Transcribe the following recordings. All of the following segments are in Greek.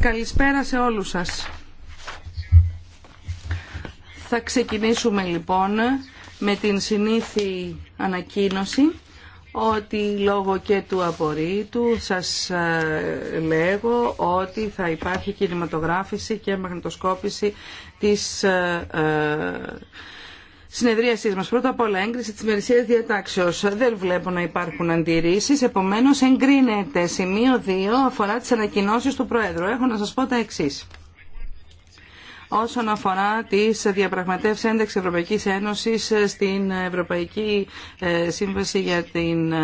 Καλησπέρα σε όλους σας. Θα ξεκινήσουμε λοιπόν με την συνήθη ανακοίνωση ότι λόγω και του απορρίτου σας ε, λέγω ότι θα υπάρχει κινηματογράφηση και μαγνητοσκόπηση της ε, ε, Συνεδρίασή μας. Πρώτα απ' όλα έγκριση τη μερισσία διατάξεως. Δεν βλέπω να υπάρχουν αντιρρήσει, επομένως εγκρίνεται. Σημείο 2 αφορά τις ανακοινώσει του Προέδρου. Έχω να σα πω τα εξή όσον αφορά τις διαπραγματεύσεις ένταξης Ευρωπαϊκής Ένωσης στην Ευρωπαϊκή ε, Σύμβαση για την ε,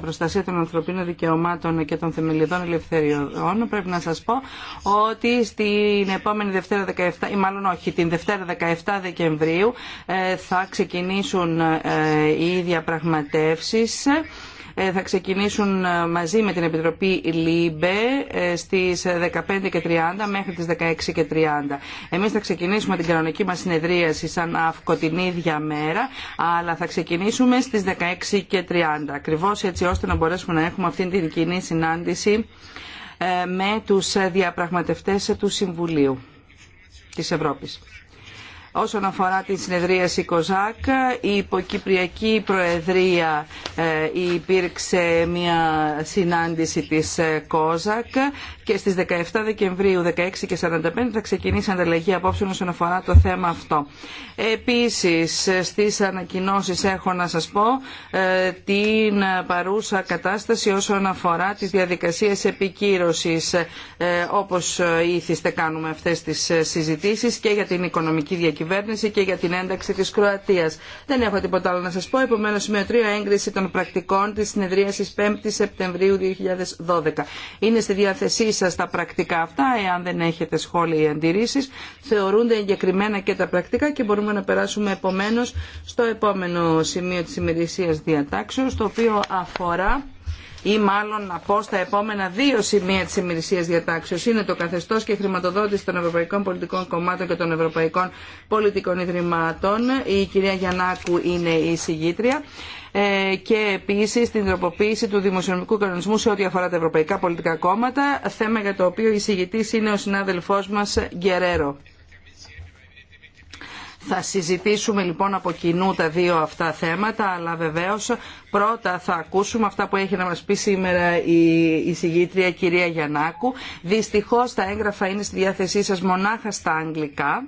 Προστασία των Ανθρωπίνων Δικαιωμάτων και των Θεμελιωδών Ελευθεριών. Πρέπει να σας πω ότι στην επόμενη Δευτέρα 17, ή μάλλον όχι, την Δευτέρα 17 Δεκεμβρίου ε, θα ξεκινήσουν οι διαπραγματεύσεις ε, θα ξεκινήσουν ε, μαζί με την Επιτροπή ΛΥΜΠΕ ε, στις 15 και 30 μέχρι τις 16 και 30. Εμείς θα ξεκινήσουμε την κανονική μας συνεδρίαση σαν αύκο την ίδια μέρα, αλλά θα ξεκινήσουμε στις 16 και 30. Ακριβώς έτσι ώστε να μπορέσουμε να έχουμε αυτή την κοινή συνάντηση με τους διαπραγματευτές του Συμβουλίου της Ευρώπης. Όσον αφορά την συνεδρίαση ΚΟΖΑΚ, η υποκυπριακή προεδρία ε, υπήρξε μια συνάντηση της ε, ΚΟΖΑΚ και στις 17 Δεκεμβρίου 16 και 45 θα ξεκινήσει ανταλλαγή απόψεων όσον αφορά το θέμα αυτό. Επίσης στις ανακοινώσεις έχω να σας πω ε, την παρούσα κατάσταση όσον αφορά τις διαδικασίες επικύρωσης ε, όπως ήθιστε κάνουμε αυτές τις συζητήσεις και για την οικονομική διακυβέρνηση και για την ένταξη της Κροατίας. Δεν έχω τίποτα άλλο να σας πω, επομένως με 3 έγκριση των πρακτικών της συνεδρίασης 5 Σεπτεμβρίου 2012. Είναι στη διάθεσή τα πρακτικά αυτά. Εάν δεν έχετε σχόλια ή αντιρρήσεις, θεωρούνται εγκεκριμένα και τα πρακτικά και μπορούμε να περάσουμε επομένως στο επόμενο σημείο της ημερησίας διατάξεως, το οποίο αφορά ή μάλλον να πω στα επόμενα δύο σημεία της ημερησίας διατάξεως είναι το καθεστώς και χρηματοδότηση των Ευρωπαϊκών Πολιτικών Κομμάτων και των Ευρωπαϊκών Πολιτικών Ιδρυμάτων. Η κυρία Γιαννάκου είναι η συγγήτρια. Ε, και επίσης την τροποποίηση του δημοσιονομικού κανονισμού σε ό,τι αφορά τα ευρωπαϊκά πολιτικά κόμματα, θέμα για το οποίο η είναι ο συνάδελφό μα Γκερέρο. Θα συζητήσουμε λοιπόν από κοινού τα δύο αυτά θέματα, αλλά βεβαίως πρώτα θα ακούσουμε αυτά που έχει να μας πει σήμερα η, εισηγήτρια κυρία Γιαννάκου. Δυστυχώ, τα έγγραφα είναι στη διάθεσή σα μονάχα στα αγγλικά.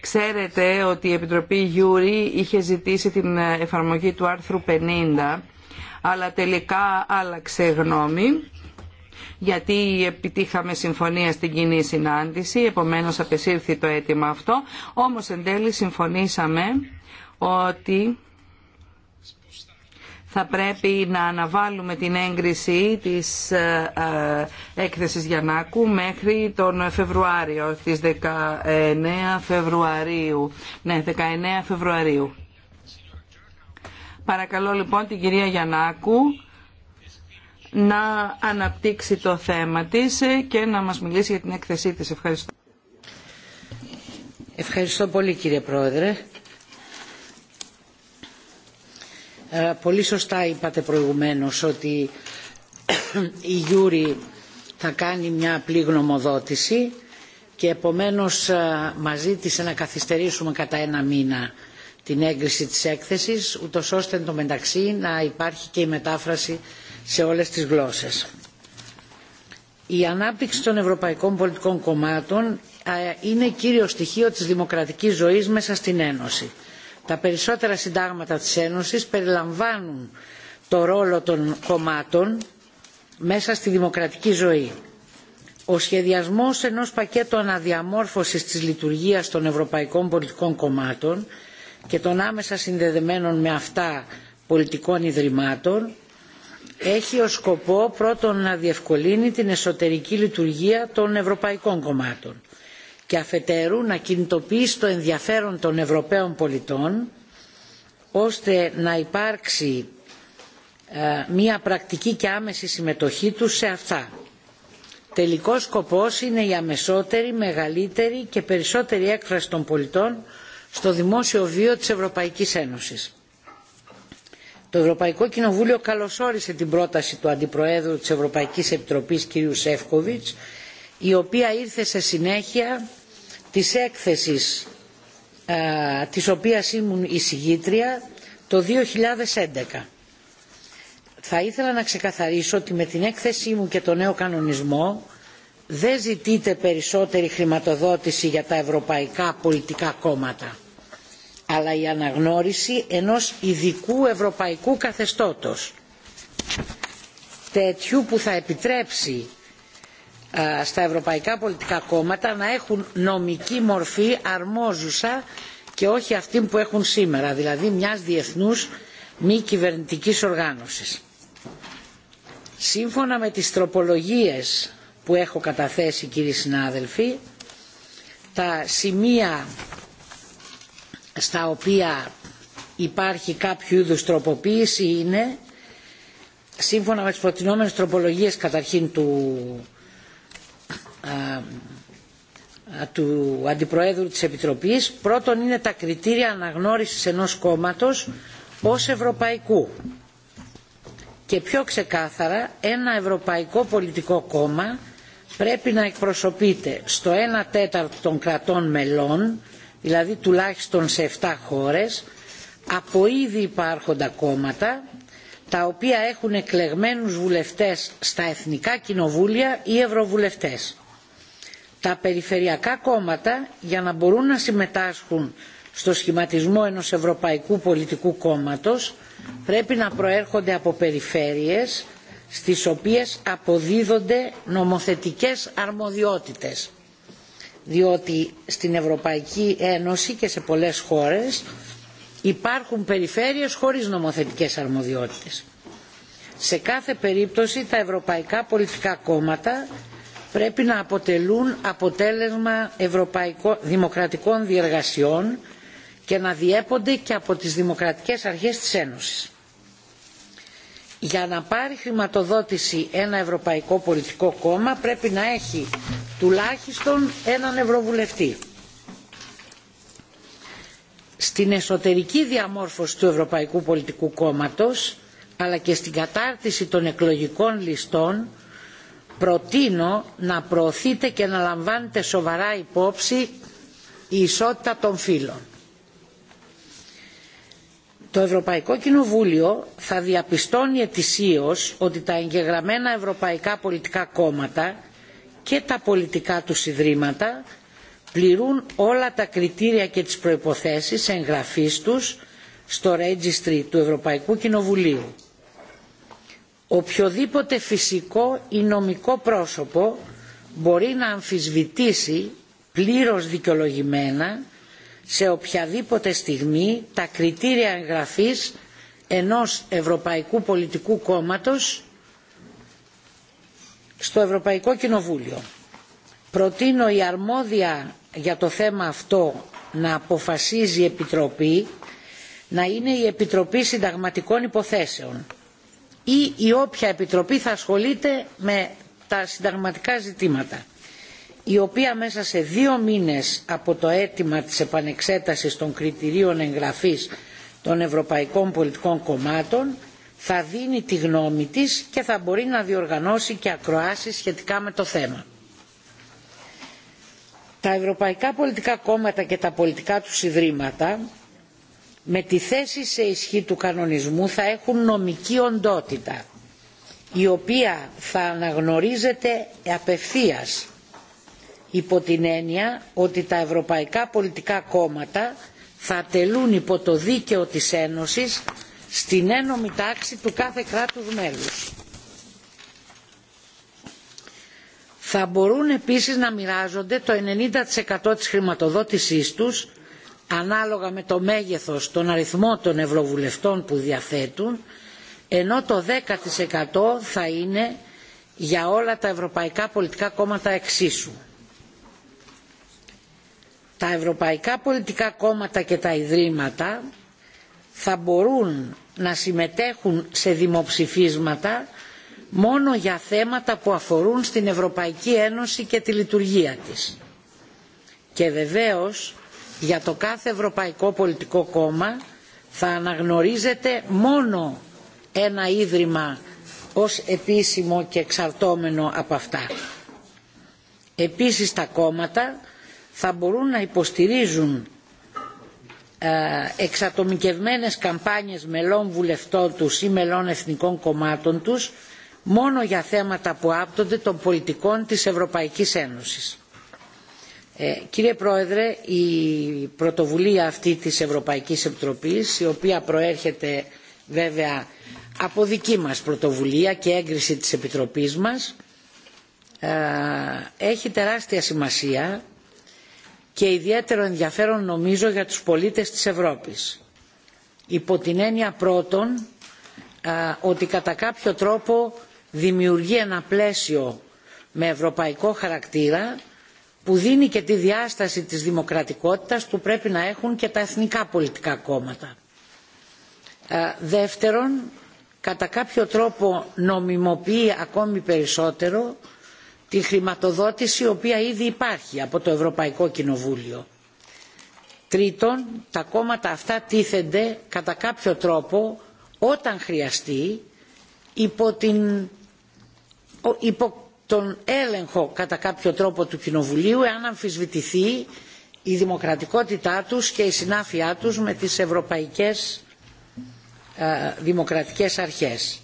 Ξέρετε ότι η Επιτροπή Γιούρη είχε ζητήσει την εφαρμογή του άρθρου 50, αλλά τελικά άλλαξε γνώμη γιατί επιτύχαμε συμφωνία στην κοινή συνάντηση, επομένως απεσύρθη το αίτημα αυτό, όμως εν τέλει συμφωνήσαμε ότι θα πρέπει να αναβάλουμε την έγκριση της ε, ε, έκθεσης Γιαννάκου μέχρι τον Φεβρουάριο, τις 19 Φεβρουαρίου. Ναι, 19 Φεβρουαρίου. Παρακαλώ λοιπόν την κυρία Γιαννάκου να αναπτύξει το θέμα της και να μας μιλήσει για την έκθεσή της. Ευχαριστώ. Ευχαριστώ πολύ κύριε Πρόεδρε. Ε, πολύ σωστά είπατε προηγουμένως ότι η Γιούρη θα κάνει μια απλή γνωμοδότηση και επομένως ε, μαζί της να καθυστερήσουμε κατά ένα μήνα την έγκριση της έκθεσης ούτως ώστε εν τω μεταξύ να υπάρχει και η μετάφραση σε όλες τις γλώσσες. Η ανάπτυξη των ευρωπαϊκών πολιτικών κομμάτων ε, είναι κύριο στοιχείο της δημοκρατικής ζωής μέσα στην Ένωση τα περισσότερα συντάγματα της ένωσης περιλαμβάνουν το ρόλο των κομμάτων μέσα στη δημοκρατική ζωή. Ο σχεδιασμός ενός πακέτου αναδιαμόρφωσης της λειτουργίας των ευρωπαϊκών πολιτικών κομμάτων και των άμεσα συνδεδεμένων με αυτά πολιτικών ιδρυμάτων έχει ως σκοπό πρώτον να διευκολύνει την εσωτερική λειτουργία των ευρωπαϊκών κομμάτων και αφετέρου να κινητοποιήσει το ενδιαφέρον των Ευρωπαίων πολιτών ώστε να υπάρξει ε, μια πρακτική και άμεση συμμετοχή τους σε αυτά. Τελικός σκοπός είναι η αμεσότερη, μεγαλύτερη και περισσότερη έκφραση των πολιτών στο δημόσιο βίο της Ευρωπαϊκής Ένωσης. Το Ευρωπαϊκό Κοινοβούλιο καλωσόρισε την πρόταση του Αντιπροέδρου της Ευρωπαϊκής Επιτροπής κ. Σεύκοβιτς η οποία ήρθε σε συνέχεια της έκθεσης ε, της οποίας ήμουν εισηγήτρια το 2011. Θα ήθελα να ξεκαθαρίσω ότι με την έκθεσή μου και το νέο κανονισμό δεν ζητείτε περισσότερη χρηματοδότηση για τα ευρωπαϊκά πολιτικά κόμματα αλλά η αναγνώριση ενός ειδικού ευρωπαϊκού καθεστώτος τέτοιου που θα επιτρέψει ε, στα ευρωπαϊκά πολιτικά κόμματα να έχουν νομική μορφή αρμόζουσα και όχι αυτή που έχουν σήμερα, δηλαδή μιας διεθνούς μη κυβερνητικής οργάνωσης. Σύμφωνα με τις τροπολογίες που έχω καταθέσει κύριοι συνάδελφοι, τα σημεία στα οποία υπάρχει κάποιο είδους τροποποίηση είναι, σύμφωνα με τις προτινόμενες τροπολογίες καταρχήν του ε, ε, του Αντιπροέδρου της Επιτροπής. Πρώτον είναι τα κριτήρια αναγνώρισης ενός κόμματος ως ευρωπαϊκού. Και πιο ξεκάθαρα, ένα ευρωπαϊκό πολιτικό κόμμα πρέπει να εκπροσωπείται στο 1 τέταρτο των κρατών μελών, δηλαδή τουλάχιστον σε 7 χώρες, από ήδη υπάρχοντα κόμματα, τα οποία έχουν εκλεγμένους βουλευτές στα εθνικά κοινοβούλια ή ευρωβουλευτές τα περιφερειακά κόμματα για να μπορούν να συμμετάσχουν στο σχηματισμό ενός ευρωπαϊκού πολιτικού κόμματος πρέπει να προέρχονται από περιφέρειες στις οποίες αποδίδονται νομοθετικές αρμοδιότητες διότι στην Ευρωπαϊκή Ένωση και σε πολλές χώρες υπάρχουν περιφέρειες χωρίς νομοθετικές αρμοδιότητες. Σε κάθε περίπτωση τα ευρωπαϊκά πολιτικά κόμματα πρέπει να αποτελούν αποτέλεσμα δημοκρατικών διεργασιών και να διέπονται και από τις δημοκρατικές αρχές της Ένωσης. Για να πάρει χρηματοδότηση ένα ευρωπαϊκό πολιτικό κόμμα πρέπει να έχει τουλάχιστον έναν ευρωβουλευτή. Στην εσωτερική διαμόρφωση του Ευρωπαϊκού Πολιτικού Κόμματος αλλά και στην κατάρτιση των εκλογικών ληστών προτείνω να προωθείτε και να λαμβάνετε σοβαρά υπόψη η ισότητα των φύλων. Το Ευρωπαϊκό Κοινοβούλιο θα διαπιστώνει ετησίως ότι τα εγγεγραμμένα ευρωπαϊκά πολιτικά κόμματα και τα πολιτικά του ιδρύματα πληρούν όλα τα κριτήρια και τις προϋποθέσεις εγγραφής τους στο registry του Ευρωπαϊκού Κοινοβουλίου οποιοδήποτε φυσικό ή νομικό πρόσωπο μπορεί να αμφισβητήσει πλήρως δικαιολογημένα σε οποιαδήποτε στιγμή τα κριτήρια εγγραφής ενός Ευρωπαϊκού Πολιτικού Κόμματος στο Ευρωπαϊκό Κοινοβούλιο. Προτείνω η αρμόδια για το θέμα αυτό να αποφασίζει η Επιτροπή να είναι η Επιτροπή Συνταγματικών Υποθέσεων ή η όποια επιτροπή θα ασχολείται με τα συνταγματικά ζητήματα η οποία μέσα σε δύο μήνες από το αίτημα της επανεξέτασης των κριτηρίων εγγραφής των ευρωπαϊκών πολιτικών κομμάτων θα δίνει τη γνώμη της και θα μπορεί να διοργανώσει και ακροάσεις σχετικά με το θέμα. Τα ευρωπαϊκά πολιτικά κόμματα και τα πολιτικά του ιδρύματα με τη θέση σε ισχύ του κανονισμού θα έχουν νομική οντότητα η οποία θα αναγνωρίζεται απευθείας υπό την έννοια ότι τα ευρωπαϊκά πολιτικά κόμματα θα τελούν υπό το δίκαιο της Ένωσης στην ένομη τάξη του κάθε κράτους μέλους. Θα μπορούν επίσης να μοιράζονται το 90% της χρηματοδότησής τους ανάλογα με το μέγεθος τον αριθμό των ευρωβουλευτών που διαθέτουν ενώ το 10% θα είναι για όλα τα ευρωπαϊκά πολιτικά κόμματα εξίσου. Τα ευρωπαϊκά πολιτικά κόμματα και τα ιδρύματα θα μπορούν να συμμετέχουν σε δημοψηφίσματα μόνο για θέματα που αφορούν στην Ευρωπαϊκή Ένωση και τη λειτουργία της. Και βεβαίως για το κάθε ευρωπαϊκό πολιτικό κόμμα θα αναγνωρίζεται μόνο ένα ίδρυμα ως επίσημο και εξαρτώμενο από αυτά. Επίσης τα κόμματα θα μπορούν να υποστηρίζουν ε, εξατομικευμένες καμπάνιες μελών βουλευτών τους ή μελών εθνικών κομμάτων τους μόνο για θέματα που άπτονται των πολιτικών της Ευρωπαϊκής Ένωσης. Ε, κύριε Πρόεδρε, η πρωτοβουλία αυτή της Ευρωπαϊκής Επιτροπής, η οποία προέρχεται βέβαια από δική μας πρωτοβουλία και έγκριση της Επιτροπής μας, ε, έχει τεράστια σημασία και ιδιαίτερο ενδιαφέρον νομίζω για τους πολίτες της Ευρώπης. Υπό την έννοια πρώτον ε, ότι κατά κάποιο τρόπο δημιουργεί ένα πλαίσιο με ευρωπαϊκό χαρακτήρα που δίνει και τη διάσταση της δημοκρατικότητας που πρέπει να έχουν και τα εθνικά πολιτικά κόμματα. Ε, δεύτερον, κατά κάποιο τρόπο νομιμοποιεί ακόμη περισσότερο τη χρηματοδότηση η οποία ήδη υπάρχει από το Ευρωπαϊκό Κοινοβούλιο. Τρίτον, τα κόμματα αυτά τίθενται κατά κάποιο τρόπο όταν χρειαστεί υπό, την, τον έλεγχο κατά κάποιο τρόπο του Κοινοβουλίου εάν αμφισβητηθεί η δημοκρατικότητά τους και η συνάφειά τους με τις ευρωπαϊκές ε, δημοκρατικές αρχές.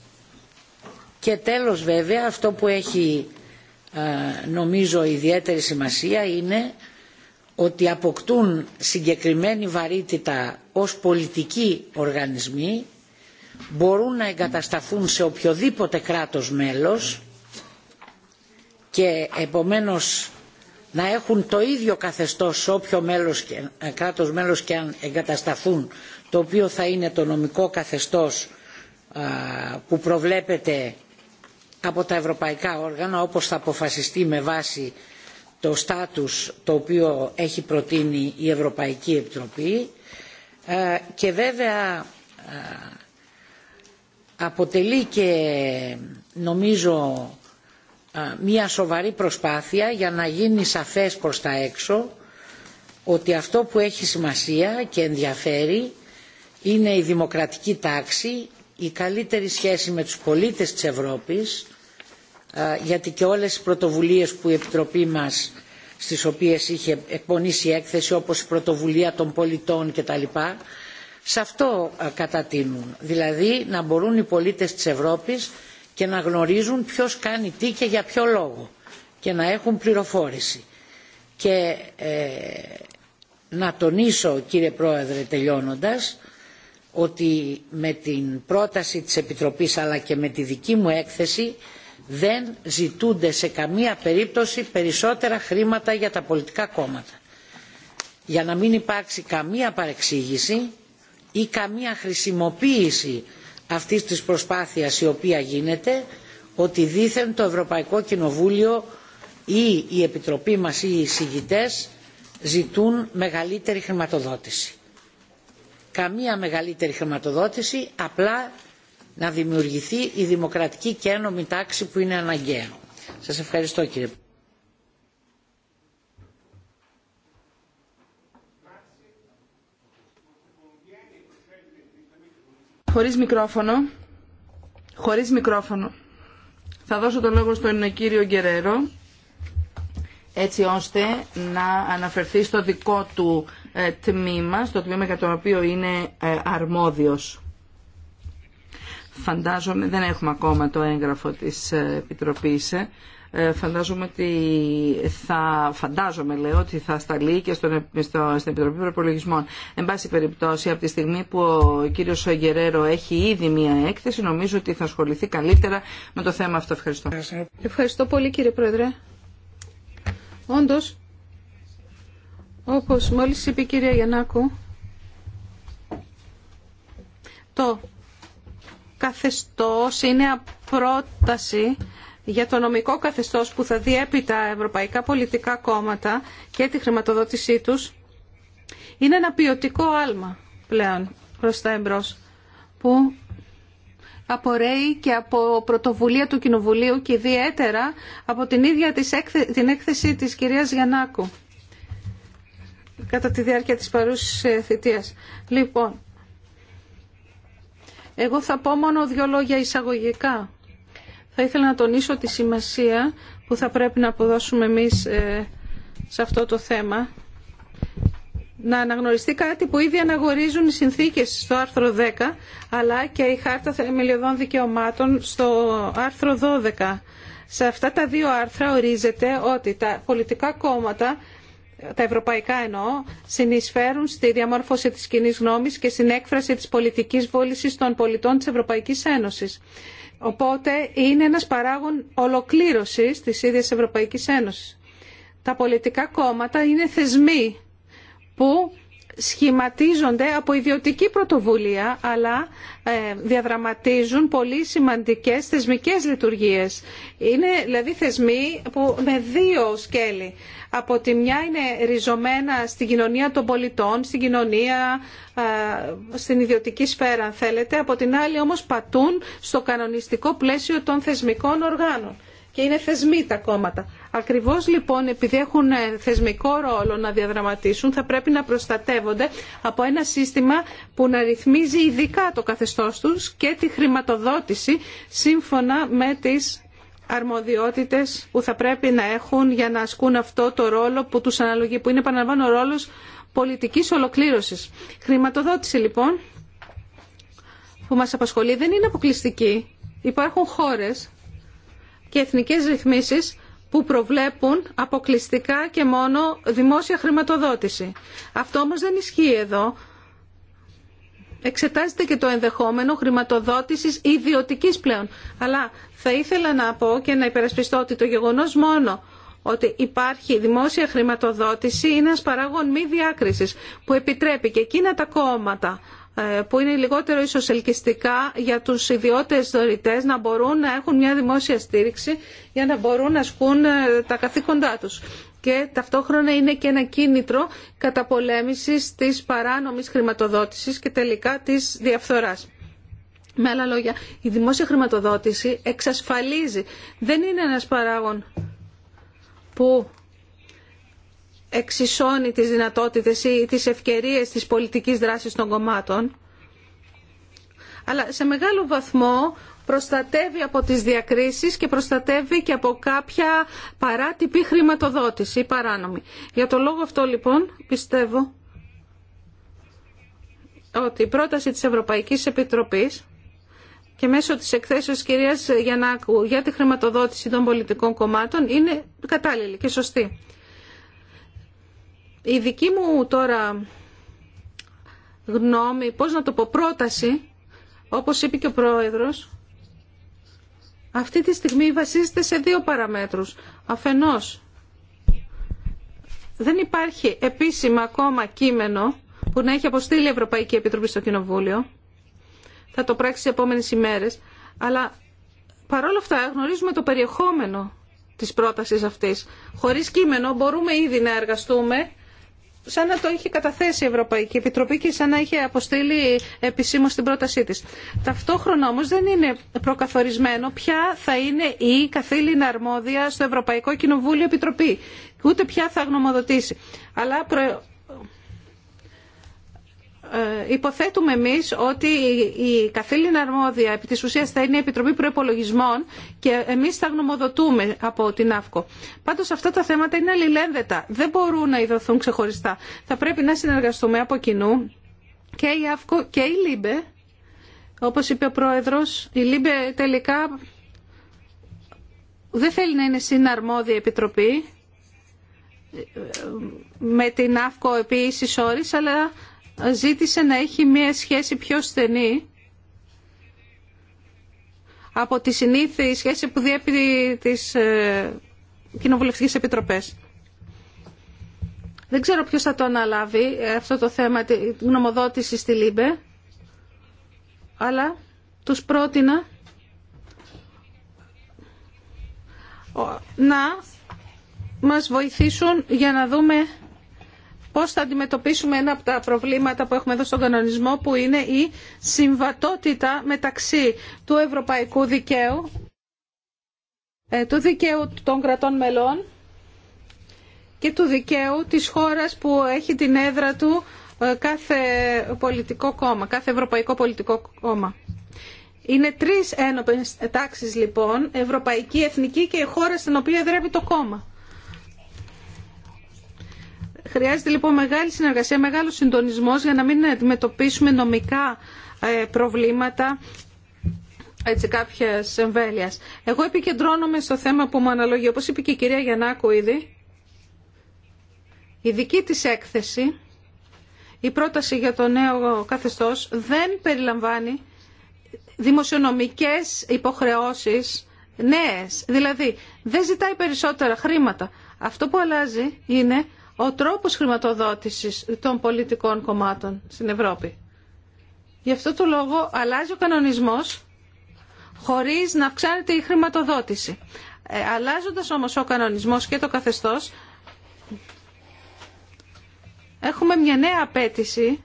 Και τέλος βέβαια αυτό που έχει ε, νομίζω ιδιαίτερη σημασία είναι ότι αποκτούν συγκεκριμένη βαρύτητα ως πολιτικοί οργανισμοί μπορούν να εγκατασταθούν σε οποιοδήποτε κράτος μέλος και επομένως να έχουν το ίδιο καθεστώς σε όποιο μέλος, ε, κράτος μέλος και αν εγκατασταθούν το οποίο θα είναι το νομικό καθεστώς που προβλέπεται από τα ευρωπαϊκά όργανα όπως θα αποφασιστεί με βάση το στάτους το οποίο έχει προτείνει η Ευρωπαϊκή Επιτροπή ε, και βέβαια ε, αποτελεί και νομίζω μια σοβαρή προσπάθεια για να γίνει σαφές προς τα έξω ότι αυτό που έχει σημασία και ενδιαφέρει είναι η δημοκρατική τάξη, η καλύτερη σχέση με τους πολίτες της Ευρώπης, γιατί και όλες οι πρωτοβουλίες που η Επιτροπή μας στις οποίες είχε εκπονήσει έκθεση όπως η πρωτοβουλία των πολιτών κτλ. Σε αυτό κατατείνουν, δηλαδή να μπορούν οι πολίτες της Ευρώπης και να γνωρίζουν ποιος κάνει τι και για ποιο λόγο και να έχουν πληροφόρηση. Και ε, να τονίσω κύριε Πρόεδρε τελειώνοντας ότι με την πρόταση της Επιτροπής αλλά και με τη δική μου έκθεση δεν ζητούνται σε καμία περίπτωση περισσότερα χρήματα για τα πολιτικά κόμματα. Για να μην υπάρξει καμία παρεξήγηση ή καμία χρησιμοποίηση αυτής της προσπάθειας η οποία γίνεται ότι δήθεν το Ευρωπαϊκό Κοινοβούλιο ή η Επιτροπή μας ή οι εισηγητές ζητούν μεγαλύτερη χρηματοδότηση. Καμία μεγαλύτερη χρηματοδότηση, απλά να δημιουργηθεί η δημοκρατική και ένωμη τάξη που είναι αναγκαία. Σας ευχαριστώ κύριε Χωρίς μικρόφωνο. Χωρίς μικρόφωνο. Θα δώσω το λόγο στον κύριο Γκερέρο έτσι ώστε να αναφερθεί στο δικό του ε, τμήμα, στο τμήμα για το οποίο είναι ε, αρμόδιος. Φαντάζομαι δεν έχουμε ακόμα το έγγραφο της ε, Επιτροπής. Ε, φαντάζομαι ότι θα, φαντάζομαι λέω ότι θα σταλεί και στον, ε, στο, στην Επιτροπή Προπολογισμών. Εν πάση περιπτώσει, από τη στιγμή που ο κύριος Γερέρο έχει ήδη μία έκθεση, νομίζω ότι θα ασχοληθεί καλύτερα με το θέμα αυτό. Ευχαριστώ. Ευχαριστώ πολύ κύριε Πρόεδρε. Όντως, όπως μόλις είπε η κυρία Γιαννάκου, το καθεστώς είναι πρόταση για το νομικό καθεστώς που θα διέπει τα ευρωπαϊκά πολιτικά κόμματα και τη χρηματοδότησή τους είναι ένα ποιοτικό άλμα πλέον προς τα εμπρός που απορρέει και από πρωτοβουλία του Κοινοβουλίου και ιδιαίτερα από την ίδια της την έκθεση της κυρίας Γιαννάκου κατά τη διάρκεια της παρούσης ε, θητείας. Λοιπόν, εγώ θα πω μόνο δύο λόγια εισαγωγικά θα ήθελα να τονίσω τη σημασία που θα πρέπει να αποδώσουμε εμείς ε, σε αυτό το θέμα. Να αναγνωριστεί κάτι που ήδη αναγορίζουν οι συνθήκες στο άρθρο 10, αλλά και η Χάρτα Θεμελιωδών Δικαιωμάτων στο άρθρο 12. Σε αυτά τα δύο άρθρα ορίζεται ότι τα πολιτικά κόμματα τα ευρωπαϊκά εννοώ, συνεισφέρουν στη διαμόρφωση της κοινή γνώμης και στην έκφραση της πολιτικής βόλησης των πολιτών της Ευρωπαϊκής Ένωσης. Οπότε είναι ένας παράγον ολοκλήρωσης της ίδιας Ευρωπαϊκής Ένωσης. Τα πολιτικά κόμματα είναι θεσμοί που σχηματίζονται από ιδιωτική πρωτοβουλία αλλά ε, διαδραματίζουν πολύ σημαντικές θεσμικές λειτουργίες. Είναι δηλαδή θεσμοί που με δύο σκέλη. Από τη μια είναι ριζωμένα στην κοινωνία των πολιτών, στην κοινωνία, ε, στην ιδιωτική σφαίρα αν θέλετε, από την άλλη όμως πατούν στο κανονιστικό πλαίσιο των θεσμικών οργάνων και είναι θεσμοί τα κόμματα. Ακριβώς λοιπόν επειδή έχουν ε, θεσμικό ρόλο να διαδραματίσουν θα πρέπει να προστατεύονται από ένα σύστημα που να ρυθμίζει ειδικά το καθεστώς τους και τη χρηματοδότηση σύμφωνα με τις αρμοδιότητες που θα πρέπει να έχουν για να ασκούν αυτό το ρόλο που τους αναλογεί, που είναι επαναλαμβάνω ο ρόλος πολιτικής ολοκλήρωσης. Χρηματοδότηση λοιπόν που μας απασχολεί δεν είναι αποκλειστική. Υπάρχουν χώρες και εθνικές ρυθμίσεις που προβλέπουν αποκλειστικά και μόνο δημόσια χρηματοδότηση. Αυτό όμως δεν ισχύει εδώ. Εξετάζεται και το ενδεχόμενο χρηματοδότησης ιδιωτικής πλέον. Αλλά θα ήθελα να πω και να υπερασπιστώ ότι το γεγονός μόνο ότι υπάρχει δημόσια χρηματοδότηση είναι ένας παράγον μη διάκρισης που επιτρέπει και εκείνα τα κόμματα που είναι λιγότερο ίσως ελκυστικά για τους ιδιώτες δωρητές να μπορούν να έχουν μια δημόσια στήριξη για να μπορούν να ασκούν ε, τα καθήκοντά τους. Και ταυτόχρονα είναι και ένα κίνητρο καταπολέμησης της παράνομης χρηματοδότησης και τελικά της διαφθοράς. Με άλλα λόγια, η δημόσια χρηματοδότηση εξασφαλίζει. Δεν είναι ένας παράγον που εξισώνει τις δυνατότητες ή τις ευκαιρίες της πολιτικής δράσης των κομμάτων, αλλά σε μεγάλο βαθμό προστατεύει από τις διακρίσεις και προστατεύει και από κάποια παράτυπη χρηματοδότηση ή παράνομη. Για το λόγο αυτό λοιπόν πιστεύω ότι η πρόταση της Ευρωπαϊκής Επιτροπής και μέσω της εκθέσεως κυρίας Γιαννάκου για τη χρηματοδότηση των πολιτικών κομμάτων είναι κατάλληλη και σωστή. Η δική μου τώρα γνώμη, πώς να το πω, πρόταση, όπως είπε και ο Πρόεδρος, αυτή τη στιγμή βασίζεται σε δύο παραμέτρους. Αφενός, δεν υπάρχει επίσημα ακόμα κείμενο που να έχει αποστείλει η Ευρωπαϊκή Επιτροπή στο Κοινοβούλιο. Θα το πράξει σε επόμενες ημέρες. Αλλά παρόλα αυτά γνωρίζουμε το περιεχόμενο της πρότασης αυτής. Χωρίς κείμενο μπορούμε ήδη να εργαστούμε σαν να το είχε καταθέσει η Ευρωπαϊκή Επιτροπή και σαν να είχε αποστείλει επισήμως την πρότασή τη. Ταυτόχρονα όμως δεν είναι προκαθορισμένο ποια θα είναι η καθήλυνα αρμόδια στο Ευρωπαϊκό Κοινοβούλιο Επιτροπή, ούτε ποια θα γνωμοδοτήσει. Αλλά ε, υποθέτουμε εμείς ότι η καθήλυνα αρμόδια επί της ουσίας θα είναι η Επιτροπή Προεπολογισμών και εμείς θα γνωμοδοτούμε από την ΑΦΚΟ. Πάντως αυτά τα θέματα είναι αλληλένδετα. Δεν μπορούν να ιδωθούν ξεχωριστά. Θα πρέπει να συνεργαστούμε από κοινού και η ΑΦΚΟ και η ΛΥΜΠΕ. Όπως είπε ο Πρόεδρος, η ΛΥΜΠΕ τελικά δεν θέλει να είναι συναρμόδια επιτροπή ε, με την ΑΦΚΟ επί ίσης αλλά ζήτησε να έχει μια σχέση πιο στενή από τη η σχέση που διέπει τις ε, κοινοβουλευτικές επιτροπές. Δεν ξέρω ποιος θα το αναλάβει ε, αυτό το θέμα τη γνωμοδότηση στη ΛΥΜΠΕ, αλλά τους πρότεινα να μας βοηθήσουν για να δούμε πώς θα αντιμετωπίσουμε ένα από τα προβλήματα που έχουμε εδώ στον κανονισμό που είναι η συμβατότητα μεταξύ του ευρωπαϊκού δικαίου, ε, του δικαίου των κρατών μελών και του δικαίου της χώρας που έχει την έδρα του ε, κάθε πολιτικό κόμμα, κάθε ευρωπαϊκό πολιτικό κόμμα. Είναι τρεις ένοπες τάξεις λοιπόν, ευρωπαϊκή, εθνική και η χώρα στην οποία δράβει το κόμμα. Χρειάζεται λοιπόν μεγάλη συνεργασία, μεγάλο συντονισμός για να μην αντιμετωπίσουμε νομικά ε, προβλήματα έτσι κάποιες εμβέλειας. Εγώ επικεντρώνομαι στο θέμα που μου αναλογεί, όπως είπε και η κυρία Γιαννάκου ήδη, η δική της έκθεση, η πρόταση για το νέο καθεστώς δεν περιλαμβάνει δημοσιονομικές υποχρεώσεις νέες. Δηλαδή, δεν ζητάει περισσότερα χρήματα. Αυτό που αλλάζει είναι ο τρόπος χρηματοδότησης των πολιτικών κομμάτων στην Ευρώπη. Γι' αυτό το λόγο αλλάζει ο κανονισμός χωρίς να αυξάνεται η χρηματοδότηση. Ε, αλλάζοντας όμως ο κανονισμός και το καθεστώς, έχουμε μια νέα απέτηση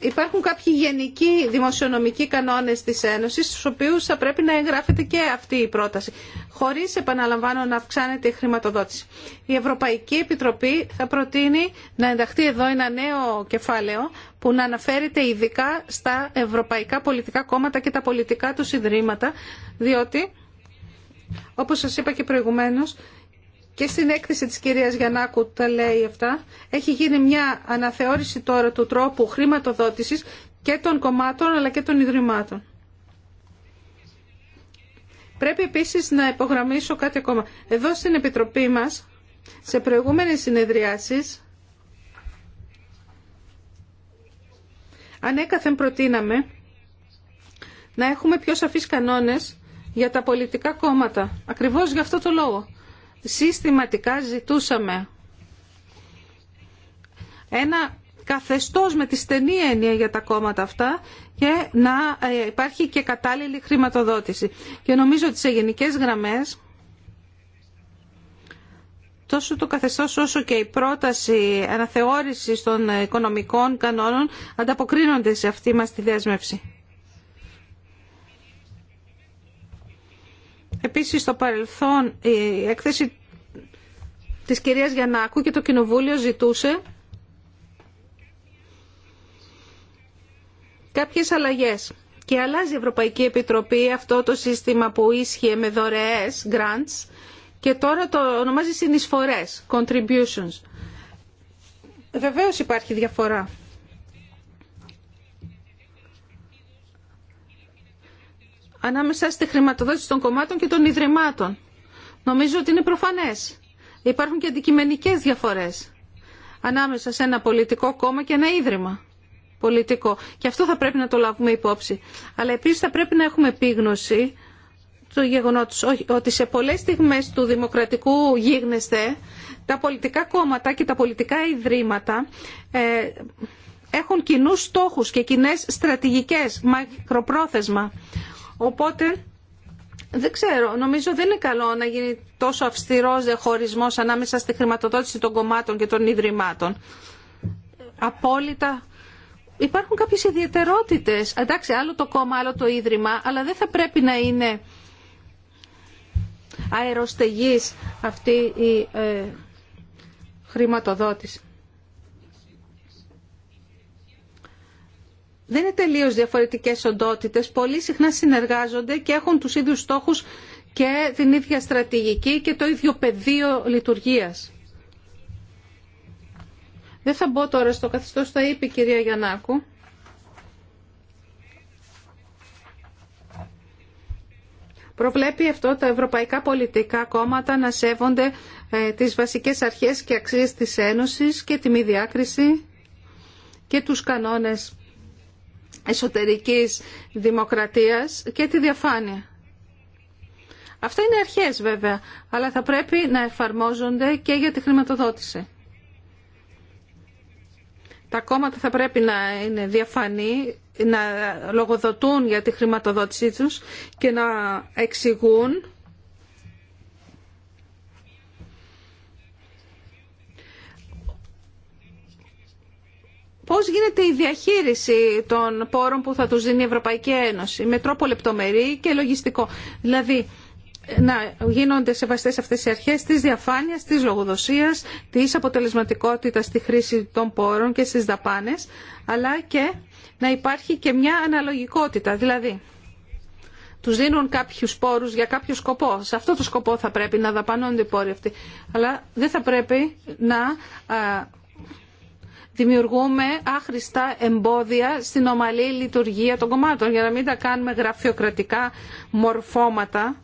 Υπάρχουν κάποιοι γενικοί δημοσιονομικοί κανόνες τη Ένωση, στους οποίους θα πρέπει να εγγράφεται και αυτή η πρόταση, χωρίς, επαναλαμβάνω, να αυξάνεται η χρηματοδότηση. Η Ευρωπαϊκή Επιτροπή θα προτείνει να ενταχθεί εδώ ένα νέο κεφάλαιο που να αναφέρεται ειδικά στα ευρωπαϊκά πολιτικά κόμματα και τα πολιτικά του ιδρύματα, διότι, όπω σα είπα και προηγουμένω, και στην έκθεση της κυρίας Γιαννάκου τα λέει αυτά. Έχει γίνει μια αναθεώρηση τώρα του τρόπου χρηματοδότησης και των κομμάτων αλλά και των ιδρυμάτων. Πρέπει επίσης να υπογραμμίσω κάτι ακόμα. Εδώ στην Επιτροπή μας, σε προηγούμενες συνεδριάσεις, ανέκαθεν προτείναμε να έχουμε πιο σαφείς κανόνες για τα πολιτικά κόμματα. Ακριβώς γι' αυτό το λόγο συστηματικά ζητούσαμε ένα καθεστώς με τη στενή έννοια για τα κόμματα αυτά και να ε, υπάρχει και κατάλληλη χρηματοδότηση. Και νομίζω ότι σε γενικές γραμμές τόσο το καθεστώς όσο και η πρόταση αναθεώρησης των οικονομικών κανόνων ανταποκρίνονται σε αυτή μας τη δέσμευση. Επίσης, στο παρελθόν η έκθεση της κυρίας Γιαννάκου και το Κοινοβούλιο ζητούσε κάποιες αλλαγές. Και αλλάζει η Ευρωπαϊκή Επιτροπή αυτό το σύστημα που ίσχυε με δωρεές, grants, και τώρα το ονομάζει συνεισφορές, contributions. Βεβαίως υπάρχει διαφορά. ανάμεσα στη χρηματοδότηση των κομμάτων και των ιδρυμάτων. Νομίζω ότι είναι προφανές. Υπάρχουν και αντικειμενικές διαφορές ανάμεσα σε ένα πολιτικό κόμμα και ένα ίδρυμα πολιτικό. Και αυτό θα πρέπει να το λάβουμε υπόψη. Αλλά επίσης θα πρέπει να έχουμε επίγνωση του γεγονότος ότι σε πολλές στιγμές του δημοκρατικού γίγνεσθε τα πολιτικά κόμματα και τα πολιτικά ιδρύματα ε, έχουν κοινούς στόχους και κοινέ στρατηγικές μακροπρόθεσμα. Οπότε δεν ξέρω, νομίζω δεν είναι καλό να γίνει τόσο αυστηρός διαχωρισμό ανάμεσα στη χρηματοδότηση των κομμάτων και των ιδρυμάτων. Απόλυτα υπάρχουν κάποιες ιδιαίτερότητε. Εντάξει, άλλο το κόμμα, άλλο το ίδρυμα, αλλά δεν θα πρέπει να είναι αεροστεγής αυτή η ε, χρηματοδότηση. δεν είναι τελείως διαφορετικές οντότητες. Πολύ συχνά συνεργάζονται και έχουν τους ίδιους στόχους και την ίδια στρατηγική και το ίδιο πεδίο λειτουργίας. Δεν θα μπω τώρα στο καθεστώς, τα είπε η κυρία Γιαννάκου. Προβλέπει αυτό τα ευρωπαϊκά πολιτικά κόμματα να σέβονται ε, τις βασικές αρχές και αξίες της Ένωσης και τη μη διάκριση και τους κανόνες εσωτερικής δημοκρατίας και τη διαφάνεια. Αυτά είναι αρχές βέβαια, αλλά θα πρέπει να εφαρμόζονται και για τη χρηματοδότηση. Τα κόμματα θα πρέπει να είναι διαφανή, να λογοδοτούν για τη χρηματοδότησή τους και να εξηγούν Πώς γίνεται η διαχείριση των πόρων που θα τους δίνει η Ευρωπαϊκή Ένωση με τρόπο λεπτομερή και λογιστικό. Δηλαδή, να γίνονται σεβαστές αυτές οι αρχές της διαφάνειας, της λογοδοσίας, της αποτελεσματικότητας στη χρήση των πόρων και στις δαπάνες, αλλά και να υπάρχει και μια αναλογικότητα. Δηλαδή, τους δίνουν κάποιους πόρους για κάποιο σκοπό. Σε αυτό το σκοπό θα πρέπει να δαπανώνται οι πόροι αυτοί. Αλλά δεν θα πρέπει να δημιουργούμε άχρηστα εμπόδια στην ομαλή λειτουργία των κομμάτων για να μην τα κάνουμε γραφειοκρατικά μορφώματα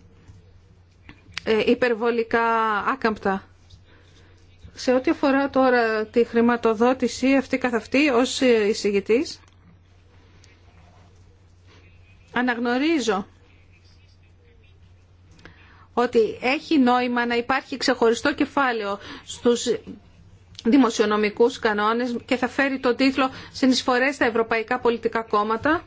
ε, υπερβολικά άκαμπτα. Σε ό,τι αφορά τώρα τη χρηματοδότηση αυτή καθ' αυτή ως εισηγητής, αναγνωρίζω ότι έχει νόημα να υπάρχει ξεχωριστό κεφάλαιο στους δημοσιονομικούς κανόνες και θα φέρει τον τίτλο Συνεισφορέ στα ευρωπαϊκά πολιτικά κόμματα»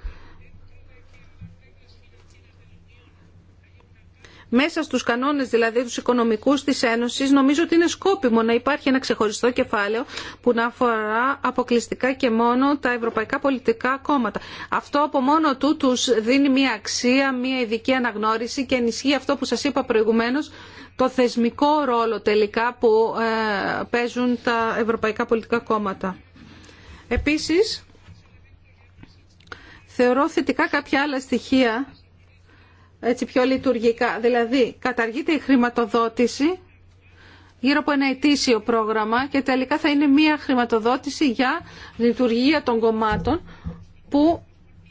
μέσα στους κανόνες δηλαδή τους οικονομικούς της Ένωσης νομίζω ότι είναι σκόπιμο να υπάρχει ένα ξεχωριστό κεφάλαιο που να αφορά αποκλειστικά και μόνο τα ευρωπαϊκά πολιτικά κόμματα. Αυτό από μόνο του τους δίνει μια αξία, μια ειδική αναγνώριση και ενισχύει αυτό που σας είπα προηγουμένως το θεσμικό ρόλο τελικά που ε, παίζουν τα ευρωπαϊκά πολιτικά κόμματα. Επίσης, θεωρώ θετικά κάποια άλλα στοιχεία έτσι πιο λειτουργικά. Δηλαδή, καταργείται η χρηματοδότηση γύρω από ένα ετήσιο πρόγραμμα και τελικά θα είναι μία χρηματοδότηση για λειτουργία των κομμάτων που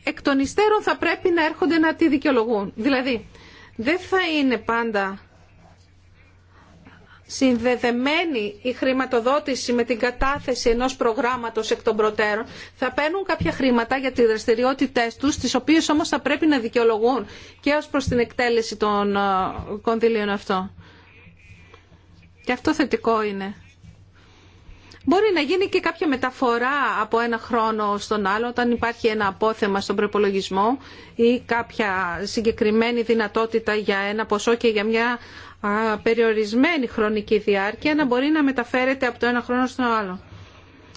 εκ των υστέρων θα πρέπει να έρχονται να τη δικαιολογούν. Δηλαδή, δεν θα είναι πάντα συνδεδεμένη η χρηματοδότηση με την κατάθεση ενός προγράμματος εκ των προτέρων θα παίρνουν κάποια χρήματα για τις δραστηριότητές τους τις οποίες όμως θα πρέπει να δικαιολογούν και ως προς την εκτέλεση των ε, κονδυλίων αυτών. Και αυτό θετικό είναι. Μπορεί να γίνει και κάποια μεταφορά από ένα χρόνο στον άλλο όταν υπάρχει ένα απόθεμα στον προπολογισμό ή κάποια συγκεκριμένη δυνατότητα για ένα ποσό και για μια περιορισμένη χρονική διάρκεια να μπορεί να μεταφέρεται από το ένα χρόνο στο άλλο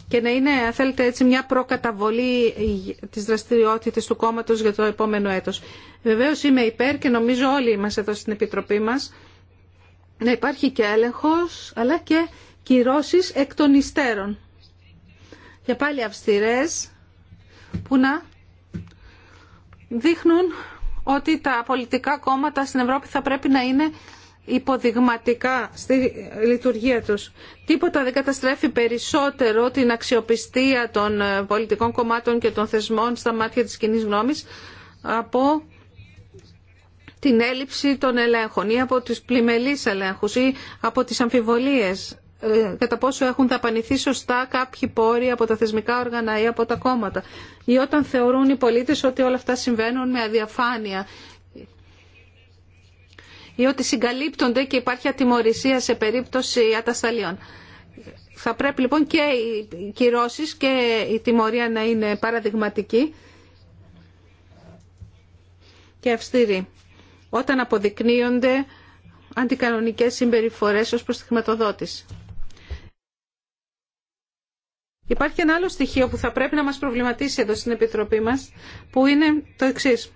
και να είναι, θέλετε, έτσι μια προκαταβολή της δραστηριότητας του κόμματος για το επόμενο έτος. Βεβαίως είμαι υπέρ και νομίζω όλοι μας εδώ στην Επιτροπή μας να υπάρχει και έλεγχος αλλά και κυρώσεις εκ των υστέρων και πάλι αυστηρές που να δείχνουν ότι τα πολιτικά κόμματα στην Ευρώπη θα πρέπει να είναι υποδειγματικά στη λειτουργία τους. Τίποτα δεν καταστρέφει περισσότερο την αξιοπιστία των ε, πολιτικών κομμάτων και των θεσμών στα μάτια της κοινή γνώμης από την έλλειψη των ελέγχων ή από τις πλημελείς ελέγχους ή από τις αμφιβολίες ε, κατά πόσο έχουν δαπανηθεί σωστά κάποιοι πόροι από τα θεσμικά όργανα ή από τα κόμματα. Ή όταν θεωρούν οι πολίτες ότι όλα αυτά συμβαίνουν με αδιαφάνεια ή ότι συγκαλύπτονται και υπάρχει ατιμορρησία σε περίπτωση ατασταλιών. Θα πρέπει λοιπόν και οι κυρώσει και η τιμωρία να είναι παραδειγματική και αυστηρή. Όταν αποδεικνύονται αντικανονικές συμπεριφορές ως προς τη χρηματοδότηση. Υπάρχει ένα άλλο στοιχείο που θα πρέπει να μας προβληματίσει εδώ στην Επιτροπή μας, που είναι το εξής.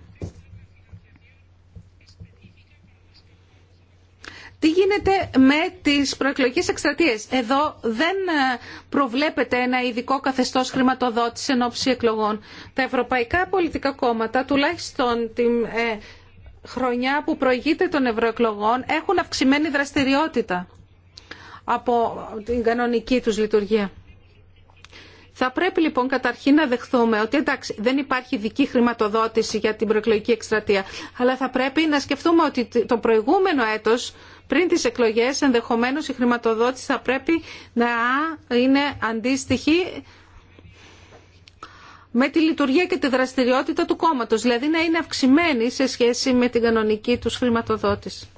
Τι γίνεται με τις προεκλογικές εκστρατείες. Εδώ δεν ε, προβλέπεται ένα ειδικό καθεστώς χρηματοδότηση εν ώψη εκλογών. Τα ευρωπαϊκά πολιτικά κόμματα, τουλάχιστον την ε, χρονιά που προηγείται των ευρωεκλογών, έχουν αυξημένη δραστηριότητα από την κανονική τους λειτουργία. Θα πρέπει λοιπόν καταρχήν να δεχθούμε ότι εντάξει δεν υπάρχει δική χρηματοδότηση για την προεκλογική εκστρατεία, αλλά θα πρέπει να σκεφτούμε ότι το προηγούμενο έτος πριν τις εκλογές ενδεχομένως η χρηματοδότηση θα πρέπει να είναι αντίστοιχη με τη λειτουργία και τη δραστηριότητα του κόμματος, δηλαδή να είναι αυξημένη σε σχέση με την κανονική του χρηματοδότηση.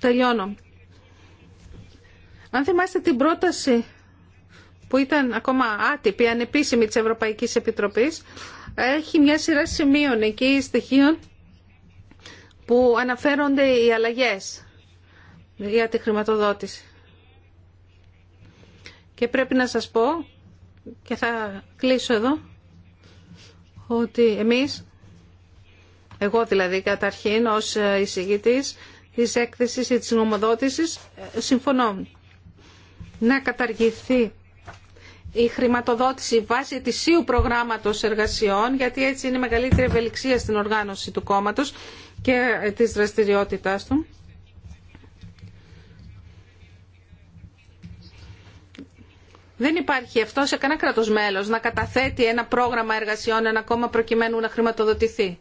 Τελειώνω. Αν θυμάστε την πρόταση που ήταν ακόμα άτυπη, ανεπίσημη της Ευρωπαϊκής Επιτροπής, έχει μια σειρά σημείων εκεί στοιχείων που αναφέρονται οι αλλαγές για τη χρηματοδότηση. Και πρέπει να σας πω, και θα κλείσω εδώ, ότι εμείς, εγώ δηλαδή καταρχήν ως εισηγητής της έκθεσης ή της νομοδότησης, ε, συμφωνώ να καταργηθεί η χρηματοδότηση βάσει ετησίου προγράμματος εργασιών, γιατί έτσι είναι μεγαλύτερη ευελιξία στην οργάνωση του κόμματος και της δραστηριότητάς του. Δεν υπάρχει αυτό σε κανένα κράτος μέλος να καταθέτει ένα πρόγραμμα εργασιών, ένα κόμμα προκειμένου να χρηματοδοτηθεί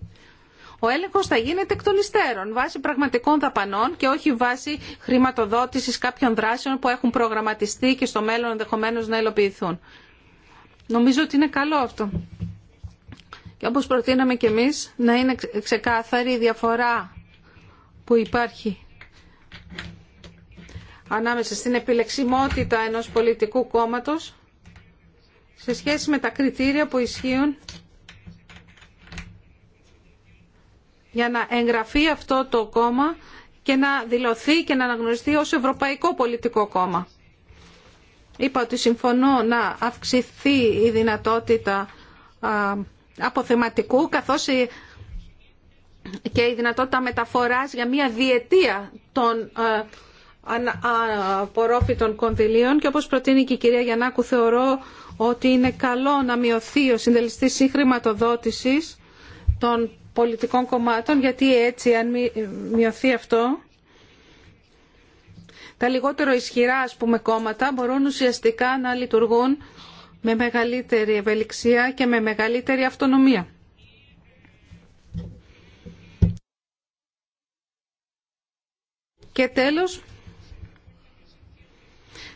ο έλεγχος θα γίνεται εκ των υστέρων βάσει πραγματικών δαπανών και όχι βάσει χρηματοδότησης κάποιων δράσεων που έχουν προγραμματιστεί και στο μέλλον ενδεχομένω να υλοποιηθούν. Νομίζω ότι είναι καλό αυτό. Και όπως προτείναμε και εμείς να είναι ξεκάθαρη η διαφορά που υπάρχει ανάμεσα στην επιλεξιμότητα ενός πολιτικού κόμματος σε σχέση με τα κριτήρια που ισχύουν για να εγγραφεί αυτό το κόμμα και να δηλωθεί και να αναγνωριστεί ως Ευρωπαϊκό Πολιτικό Κόμμα. Είπα ότι συμφωνώ να αυξηθεί η δυνατότητα αποθεματικού καθώς και η δυνατότητα μεταφοράς για μια διετία των απορρόφητων κονδυλίων και όπως προτείνει και η κυρία Γιαννάκου θεωρώ ότι είναι καλό να μειωθεί ο συντελεστής συγχρηματοδότησης των πολιτικών κομμάτων, γιατί έτσι αν μειωθεί αυτό, τα λιγότερο ισχυρά ας πούμε, κόμματα μπορούν ουσιαστικά να λειτουργούν με μεγαλύτερη ευελιξία και με μεγαλύτερη αυτονομία. Και τέλος,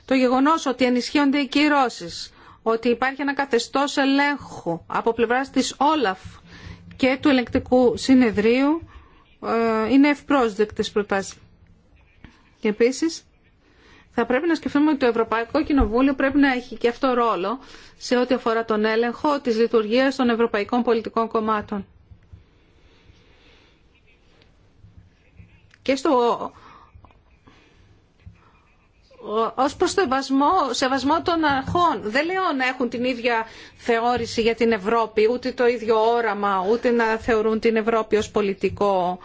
το γεγονός ότι ενισχύονται οι κυρώσεις, ότι υπάρχει ένα καθεστώς ελέγχου από πλευράς της Όλαφ και του Ελεκτικού συνεδρίου ε, είναι ευπρόσδεκτες προτάσεις. Και επίσης θα πρέπει να σκεφτούμε ότι το Ευρωπαϊκό Κοινοβούλιο πρέπει να έχει και αυτό ρόλο σε ό,τι αφορά τον έλεγχο της λειτουργίας των ευρωπαϊκών πολιτικών κομμάτων. Και στο ως προς το σεβασμό των αρχών. Δεν λέω να έχουν την ίδια θεώρηση για την Ευρώπη, ούτε το ίδιο όραμα, ούτε να θεωρούν την Ευρώπη ως πολιτικό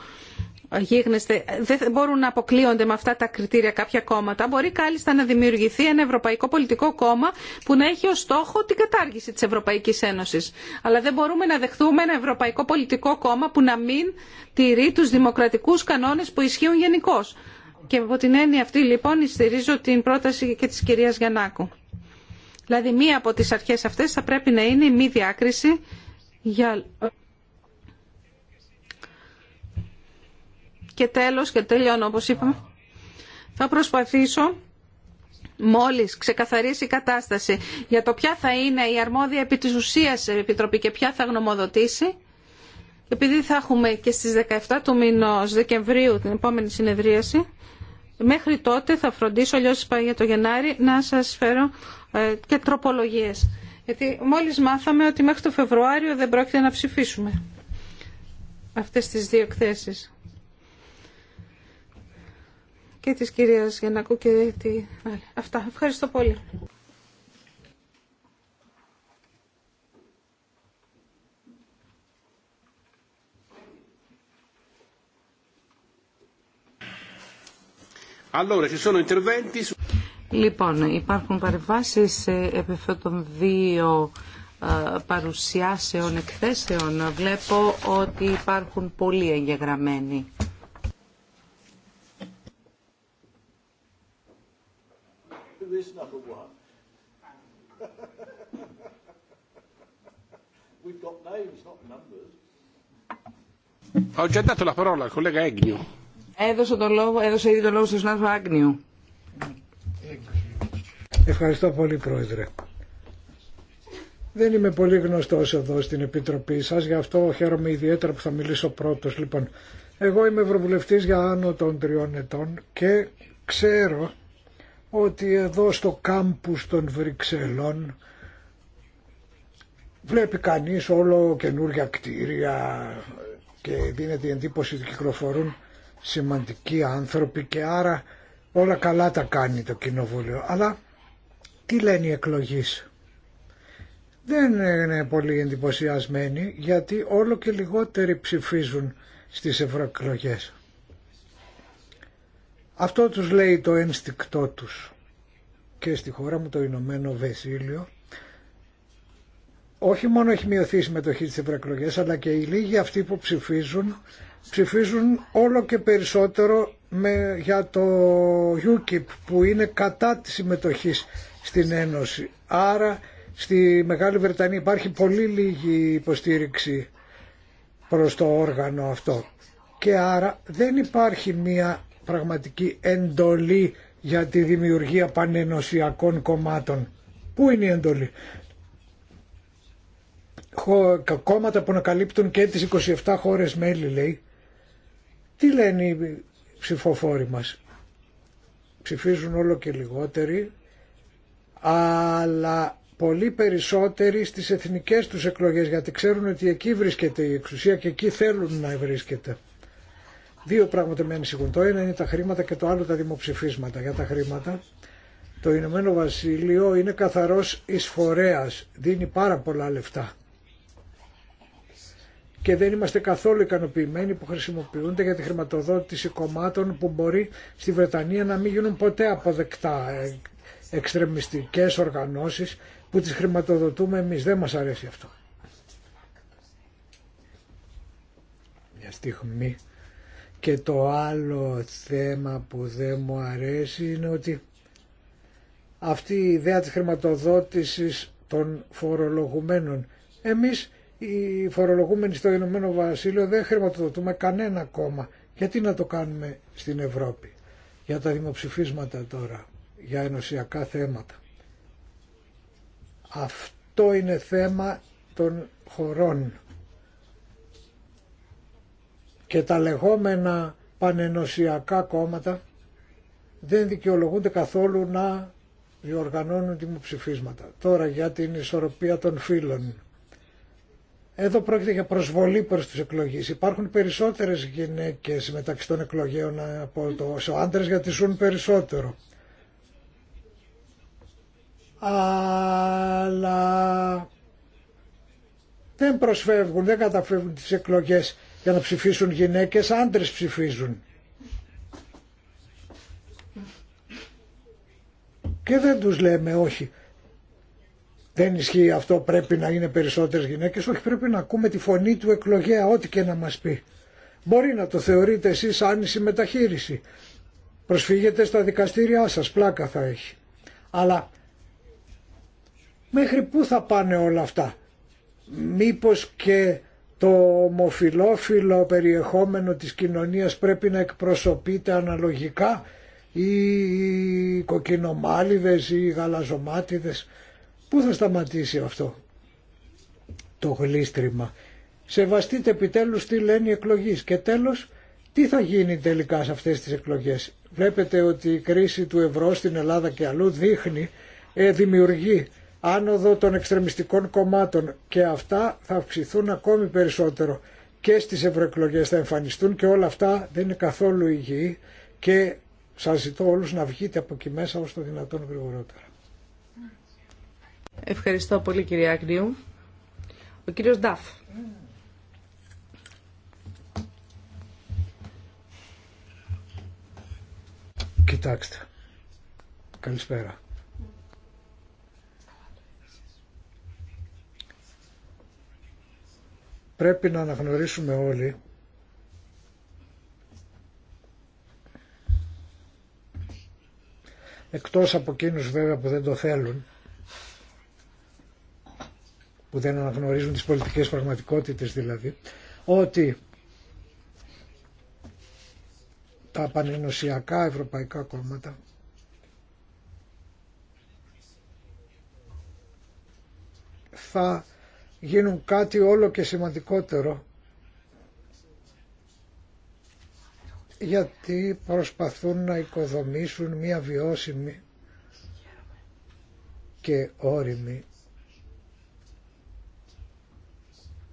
γίγνεσθε. Δεν μπορούν να αποκλείονται με αυτά τα κριτήρια κάποια κόμματα. Μπορεί κάλλιστα να δημιουργηθεί ένα ευρωπαϊκό πολιτικό κόμμα που να έχει ως στόχο την κατάργηση της Ευρωπαϊκής Ένωσης. Αλλά δεν μπορούμε να δεχθούμε ένα ευρωπαϊκό πολιτικό κόμμα που να μην τηρεί τους δημοκρατικούς κανόνες που ισχύουν γενικώ και από την έννοια αυτή λοιπόν στηρίζω την πρόταση και της κυρίας Γιαννάκου. Δηλαδή μία από τις αρχές αυτές θα πρέπει να είναι η μη διάκριση για... Και τέλος, και τελειώνω όπως είπαμε, θα προσπαθήσω μόλις ξεκαθαρίσει η κατάσταση για το ποια θα είναι η αρμόδια επί της ουσίας επιτροπή και ποια θα γνωμοδοτήσει, επειδή θα έχουμε και στις 17 του μηνός Δεκεμβρίου την επόμενη συνεδρίαση, Μέχρι τότε θα φροντίσω, αλλιώς για το Γενάρη, να σας φέρω ε, και τροπολογίες. Γιατί μόλις μάθαμε ότι μέχρι το Φεβρουάριο δεν πρόκειται να ψηφίσουμε αυτές τις δύο εκθέσεις. Και της κυρίας Γεννακού και τη... Αυτά. Ευχαριστώ πολύ. Λοιπόν, υπάρχουν παρεμβάσεις ε, επί αυτών των δύο ε, παρουσιάσεων, εκθέσεων. Βλέπω ότι υπάρχουν πολλοί εγγεγραμμένοι. Ho già dato la parola al collega Egnio. Έδωσε το λόγο, έδωσε ήδη το λόγο στον συνάδελφο Άγνιου. Ευχαριστώ πολύ Πρόεδρε. Δεν είμαι πολύ γνωστός εδώ στην Επιτροπή σας, γι' αυτό χαίρομαι ιδιαίτερα που θα μιλήσω πρώτος. Λοιπόν, εγώ είμαι Ευρωβουλευτής για άνω των τριών ετών και ξέρω ότι εδώ στο κάμπους των Βρυξελών βλέπει κανείς όλο καινούργια κτίρια και δίνεται η εντύπωση ότι κυκλοφορούν σημαντικοί άνθρωποι και άρα όλα καλά τα κάνει το κοινοβούλιο. Αλλά τι λένε οι εκλογείς. Δεν είναι πολύ εντυπωσιασμένοι γιατί όλο και λιγότεροι ψηφίζουν στις ευρωεκλογέ. Αυτό τους λέει το ένστικτό τους και στη χώρα μου το Ηνωμένο Βεσίλειο όχι μόνο έχει μειωθεί η συμμετοχή στις ευρωεκλογέ, αλλά και οι λίγοι αυτοί που ψηφίζουν ψηφίζουν όλο και περισσότερο με, για το UKIP που είναι κατά της συμμετοχής στην Ένωση. Άρα στη Μεγάλη Βρετανία υπάρχει πολύ λίγη υποστήριξη προς το όργανο αυτό. Και άρα δεν υπάρχει μία πραγματική εντολή για τη δημιουργία πανενωσιακών κομμάτων. Πού είναι η εντολή. Κόμματα που ανακαλυπτουν και τις 27 χώρες μέλη λέει τι λένε οι ψηφοφόροι μας. Ψηφίζουν όλο και λιγότεροι, αλλά πολύ περισσότεροι στις εθνικές τους εκλογές, γιατί ξέρουν ότι εκεί βρίσκεται η εξουσία και εκεί θέλουν να βρίσκεται. Δύο πράγματα με ανησυχούν. Το ένα είναι τα χρήματα και το άλλο τα δημοψηφίσματα. Για τα χρήματα, το Ηνωμένο Βασίλειο είναι καθαρός εισφορέας, δίνει πάρα πολλά λεφτά και δεν είμαστε καθόλου ικανοποιημένοι που χρησιμοποιούνται για τη χρηματοδότηση κομμάτων που μπορεί στη Βρετανία να μην γίνουν ποτέ αποδεκτά ε, εξτρεμιστικές οργανώσεις που τις χρηματοδοτούμε εμείς. Δεν μας αρέσει αυτό. Μια στιγμή. Και το άλλο θέμα που δεν μου αρέσει είναι ότι αυτή η ιδέα της χρηματοδότησης των φορολογουμένων εμείς οι φορολογούμενοι στο Ηνωμένο Βασίλειο δεν χρηματοδοτούμε κανένα κόμμα. Γιατί να το κάνουμε στην Ευρώπη για τα δημοψηφίσματα τώρα, για ενωσιακά θέματα. Αυτό είναι θέμα των χωρών. Και τα λεγόμενα πανενωσιακά κόμματα δεν δικαιολογούνται καθόλου να διοργανώνουν δημοψηφίσματα. Τώρα για την ισορροπία των φύλων εδώ πρόκειται για προσβολή προς τις εκλογές. Υπάρχουν περισσότερες γυναίκες μεταξύ των εκλογέων από το όσο άντρες γιατί ζουν περισσότερο. Αλλά δεν προσφεύγουν, δεν καταφεύγουν τις εκλογές για να ψηφίσουν γυναίκες, άντρες ψηφίζουν. Και δεν τους λέμε όχι, δεν ισχύει αυτό πρέπει να είναι περισσότερες γυναίκες, όχι πρέπει να ακούμε τη φωνή του εκλογέα ό,τι και να μας πει. Μπορεί να το θεωρείτε εσείς άνηση μεταχείριση. Προσφύγετε στα δικαστήριά σας, πλάκα θα έχει. Αλλά μέχρι πού θα πάνε όλα αυτά. Μήπως και το ομοφιλόφιλο περιεχόμενο της κοινωνίας πρέπει να εκπροσωπείται αναλογικά ή οι κοκκινομάλιδες ή οι γαλαζομάτιδες Πού θα σταματήσει αυτό το γλίστριμα. Σεβαστείτε επιτέλους τι λένε οι εκλογείς. Και τέλος, τι θα γίνει τελικά σε αυτές τις εκλογές. Βλέπετε ότι η κρίση του ευρώ στην Ελλάδα και αλλού δείχνει, ε, δημιουργεί άνοδο των εξτρεμιστικών κομμάτων και αυτά θα αυξηθούν ακόμη περισσότερο και στις ευρωεκλογές θα εμφανιστούν και όλα αυτά δεν είναι καθόλου υγιή και σας ζητώ όλους να βγείτε από εκεί μέσα όσο το δυνατόν γρηγορότερα. Ευχαριστώ πολύ κύριε Αγνίου. Ο κύριος Νταφ. Κοιτάξτε. Καλησπέρα. Πρέπει να αναγνωρίσουμε όλοι εκτός από εκείνους βέβαια που δεν το θέλουν που δεν αναγνωρίζουν τις πολιτικές πραγματικότητες δηλαδή, ότι τα πανενωσιακά ευρωπαϊκά κόμματα θα γίνουν κάτι όλο και σημαντικότερο γιατί προσπαθούν να οικοδομήσουν μια βιώσιμη και όρημη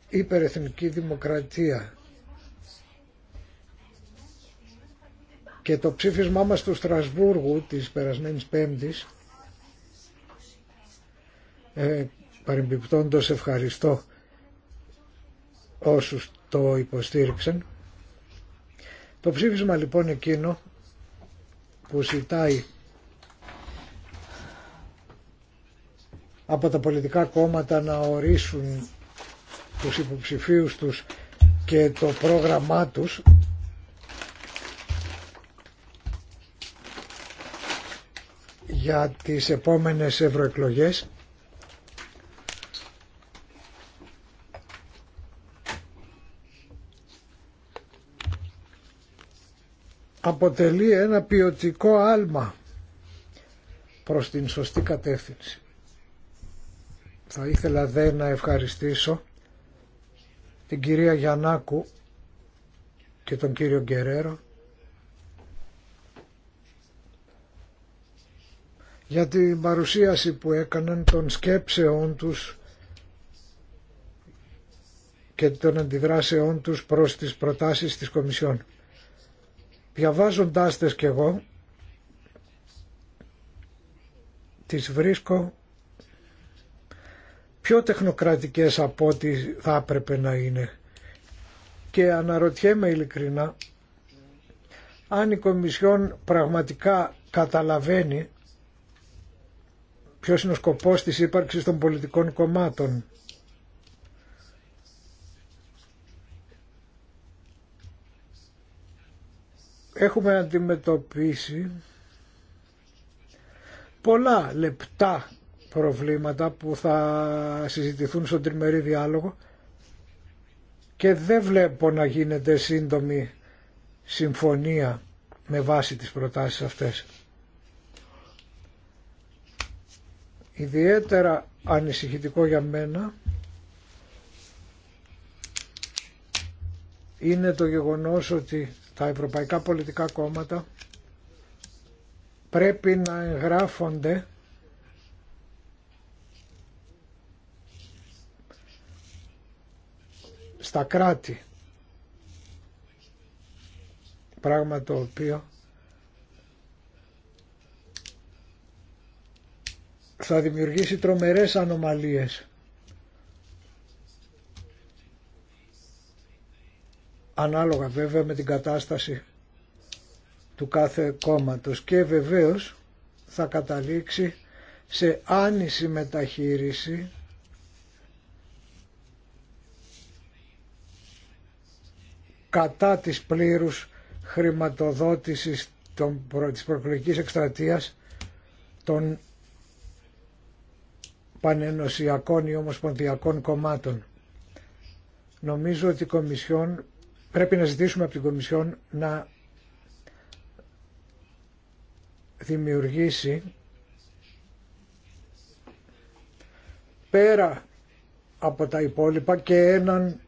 υπερεθνική δημοκρατία. Και το ψήφισμά μας του Στρασβούργου της περασμένης Πέμπτης, ε, παρεμπιπτόντως ευχαριστώ όσους το υποστήριξαν. Το ψήφισμα λοιπόν εκείνο που ζητάει από τα πολιτικά κόμματα να ορίσουν τους υποψηφίους τους και το πρόγραμμά τους για τις επόμενες ευρωεκλογές αποτελεί ένα ποιοτικό άλμα προς την σωστή κατεύθυνση. Θα ήθελα δε να ευχαριστήσω την κυρία Γιαννάκου και τον κύριο Γκερέρο για την παρουσίαση που έκαναν των σκέψεών τους και των αντιδράσεών τους προς τις προτάσεις της Κομισιόν. Διαβάζοντάς τες κι εγώ, τις βρίσκω πιο τεχνοκρατικές από ό,τι θα έπρεπε να είναι. Και αναρωτιέμαι ειλικρινά αν η Κομισιόν πραγματικά καταλαβαίνει ποιος είναι ο σκοπός της ύπαρξης των πολιτικών κομμάτων. Έχουμε αντιμετωπίσει πολλά λεπτά προβλήματα που θα συζητηθούν στον τριμερή διάλογο και δεν βλέπω να γίνεται σύντομη συμφωνία με βάση τις προτάσεις αυτές. Ιδιαίτερα ανησυχητικό για μένα είναι το γεγονός ότι τα ευρωπαϊκά πολιτικά κόμματα πρέπει να εγγράφονται στα κράτη. Πράγμα το οποίο θα δημιουργήσει τρομερές ανομαλίες. Ανάλογα βέβαια με την κατάσταση του κάθε κόμματος και βεβαίως θα καταλήξει σε άνηση μεταχείριση κατά της πλήρους χρηματοδότησης των, της προεκλογικής εκστρατείας των πανενοσιακών ή ομοσπονδιακών κομμάτων. Νομίζω ότι η Κομισιόν, πρέπει να ζητήσουμε από την Κομισιόν να δημιουργήσει πέρα από τα υπόλοιπα και έναν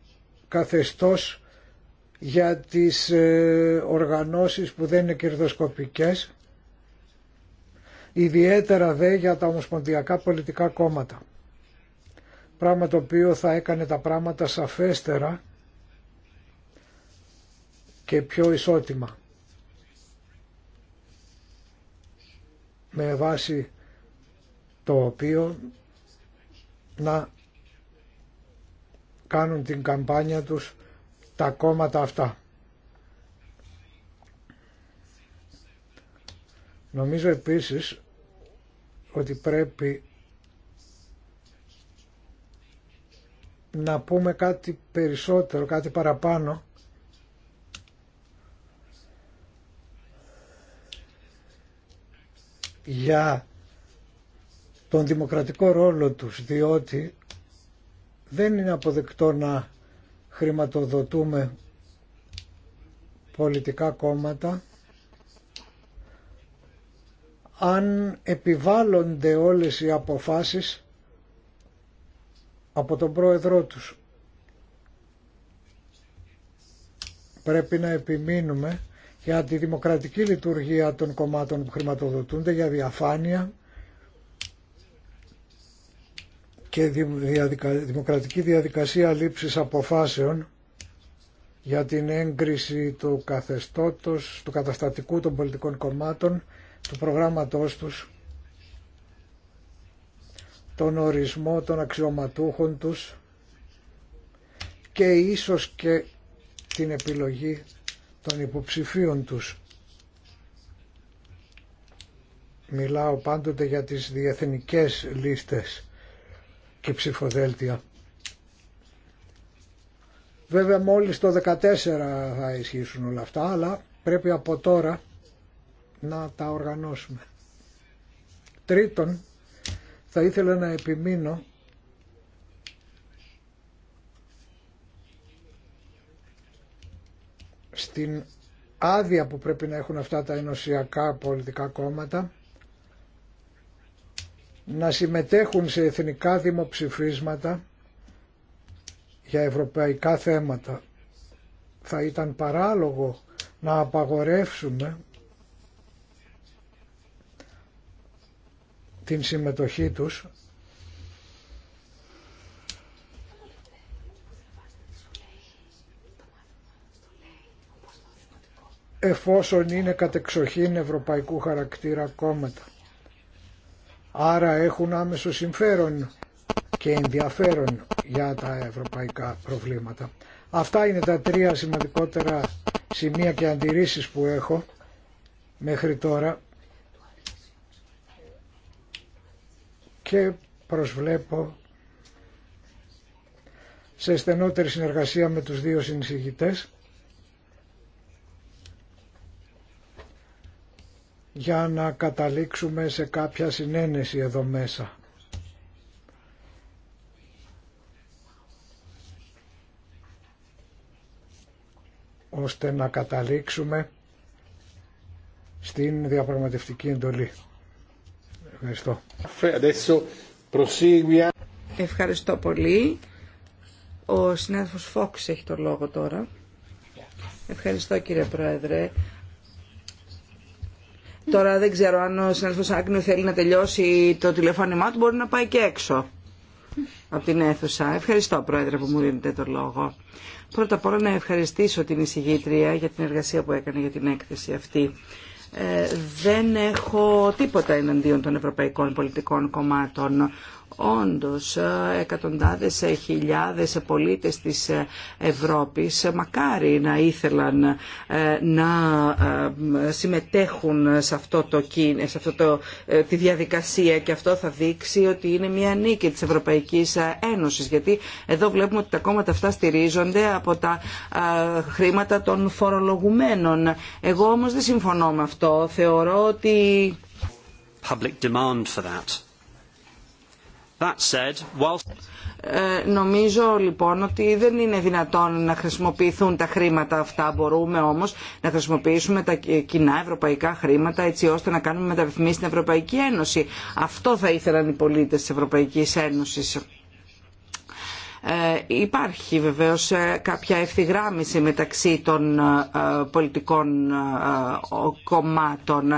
καθεστώς για τις ε, οργανώσεις που δεν είναι κερδοσκοπικές, ιδιαίτερα δε για τα ομοσπονδιακά πολιτικά κόμματα. Πράγμα το οποίο θα έκανε τα πράγματα σαφέστερα και πιο ισότιμα. Με βάση το οποίο να κάνουν την καμπάνια τους τα κόμματα αυτά. Νομίζω επίσης ότι πρέπει να πούμε κάτι περισσότερο, κάτι παραπάνω για τον δημοκρατικό ρόλο τους, διότι δεν είναι αποδεκτό να χρηματοδοτούμε πολιτικά κόμματα αν επιβάλλονται όλες οι αποφάσεις από τον πρόεδρό τους. Πρέπει να επιμείνουμε για τη δημοκρατική λειτουργία των κομμάτων που χρηματοδοτούνται, για διαφάνεια και δημοκρατική διαδικασία λήψης αποφάσεων για την έγκριση του καθεστώτος, του καταστατικού των πολιτικών κομμάτων, του προγράμματός τους, τον ορισμό των αξιωματούχων τους και ίσως και την επιλογή των υποψηφίων τους. Μιλάω πάντοτε για τις διεθνικές λίστες και ψηφοδέλτια. Βέβαια μόλις το 14 θα ισχύσουν όλα αυτά, αλλά πρέπει από τώρα να τα οργανώσουμε. Τρίτον, θα ήθελα να επιμείνω στην άδεια που πρέπει να έχουν αυτά τα ενωσιακά πολιτικά κόμματα να συμμετέχουν σε εθνικά δημοψηφίσματα για ευρωπαϊκά θέματα. Θα ήταν παράλογο να απαγορεύσουμε την συμμετοχή τους εφόσον είναι κατεξοχήν ευρωπαϊκού χαρακτήρα κόμματα άρα έχουν άμεσο συμφέρον και ενδιαφέρον για τα ευρωπαϊκά προβλήματα. Αυτά είναι τα τρία σημαντικότερα σημεία και αντιρρήσεις που έχω μέχρι τώρα και προσβλέπω σε στενότερη συνεργασία με τους δύο συνεισηγητές για να καταλήξουμε σε κάποια συνένεση εδώ μέσα. ώστε να καταλήξουμε στην διαπραγματευτική εντολή. Ευχαριστώ. Ευχαριστώ πολύ. Ο συνάδελφος Φόξ έχει το λόγο τώρα. Ευχαριστώ κύριε Πρόεδρε. Τώρα δεν ξέρω αν ο συνάδελφος θέλει να τελειώσει το τηλεφώνημά του, μπορεί να πάει και έξω από την αίθουσα. Ευχαριστώ, Πρόεδρε, που μου δίνετε το λόγο. Πρώτα απ' όλα να ευχαριστήσω την εισηγήτρια για την εργασία που έκανε για την έκθεση αυτή. Ε, δεν έχω τίποτα εναντίον των ευρωπαϊκών πολιτικών κομμάτων όντως εκατοντάδες χιλιάδες πολίτες της Ευρώπης μακάρι να ήθελαν ε, να ε, συμμετέχουν σε αυτό το, σε αυτό το ε, τη διαδικασία και αυτό θα δείξει ότι είναι μια νίκη της Ευρωπαϊκής Ένωσης γιατί εδώ βλέπουμε ότι τα κόμματα αυτά στηρίζονται από τα χρήματα των φορολογουμένων. Εγώ όμως δεν συμφωνώ με αυτό. Θεωρώ ότι ε, νομίζω λοιπόν ότι δεν είναι δυνατόν να χρησιμοποιηθούν τα χρήματα αυτά. Μπορούμε όμως να χρησιμοποιήσουμε τα κοινά ευρωπαϊκά χρήματα έτσι ώστε να κάνουμε μεταρρυθμίσεις στην Ευρωπαϊκή Ένωση. Αυτό θα ήθελαν οι πολίτες της Ευρωπαϊκής Ένωσης. Ε, υπάρχει βεβαίως ε, κάποια ευθυγράμμιση μεταξύ των ε, πολιτικών κομμάτων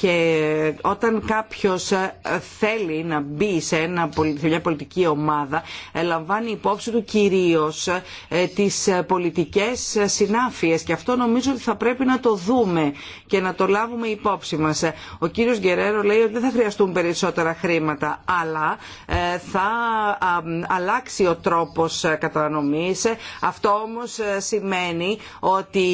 και όταν κάποιος θέλει να μπει σε μια πολιτική ομάδα λαμβάνει υπόψη του κυρίως τις πολιτικές συνάφειες και αυτό νομίζω ότι θα πρέπει να το δούμε και να το λάβουμε υπόψη μας. Ο κύριος Γκερέρο λέει ότι δεν θα χρειαστούν περισσότερα χρήματα αλλά θα αλλάξει ο τρόπος ε, κατανομής. Αυτό όμως ε, σημαίνει ότι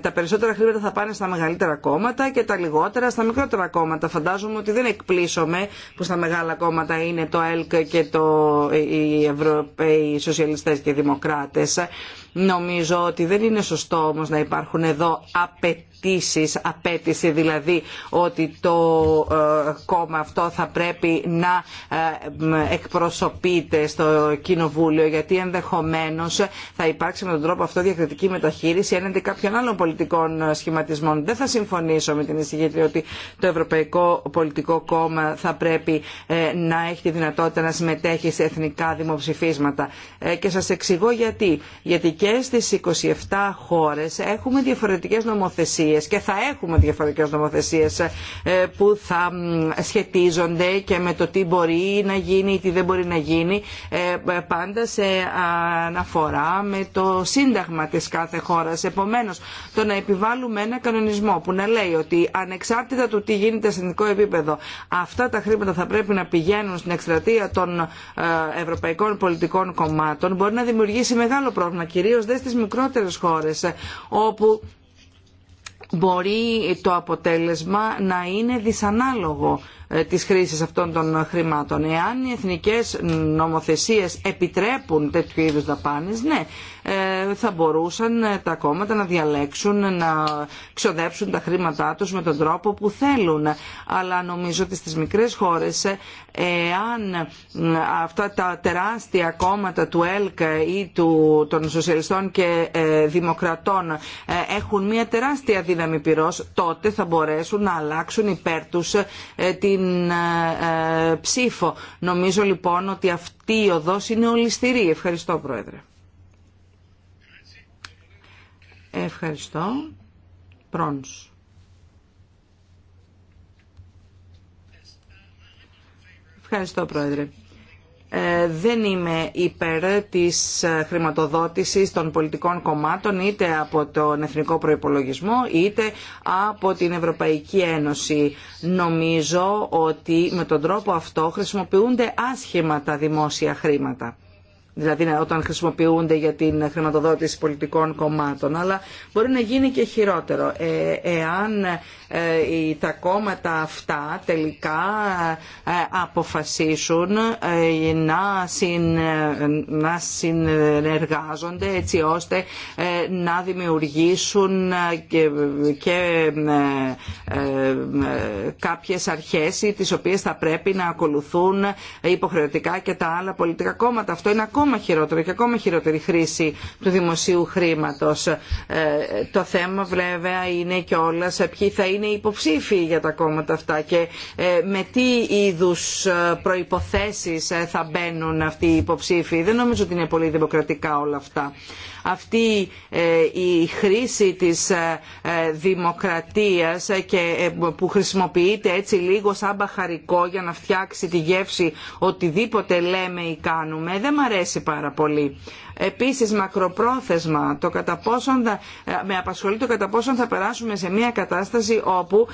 τα, περισσότερα χρήματα θα πάνε στα μεγαλύτερα κόμματα και τα λιγότερα στα μικρότερα κόμματα. Φαντάζομαι ότι δεν εκπλήσωμε που στα μεγάλα κόμματα είναι το ΕΛΚ και το, ε, οι Ευρωπαίοι Σοσιαλιστές και Δημοκράτες. Νομίζω ότι δεν είναι σωστό όμως να υπάρχουν εδώ απαιτήσεις απέτηση δηλαδή ότι το ε, κόμμα αυτό θα πρέπει να ε, εκπροσωπείται στο κοινοβούλιο γιατί ενδεχομένως θα υπάρξει με τον τρόπο αυτό διακριτική μεταχείριση έναντι κάποιων άλλων πολιτικών ε, σχηματισμών. Δεν θα συμφωνήσω με την εισηγήτρια ότι το Ευρωπαϊκό Πολιτικό Κόμμα θα πρέπει να έχει τη δυνατότητα να συμμετέχει σε εθνικά δημοψηφίσματα. Και σας εξηγώ γιατί. Γιατί και στις 27 χώρες έχουμε διαφορετικές νομοθεσίες και θα έχουμε διαφορετικές νομοθεσίε ε, που θα σχετίζονται και με το τι μπορεί να γίνει ή τι δεν μπορεί να γίνει ε, ε, πάντα σε αναφορά με το σύνταγμα της κάθε χώρας. Επομένως, το να επιβάλλουμε ένα κανονισμό που να λέει ότι ανεξάρτητα του τι γίνεται σε εθνικό επίπεδο αυτά τα χρήματα θα πρέπει να πηγαίνουν στην εκστρατεία των ευρωπαϊκών πολιτικών κομμάτων μπορεί να δημιουργήσει μεγάλο πρόβλημα κυρίως δε στις μικρότερες χώρες όπου μπορεί το αποτέλεσμα να είναι δυσανάλογο ε, της χρήσης αυτών των χρημάτων. Εάν οι εθνικές νομοθεσίες επιτρέπουν τέτοιου είδους δαπάνες, ναι, ε, θα μπορούσαν ε, τα κόμματα να διαλέξουν να ξοδέψουν τα χρήματά τους με τον τρόπο που θέλουν. Αλλά νομίζω ότι στις μικρές χώρες ε, εάν αυτά τα τεράστια κόμματα του ΕΛΚ ή του, των Σοσιαλιστών και Δημοκρατών έχουν μια τεράστια δύναμη πυρός, τότε θα μπορέσουν να αλλάξουν υπέρ τους την ψήφο. Νομίζω λοιπόν ότι αυτή η οδός είναι ολιστηρή. Ευχαριστώ Πρόεδρε. Ευχαριστώ. Πρόν. Ευχαριστώ, Πρόεδρε. Ε, δεν είμαι υπέρ της χρηματοδότησης των πολιτικών κομμάτων είτε από τον Εθνικό Προϋπολογισμό είτε από την Ευρωπαϊκή Ένωση. Νομίζω ότι με τον τρόπο αυτό χρησιμοποιούνται άσχημα τα δημόσια χρήματα δηλαδή όταν χρησιμοποιούνται για την χρηματοδότηση πολιτικών κομμάτων, αλλά μπορεί να γίνει και χειρότερο. Ε, εάν ε, τα κόμματα αυτά τελικά ε, αποφασίσουν ε, να, συν, να συνεργάζονται έτσι ώστε να δημιουργήσουν και, και κάποιες αρχές τις οποίες θα πρέπει να ακολουθούν υποχρεωτικά και τα άλλα πολιτικά κόμματα. Αυτό είναι ακόμα χειρότερο και ακόμα χειρότερη χρήση του δημοσίου χρήματος. Το θέμα βέβαια είναι και όλα ποιοι θα είναι είναι υποψήφοι για τα κόμματα αυτά και ε, με τι είδους ε, προϋποθέσεις ε, θα μπαίνουν αυτοί οι υποψήφοι. Δεν νομίζω ότι είναι πολύ δημοκρατικά όλα αυτά αυτή ε, η χρήση της ε, ε, δημοκρατίας και που χρησιμοποιείται έτσι λίγο σαν μπαχαρικό για να φτιάξει τη γεύση οτιδήποτε λέμε ή κάνουμε δεν μου αρέσει πάρα πολύ. Επίσης μακροπρόθεσμα το κατά με απασχολεί το κατά πόσον θα περάσουμε σε μια κατάσταση όπου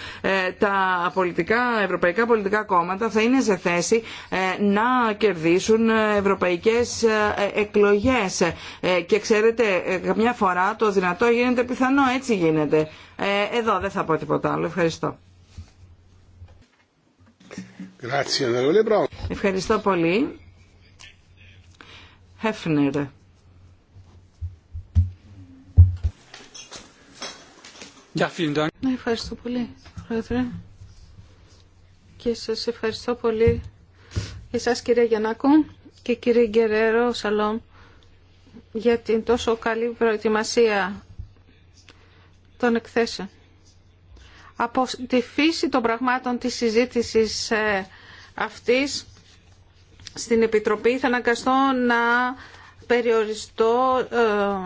τα πολιτικά, ευρωπαϊκά πολιτικά κόμματα θα είναι σε θέση να κερδίσουν ευρωπαϊκές εκλογές και ξέρετε ε, καμιά φορά το δυνατό γίνεται πιθανό, έτσι γίνεται. Ε, εδώ δεν θα πω τίποτα άλλο. Ευχαριστώ. Ευχαριστώ πολύ. Χέφνερ. Ναι, ευχαριστώ πολύ, Πρόεδρε. Και σα ευχαριστώ πολύ εσά κύριε Γιαννάκου και κύριε Γκερέρο Σαλόμ για την τόσο καλή προετοιμασία των εκθέσεων. Από τη φύση των πραγμάτων της συζήτησης ε, αυτής στην Επιτροπή θα αναγκαστώ να περιοριστώ ε,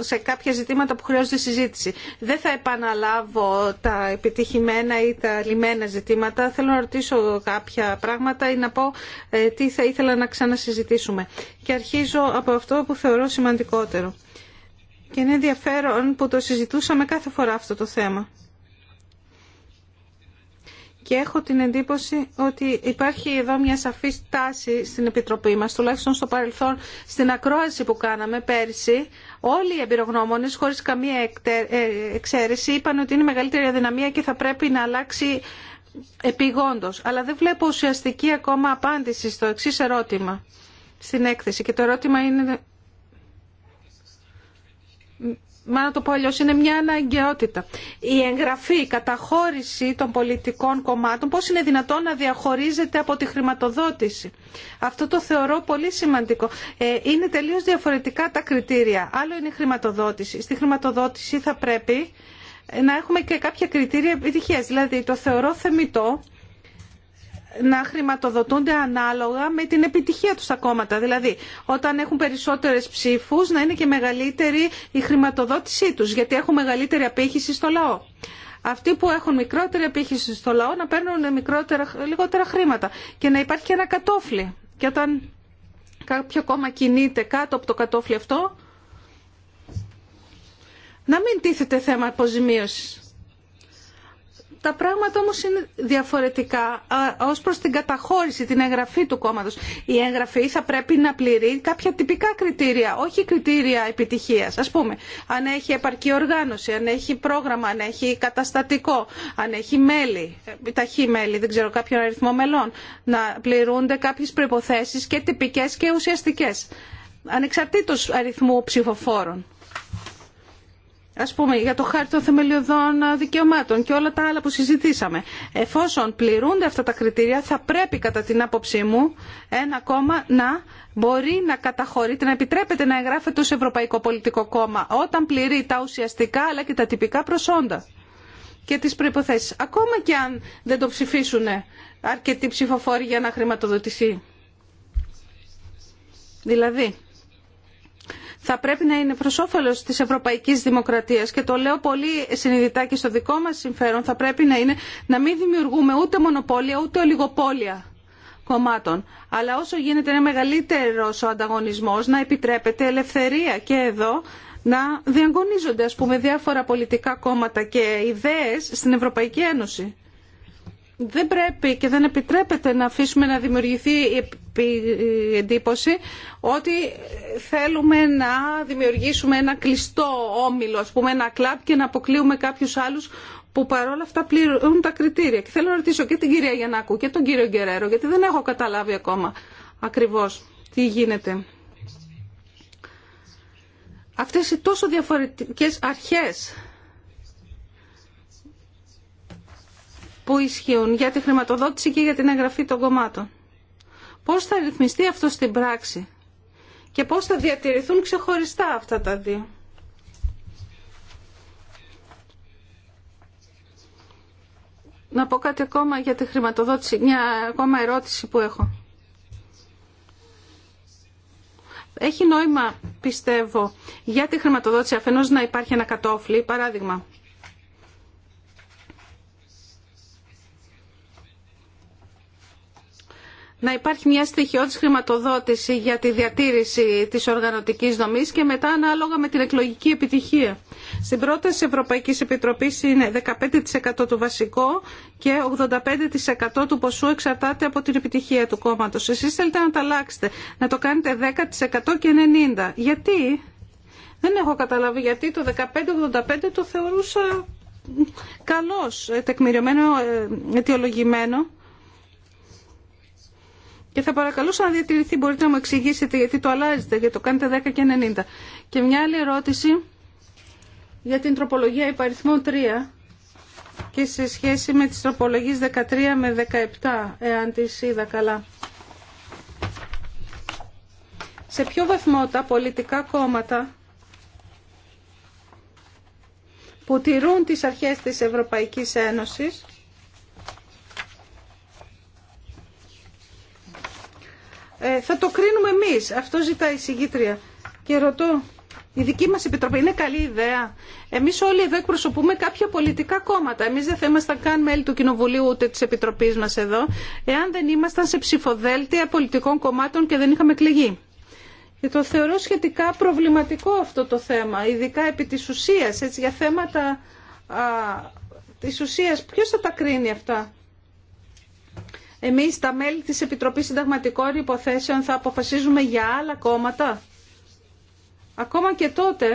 σε κάποια ζητήματα που χρειάζονται συζήτηση. Δεν θα επαναλάβω τα επιτυχημένα ή τα λιμένα ζητήματα. Θέλω να ρωτήσω κάποια πράγματα ή να πω ε, τι θα ήθελα να ξανασυζητήσουμε. Και αρχίζω από αυτό που θεωρώ σημαντικότερο. Και είναι ενδιαφέρον που το συζητούσαμε κάθε φορά αυτό το θέμα και έχω την εντύπωση ότι υπάρχει εδώ μια σαφή τάση στην Επιτροπή μας, τουλάχιστον στο παρελθόν, στην ακρόαση που κάναμε πέρσι, όλοι οι εμπειρογνώμονες, χωρίς καμία ε, εξαίρεση, είπαν ότι είναι μεγαλύτερη αδυναμία και θα πρέπει να αλλάξει επιγόντως. Αλλά δεν βλέπω ουσιαστική ακόμα απάντηση στο εξή ερώτημα στην έκθεση. Και το ερώτημα είναι Μα να το πω αλλιώς, είναι μια αναγκαιότητα. Η εγγραφή, η καταχώρηση των πολιτικών κομμάτων, πώς είναι δυνατόν να διαχωρίζεται από τη χρηματοδότηση. Αυτό το θεωρώ πολύ σημαντικό. Ε, είναι τελείως διαφορετικά τα κριτήρια. Άλλο είναι η χρηματοδότηση. Στη χρηματοδότηση θα πρέπει να έχουμε και κάποια κριτήρια επιτυχίας. Δηλαδή, το θεωρώ θεμητό να χρηματοδοτούνται ανάλογα με την επιτυχία τους τα κόμματα. Δηλαδή, όταν έχουν περισσότερες ψήφους, να είναι και μεγαλύτερη η χρηματοδότησή τους, γιατί έχουν μεγαλύτερη απήχηση στο λαό. Αυτοί που έχουν μικρότερη απήχηση στο λαό να παίρνουν μικρότερα, λιγότερα χρήματα και να υπάρχει και ένα κατόφλι. Και όταν κάποιο κόμμα κινείται κάτω από το κατόφλι αυτό, να μην τίθεται θέμα αποζημίωσης. Τα πράγματα όμως είναι διαφορετικά ως προς την καταχώρηση, την εγγραφή του κόμματος. Η εγγραφή θα πρέπει να πληρεί κάποια τυπικά κριτήρια, όχι κριτήρια επιτυχίας. Ας πούμε, αν έχει επαρκή οργάνωση, αν έχει πρόγραμμα, αν έχει καταστατικό, αν έχει μέλη, ε, ταχύ μέλη, δεν ξέρω κάποιον αριθμό μελών, να πληρούνται κάποιες προϋποθέσεις και τυπικές και ουσιαστικές, ανεξαρτήτως αριθμού ψηφοφόρων ας πούμε, για το χάρτη των θεμελιωδών ε, δικαιωμάτων και όλα τα άλλα που συζητήσαμε. Εφόσον πληρούνται αυτά τα κριτήρια, θα πρέπει κατά την άποψή μου ένα κόμμα να μπορεί να καταχωρείται, να επιτρέπεται να εγγράφεται ως Ευρωπαϊκό Πολιτικό Κόμμα όταν πληρεί τα ουσιαστικά αλλά και τα τυπικά προσόντα και τις προϋποθέσεις. Ακόμα και αν δεν το ψηφίσουν αρκετοί ψηφοφόροι για να χρηματοδοτηθεί. Δηλαδή, θα πρέπει να είναι προ όφελο τη ευρωπαϊκή δημοκρατία και το λέω πολύ συνειδητά και στο δικό μα συμφέρον θα πρέπει να είναι να μην δημιουργούμε ούτε μονοπόλια ούτε ολιγοπόλια κομμάτων. Αλλά όσο γίνεται ένα μεγαλύτερο ο ανταγωνισμό να επιτρέπεται ελευθερία και εδώ να διαγωνίζονται ας πούμε διάφορα πολιτικά κόμματα και ιδέες στην Ευρωπαϊκή Ένωση δεν πρέπει και δεν επιτρέπεται να αφήσουμε να δημιουργηθεί η εντύπωση ότι θέλουμε να δημιουργήσουμε ένα κλειστό όμιλο, ας πούμε ένα κλαμπ και να αποκλείουμε κάποιους άλλους που παρόλα αυτά πληρούν τα κριτήρια. Και θέλω να ρωτήσω και την κυρία Γιαννάκου και τον κύριο Γκερέρο, γιατί δεν έχω καταλάβει ακόμα ακριβώς τι γίνεται. Αυτές οι τόσο διαφορετικές αρχές που ισχύουν για τη χρηματοδότηση και για την εγγραφή των κομμάτων. Πώς θα ρυθμιστεί αυτό στην πράξη και πώς θα διατηρηθούν ξεχωριστά αυτά τα δύο. Να πω κάτι ακόμα για τη χρηματοδότηση, μια ακόμα ερώτηση που έχω. Έχει νόημα, πιστεύω, για τη χρηματοδότηση αφενός να υπάρχει ένα κατόφλι, παράδειγμα, να υπάρχει μια στοιχειώδης χρηματοδότηση για τη διατήρηση της οργανωτικής δομή και μετά ανάλογα με την εκλογική επιτυχία. Στην πρόταση Ευρωπαϊκής Επιτροπής είναι 15% του βασικό και 85% του ποσού εξαρτάται από την επιτυχία του κόμματος. Εσείς θέλετε να τα αλλάξετε, να το κάνετε 10% και 90%. Γιατί? Δεν έχω καταλάβει γιατί το 15-85 το θεωρούσα καλός, ε, τεκμηριωμένο, ε, αιτιολογημένο. Και θα παρακαλούσα να διατηρηθεί, μπορείτε να μου εξηγήσετε γιατί το αλλάζετε, γιατί το κάνετε 10 και 90. Και μια άλλη ερώτηση για την τροπολογία υπαριθμών 3 και σε σχέση με τις τροπολογίες 13 με 17, εάν τις είδα καλά. Σε ποιο βαθμό τα πολιτικά κόμματα που τηρούν τις αρχές της Ευρωπαϊκής Ένωσης ε, θα το κρίνουμε εμείς. Αυτό ζητάει η συγκήτρια. Και ρωτώ, η δική μας επιτροπή είναι καλή ιδέα. Εμείς όλοι εδώ εκπροσωπούμε κάποια πολιτικά κόμματα. Εμείς δεν θα ήμασταν καν μέλη του Κοινοβουλίου ούτε της Επιτροπής μας εδώ, εάν δεν ήμασταν σε ψηφοδέλτια πολιτικών κομμάτων και δεν είχαμε εκλεγεί. Και το θεωρώ σχετικά προβληματικό αυτό το θέμα, ειδικά επί της ουσίας, έτσι, για θέματα α, της ουσίας. θα τα κρίνει αυτά. Εμείς τα μέλη τη Επιτροπής Συνταγματικών Υποθέσεων θα αποφασίζουμε για άλλα κόμματα. Ακόμα και τότε,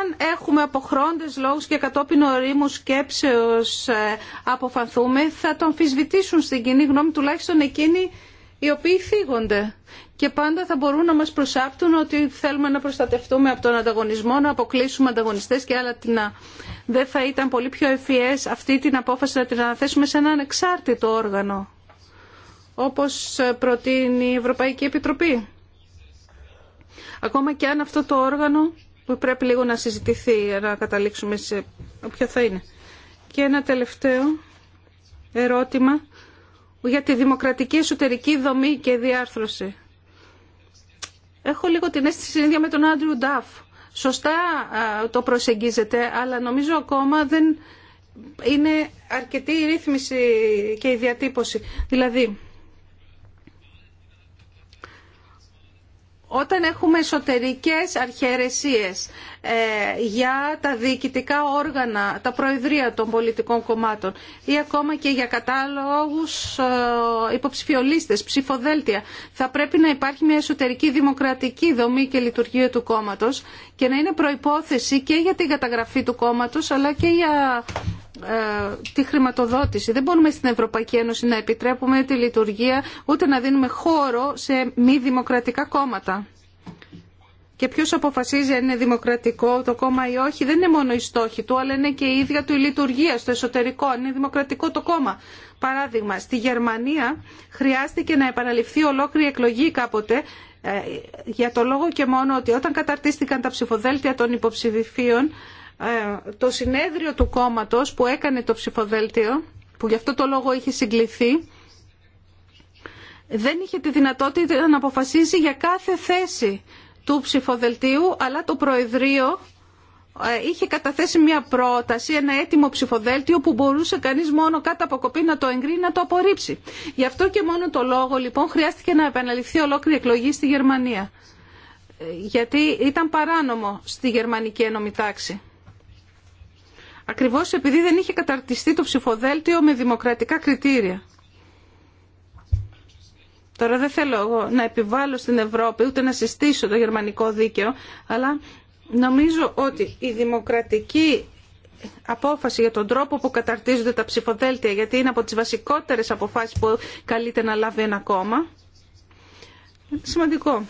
αν έχουμε αποχρόντες λόγους και κατόπιν ορίμου σκέψεως ε, αποφανθούμε, θα τον αμφισβητήσουν στην κοινή γνώμη τουλάχιστον εκείνοι οι οποίοι θίγονται και πάντα θα μπορούν να μας προσάπτουν ότι θέλουμε να προστατευτούμε από τον ανταγωνισμό, να αποκλείσουμε ανταγωνιστές και άλλα τεινά δεν θα ήταν πολύ πιο ευφιές αυτή την απόφαση να την αναθέσουμε σε ένα ανεξάρτητο όργανο, όπως προτείνει η Ευρωπαϊκή Επιτροπή. Ακόμα και αν αυτό το όργανο που πρέπει λίγο να συζητηθεί, να καταλήξουμε σε ποιο θα είναι. Και ένα τελευταίο ερώτημα για τη δημοκρατική εσωτερική δομή και διάρθρωση. Έχω λίγο την αίσθηση ίδια με τον Άντριου Νταφ σωστά το προσεγγίζετε, αλλά νομίζω ακόμα δεν είναι αρκετή η ρύθμιση και η διατύπωση. Δηλαδή, Όταν έχουμε εσωτερικές αρχαιρεσίες ε, για τα διοικητικά όργανα, τα προεδρία των πολιτικών κομμάτων ή ακόμα και για κατάλογους ε, υποψηφιολίστες, ψηφοδέλτια, θα πρέπει να υπάρχει μια εσωτερική δημοκρατική δομή και λειτουργία του κόμματος και να είναι προϋπόθεση και για την καταγραφή του κόμματος αλλά και για ε, τη χρηματοδότηση. Δεν μπορούμε στην Ευρωπαϊκή Ένωση να επιτρέπουμε τη λειτουργία ούτε να δίνουμε χώρο σε μη δημοκρατικά κόμματα. Και ποιος αποφασίζει αν είναι δημοκρατικό το κόμμα ή όχι, δεν είναι μόνο η στόχη του, αλλά είναι και η ίδια του η λειτουργία στο εσωτερικό, αν είναι δημοκρατικό το κόμμα. Παράδειγμα, στη Γερμανία χρειάστηκε να επαναληφθεί ολόκληρη εκλογή κάποτε, ε, για το λόγο και μόνο ότι όταν καταρτίστηκαν τα ψηφοδέλτια των υποψηφίων, ε, το συνέδριο του κόμματος που έκανε το ψηφοδέλτιο, που γι' αυτό το λόγο είχε συγκληθεί, δεν είχε τη δυνατότητα να αποφασίσει για κάθε θέση του ψηφοδελτίου, αλλά το Προεδρείο ε, είχε καταθέσει μια πρόταση, ένα έτοιμο ψηφοδέλτιο που μπορούσε κανείς μόνο κάτω από κοπή να το εγκρίνει, να το απορρίψει. Γι' αυτό και μόνο το λόγο λοιπόν χρειάστηκε να επαναληφθεί ολόκληρη εκλογή στη Γερμανία. Ε, γιατί ήταν παράνομο στη γερμανική τάξη ακριβώς επειδή δεν είχε καταρτιστεί το ψηφοδέλτιο με δημοκρατικά κριτήρια. Τώρα δεν θέλω εγώ να επιβάλλω στην Ευρώπη ούτε να συστήσω το γερμανικό δίκαιο, αλλά νομίζω ότι η δημοκρατική απόφαση για τον τρόπο που καταρτίζονται τα ψηφοδέλτια, γιατί είναι από τις βασικότερες αποφάσεις που καλείται να λάβει ένα κόμμα, είναι σημαντικό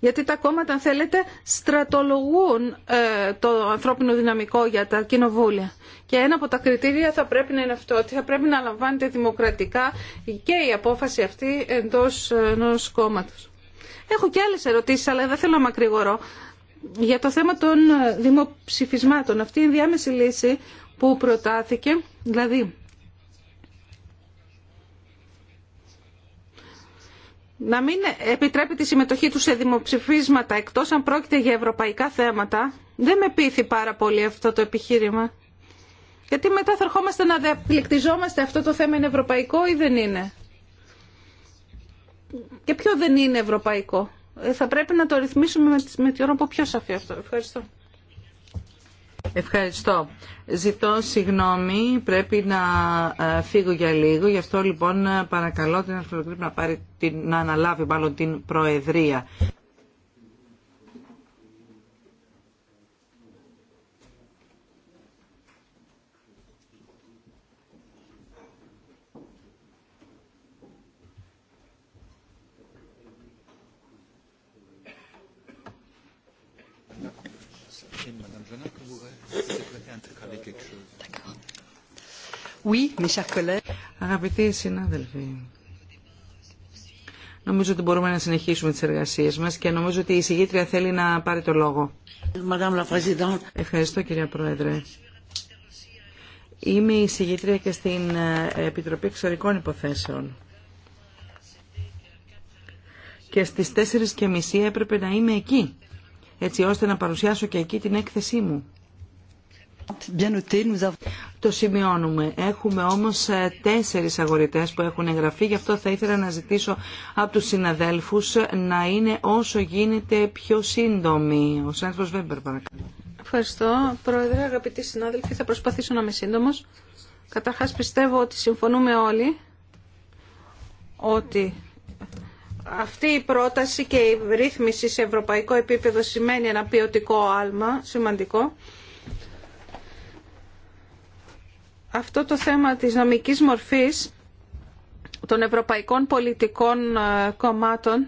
γιατί τα κόμματα, αν θέλετε, στρατολογούν ε, το ανθρώπινο δυναμικό για τα κοινοβούλια. Και ένα από τα κριτήρια θα πρέπει να είναι αυτό, ότι θα πρέπει να λαμβάνεται δημοκρατικά και η απόφαση αυτή εντός ενό κόμματο. Έχω και άλλες ερωτήσεις, αλλά δεν θέλω να μακρηγορώ. Για το θέμα των δημοψηφισμάτων, αυτή η διάμεση λύση που προτάθηκε, δηλαδή να μην επιτρέπει τη συμμετοχή του σε δημοψηφίσματα εκτός αν πρόκειται για ευρωπαϊκά θέματα, δεν με πείθει πάρα πολύ αυτό το επιχείρημα. Γιατί μετά θα ερχόμαστε να διαπληκτιζόμαστε αυτό το θέμα είναι ευρωπαϊκό ή δεν είναι. Και ποιο δεν είναι ευρωπαϊκό. Ε, θα πρέπει να το ρυθμίσουμε με τη ώρα που πιο σαφή αυτό. Ευχαριστώ. Ευχαριστώ. Ζητώ συγγνώμη, πρέπει να ε, φύγω για λίγο, γι' αυτό λοιπόν ε, παρακαλώ την Αρχολογρήπη να, πάρει, να αναλάβει μάλλον την Προεδρία. Αγαπητοί συνάδελφοι, νομίζω ότι μπορούμε να συνεχίσουμε τις εργασίες μας και νομίζω ότι η συγγήτρια θέλει να πάρει το λόγο. Ευχαριστώ κυρία Πρόεδρε. Είμαι η συγγήτρια και στην ε, Επιτροπή Εξωτερικών Υποθέσεων. Και στις 4.30 έπρεπε να είμαι εκεί, έτσι ώστε να παρουσιάσω και εκεί την έκθεσή μου. Το σημειώνουμε. Έχουμε όμως ε, τέσσερις αγορητές που έχουν εγγραφεί, γι' αυτό θα ήθελα να ζητήσω από τους συναδέλφους ε, να είναι όσο γίνεται πιο σύντομοι. Ο Σάνθος Βέμπερ παρακαλώ. Ευχαριστώ. Πρόεδρε, αγαπητοί συνάδελφοι, θα προσπαθήσω να είμαι σύντομος. Καταρχάς πιστεύω ότι συμφωνούμε όλοι ότι αυτή η πρόταση και η ρύθμιση σε ευρωπαϊκό επίπεδο σημαίνει ένα ποιοτικό άλμα σημαντικό αυτό το θέμα της νομικής μορφής των ευρωπαϊκών πολιτικών ε, κομμάτων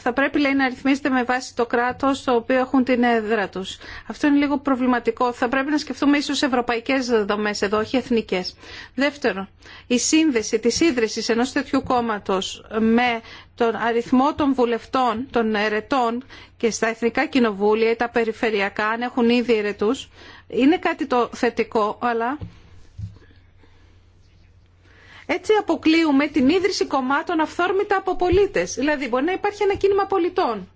θα πρέπει λέει να ρυθμίζεται με βάση το κράτος το οποίο έχουν την έδρα τους. Αυτό είναι λίγο προβληματικό. Θα πρέπει να σκεφτούμε ίσω ευρωπαϊκέ δομέ εδώ, όχι εθνικέ. δεύτερο, η σύνδεση της ίδρυσης ενό τέτοιου κόμματο με τον αριθμό των βουλευτών, των ερετών και στα εθνικά κοινοβούλια ή τα περιφερειακά, αν έχουν ήδη ερετού, είναι κάτι το θετικό, αλλά έτσι αποκλείουμε την ίδρυση κομμάτων αυθόρμητα από πολίτες. Δηλαδή μπορεί να υπάρχει ένα κίνημα πολιτών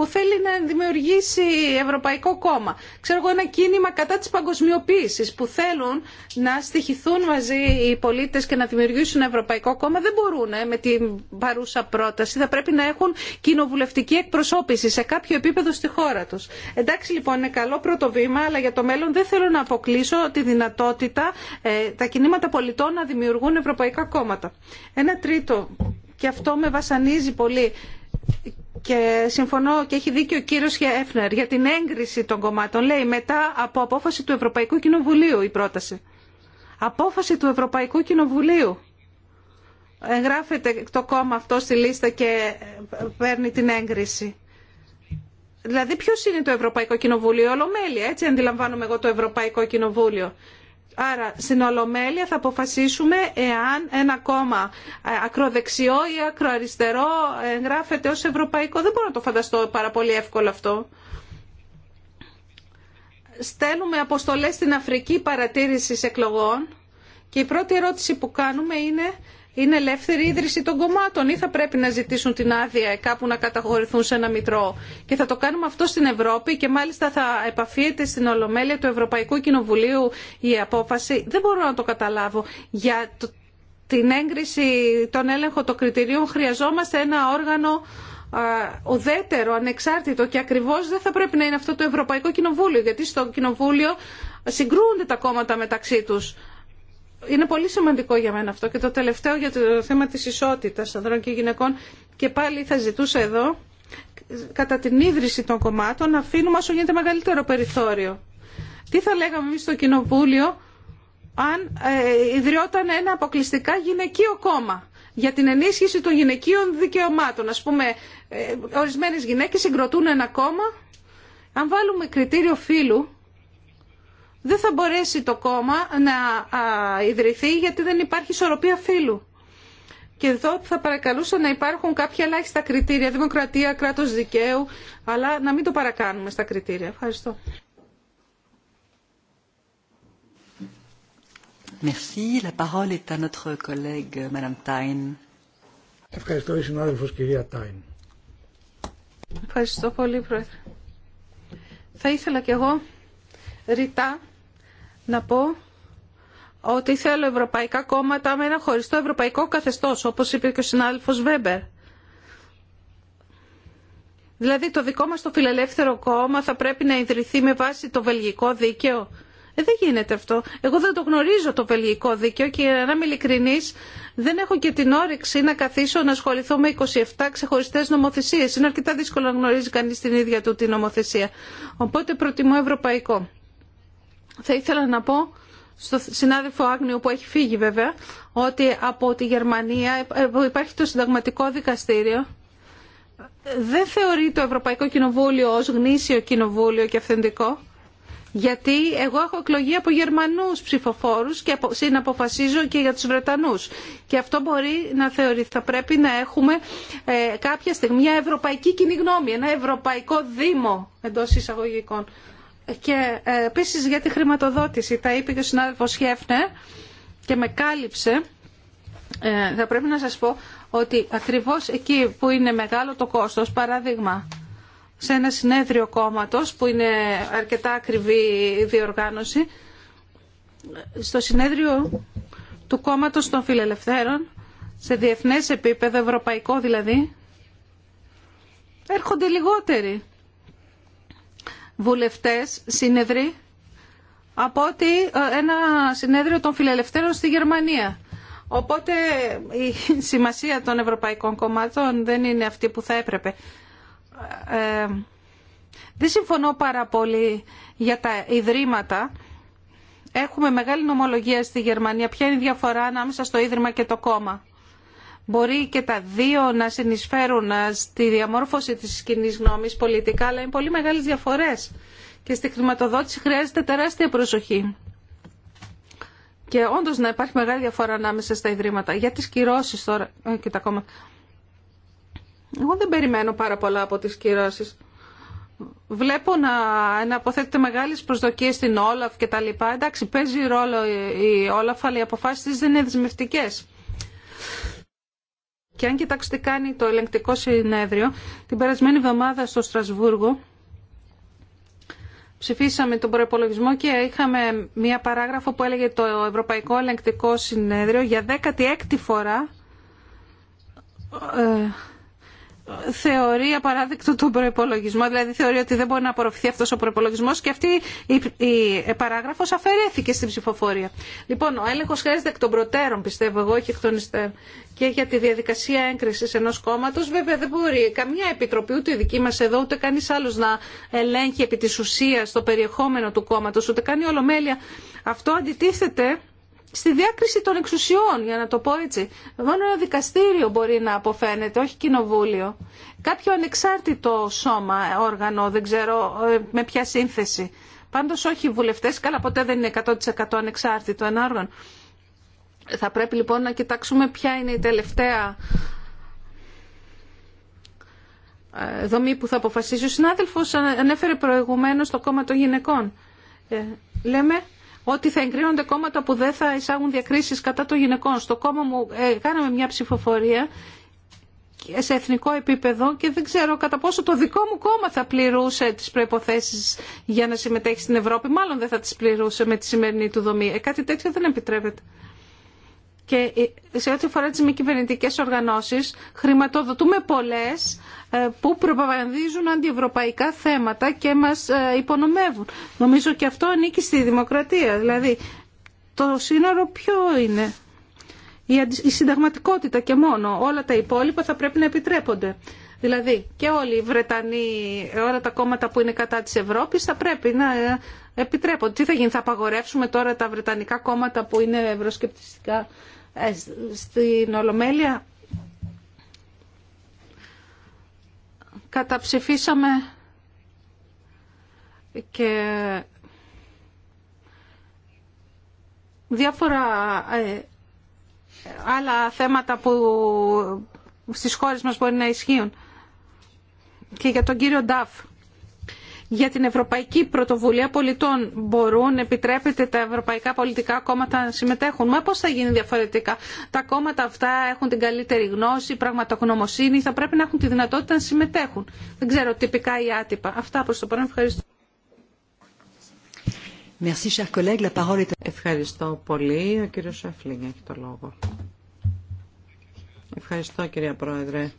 που θέλει να δημιουργήσει Ευρωπαϊκό Κόμμα. Ξέρω εγώ ένα κίνημα κατά της παγκοσμιοποίησης που θέλουν να στοιχηθούν μαζί οι πολίτες και να δημιουργήσουν Ευρωπαϊκό Κόμμα. Δεν μπορούν ε, με την παρούσα πρόταση. Θα πρέπει να έχουν κοινοβουλευτική εκπροσώπηση σε κάποιο επίπεδο στη χώρα τους. Εντάξει λοιπόν είναι καλό πρώτο βήμα αλλά για το μέλλον δεν θέλω να αποκλείσω τη δυνατότητα ε, τα κινήματα πολιτών να δημιουργούν Ευρωπαϊκά κόμματα. Ένα τρίτο και αυτό με βασανίζει πολύ και συμφωνώ και έχει δίκιο ο κύριος Χέφνερ για την έγκριση των κομμάτων. Λέει μετά από απόφαση του Ευρωπαϊκού Κοινοβουλίου η πρόταση. Απόφαση του Ευρωπαϊκού Κοινοβουλίου. Εγγράφεται το κόμμα αυτό στη λίστα και παίρνει την έγκριση. Δηλαδή ποιο είναι το Ευρωπαϊκό Κοινοβούλιο, Ολομέλεια, έτσι αντιλαμβάνομαι εγώ το Ευρωπαϊκό Κοινοβούλιο. Άρα στην Ολομέλεια θα αποφασίσουμε εάν ένα κόμμα ε, ακροδεξιό ή ακροαριστερό εγγράφεται ως ευρωπαϊκό. Δεν μπορώ να το φανταστώ πάρα πολύ εύκολο αυτό. Στέλνουμε αποστολές στην Αφρική παρατήρησης εκλογών και η πρώτη ερώτηση που κάνουμε είναι είναι ελεύθερη ίδρυση των κομμάτων ή θα πρέπει να ζητήσουν την άδεια κάπου να καταχωρηθούν σε ένα μητρό. Και θα το κάνουμε αυτό στην Ευρώπη και μάλιστα θα επαφείται στην Ολομέλεια του Ευρωπαϊκού Κοινοβουλίου η απόφαση. Δεν μπορώ να το καταλάβω. Για την έγκριση, τον έλεγχο των κριτηρίων χρειαζόμαστε ένα όργανο ουδέτερο, ανεξάρτητο και ακριβώς δεν θα πρέπει να είναι αυτό το Ευρωπαϊκό Κοινοβούλιο γιατί στο Κοινοβούλιο συγκρούονται τα κόμματα μεταξύ τους είναι πολύ σημαντικό για μένα αυτό και το τελευταίο για το θέμα της ισότητας ανδρών και γυναικών και πάλι θα ζητούσα εδώ κατά την ίδρυση των κομμάτων να αφήνουμε όσο γίνεται μεγαλύτερο περιθώριο. Τι θα λέγαμε εμείς στο Κοινοβούλιο αν ε, ιδρυόταν ένα αποκλειστικά γυναικείο κόμμα για την ενίσχυση των γυναικείων δικαιωμάτων. Ας πούμε, ε, ορισμένες γυναίκες συγκροτούν ένα κόμμα. Αν βάλουμε κριτήριο φύλου, δεν θα μπορέσει το κόμμα να ιδρυθεί γιατί δεν υπάρχει ισορροπία φύλου. Και εδώ θα παρακαλούσα να υπάρχουν κάποια ελάχιστα κριτήρια, δημοκρατία, κράτος δικαίου, αλλά να μην το παρακάνουμε στα κριτήρια. Ευχαριστώ. Merci. La parole est à notre collègue, Madame Tain. Ευχαριστώ, η συνάδελφος κυρία Τάιν. Ευχαριστώ πολύ, Πρόεδρε. Θα ήθελα κι εγώ ρητά να πω ότι θέλω ευρωπαϊκά κόμματα με ένα χωριστό ευρωπαϊκό καθεστώς, όπως είπε και ο συνάδελφος Βέμπερ. Δηλαδή το δικό μας το φιλελεύθερο κόμμα θα πρέπει να ιδρυθεί με βάση το βελγικό δίκαιο. Ε, δεν γίνεται αυτό. Εγώ δεν το γνωρίζω το βελγικό δίκαιο και για να είμαι δεν έχω και την όρεξη να καθίσω να ασχοληθώ με 27 ξεχωριστέ νομοθεσίε. Είναι αρκετά δύσκολο να γνωρίζει κανεί την ίδια του την νομοθεσία. Οπότε προτιμώ ευρωπαϊκό. Θα ήθελα να πω στο συνάδελφο Άγνιο που έχει φύγει βέβαια, ότι από τη Γερμανία ε, υπάρχει το συνταγματικό δικαστήριο, δεν θεωρεί το Ευρωπαϊκό Κοινοβούλιο ως γνήσιο κοινοβούλιο και αυθεντικό. Γιατί εγώ έχω εκλογή από Γερμανούς ψηφοφόρους και συναποφασίζω και για τους Βρετανούς. Και αυτό μπορεί να θεωρεί. Θα πρέπει να έχουμε ε, κάποια στιγμή μια ευρωπαϊκή κοινή γνώμη, ένα ευρωπαϊκό δήμο εντός εισαγωγικών και ε, επίση για τη χρηματοδότηση. Τα είπε και ο συνάδελφο Χέφνερ και με κάλυψε. Ε, θα πρέπει να σας πω ότι ακριβώς εκεί που είναι μεγάλο το κόστος, παράδειγμα, σε ένα συνέδριο κόμματο, που είναι αρκετά ακριβή διοργάνωση, στο συνέδριο του κόμματο των φιλελευθέρων, σε διεθνές επίπεδο, ευρωπαϊκό δηλαδή, έρχονται λιγότεροι βουλευτές συνεδροί από ότι ε, ένα συνέδριο των φιλελευθέρων στη Γερμανία. Οπότε η σημασία των ευρωπαϊκών κομμάτων δεν είναι αυτή που θα έπρεπε. Ε, δεν συμφωνώ πάρα πολύ για τα ιδρύματα. Έχουμε μεγάλη νομολογία στη Γερμανία. Ποια είναι η διαφορά ανάμεσα στο ίδρυμα και το κόμμα μπορεί και τα δύο να συνεισφέρουν ε, στη διαμόρφωση της κοινή γνώμης πολιτικά, αλλά είναι πολύ μεγάλες διαφορές. Και στη χρηματοδότηση χρειάζεται τεράστια προσοχή. Και όντως να υπάρχει μεγάλη διαφορά ανάμεσα στα ιδρύματα. Για τις κυρώσεις τώρα, ε, και τα κόμματα. Εγώ δεν περιμένω πάρα πολλά από τις κυρώσεις. Βλέπω να, να αποθέτεται μεγάλες προσδοκίες στην Όλαφ και τα λοιπά. Εντάξει, παίζει ρόλο η Όλαφ, αλλά οι αποφάσεις της δεν είναι δεσμευτικές. Και αν κοιτάξετε κάνει το ελεγκτικό συνέδριο, την περασμένη εβδομάδα στο Στρασβούργο ψηφίσαμε τον προπολογισμό και είχαμε μία παράγραφο που έλεγε το Ευρωπαϊκό Ελεγκτικό Συνέδριο για 16η φορά ε, θεωρεί απαράδεκτο τον προπολογισμό, δηλαδή θεωρεί ότι δεν μπορεί να απορροφηθεί αυτό ο προπολογισμό και αυτή η παράγραφο αφαιρέθηκε στην ψηφοφορία. Λοιπόν, ο έλεγχο χρειάζεται εκ των προτέρων, πιστεύω εγώ, και εκ των υστέρων. Και για τη διαδικασία έγκριση ενό κόμματο, βέβαια δεν μπορεί καμιά επιτροπή, ούτε η δική μα εδώ, ούτε κανεί άλλο να ελέγχει επί τη ουσία το περιεχόμενο του κόμματο, ούτε κάνει ολομέλεια. Αυτό αντιτίθεται στη διάκριση των εξουσιών, για να το πω έτσι. Μόνο ένα δικαστήριο μπορεί να αποφαίνεται, όχι κοινοβούλιο. Κάποιο ανεξάρτητο σώμα, όργανο, δεν ξέρω ε, με ποια σύνθεση. Πάντω όχι βουλευτές, καλά ποτέ δεν είναι 100% ανεξάρτητο ένα όργανο. Θα πρέπει λοιπόν να κοιτάξουμε ποια είναι η τελευταία ε, δομή που θα αποφασίσει. Ο συνάδελφος ανέφερε προηγουμένως το κόμμα των γυναικών. Ε, λέμε ότι θα εγκρίνονται κόμματα που δεν θα εισάγουν διακρίσεις κατά των γυναικών. Στο κόμμα μου ε, κάναμε μια ψηφοφορία σε εθνικό επίπεδο και δεν ξέρω κατά πόσο το δικό μου κόμμα θα πληρούσε τις προϋποθέσεις για να συμμετέχει στην Ευρώπη. Μάλλον δεν θα τις πληρούσε με τη σημερινή του δομή. Ε, κάτι τέτοιο δεν επιτρέπεται. Και ε, σε ό,τι αφορά τι μη κυβερνητικέ οργανώσει, χρηματοδοτούμε πολλέ. Ε, που προπαγανδίζουν αντιευρωπαϊκά θέματα και μας ε, υπονομεύουν. Νομίζω και αυτό ανήκει στη δημοκρατία. Δηλαδή, το σύνορο ποιο είναι. Η συνταγματικότητα και μόνο. Όλα τα υπόλοιπα θα πρέπει να επιτρέπονται. Δηλαδή και όλοι οι Βρετανοί, όλα τα κόμματα που είναι κατά της Ευρώπης θα πρέπει να ε, επιτρέπονται. Τι θα γίνει, θα απαγορεύσουμε τώρα τα Βρετανικά κόμματα που είναι ευρωσκεπτιστικά στην Ολομέλεια. καταψηφίσαμε και διάφορα ε, άλλα θέματα που στις χώρες μας μπορεί να ισχύουν και για τον κύριο Νταφ για την Ευρωπαϊκή Πρωτοβουλία Πολιτών. Μπορούν, επιτρέπεται τα ευρωπαϊκά πολιτικά κόμματα να συμμετέχουν. Μα πώς θα γίνει διαφορετικά. Τα κόμματα αυτά έχουν την καλύτερη γνώση, πραγματογνωμοσύνη, θα πρέπει να έχουν τη δυνατότητα να συμμετέχουν. Δεν ξέρω, τυπικά ή άτυπα. Αυτά προς το παρόν. Ευχαριστώ. Ευχαριστώ πολύ. Ο κύριος Σεφλίνγκ έχει το λόγο. Ευχαριστώ κυρία Πρόεδρε.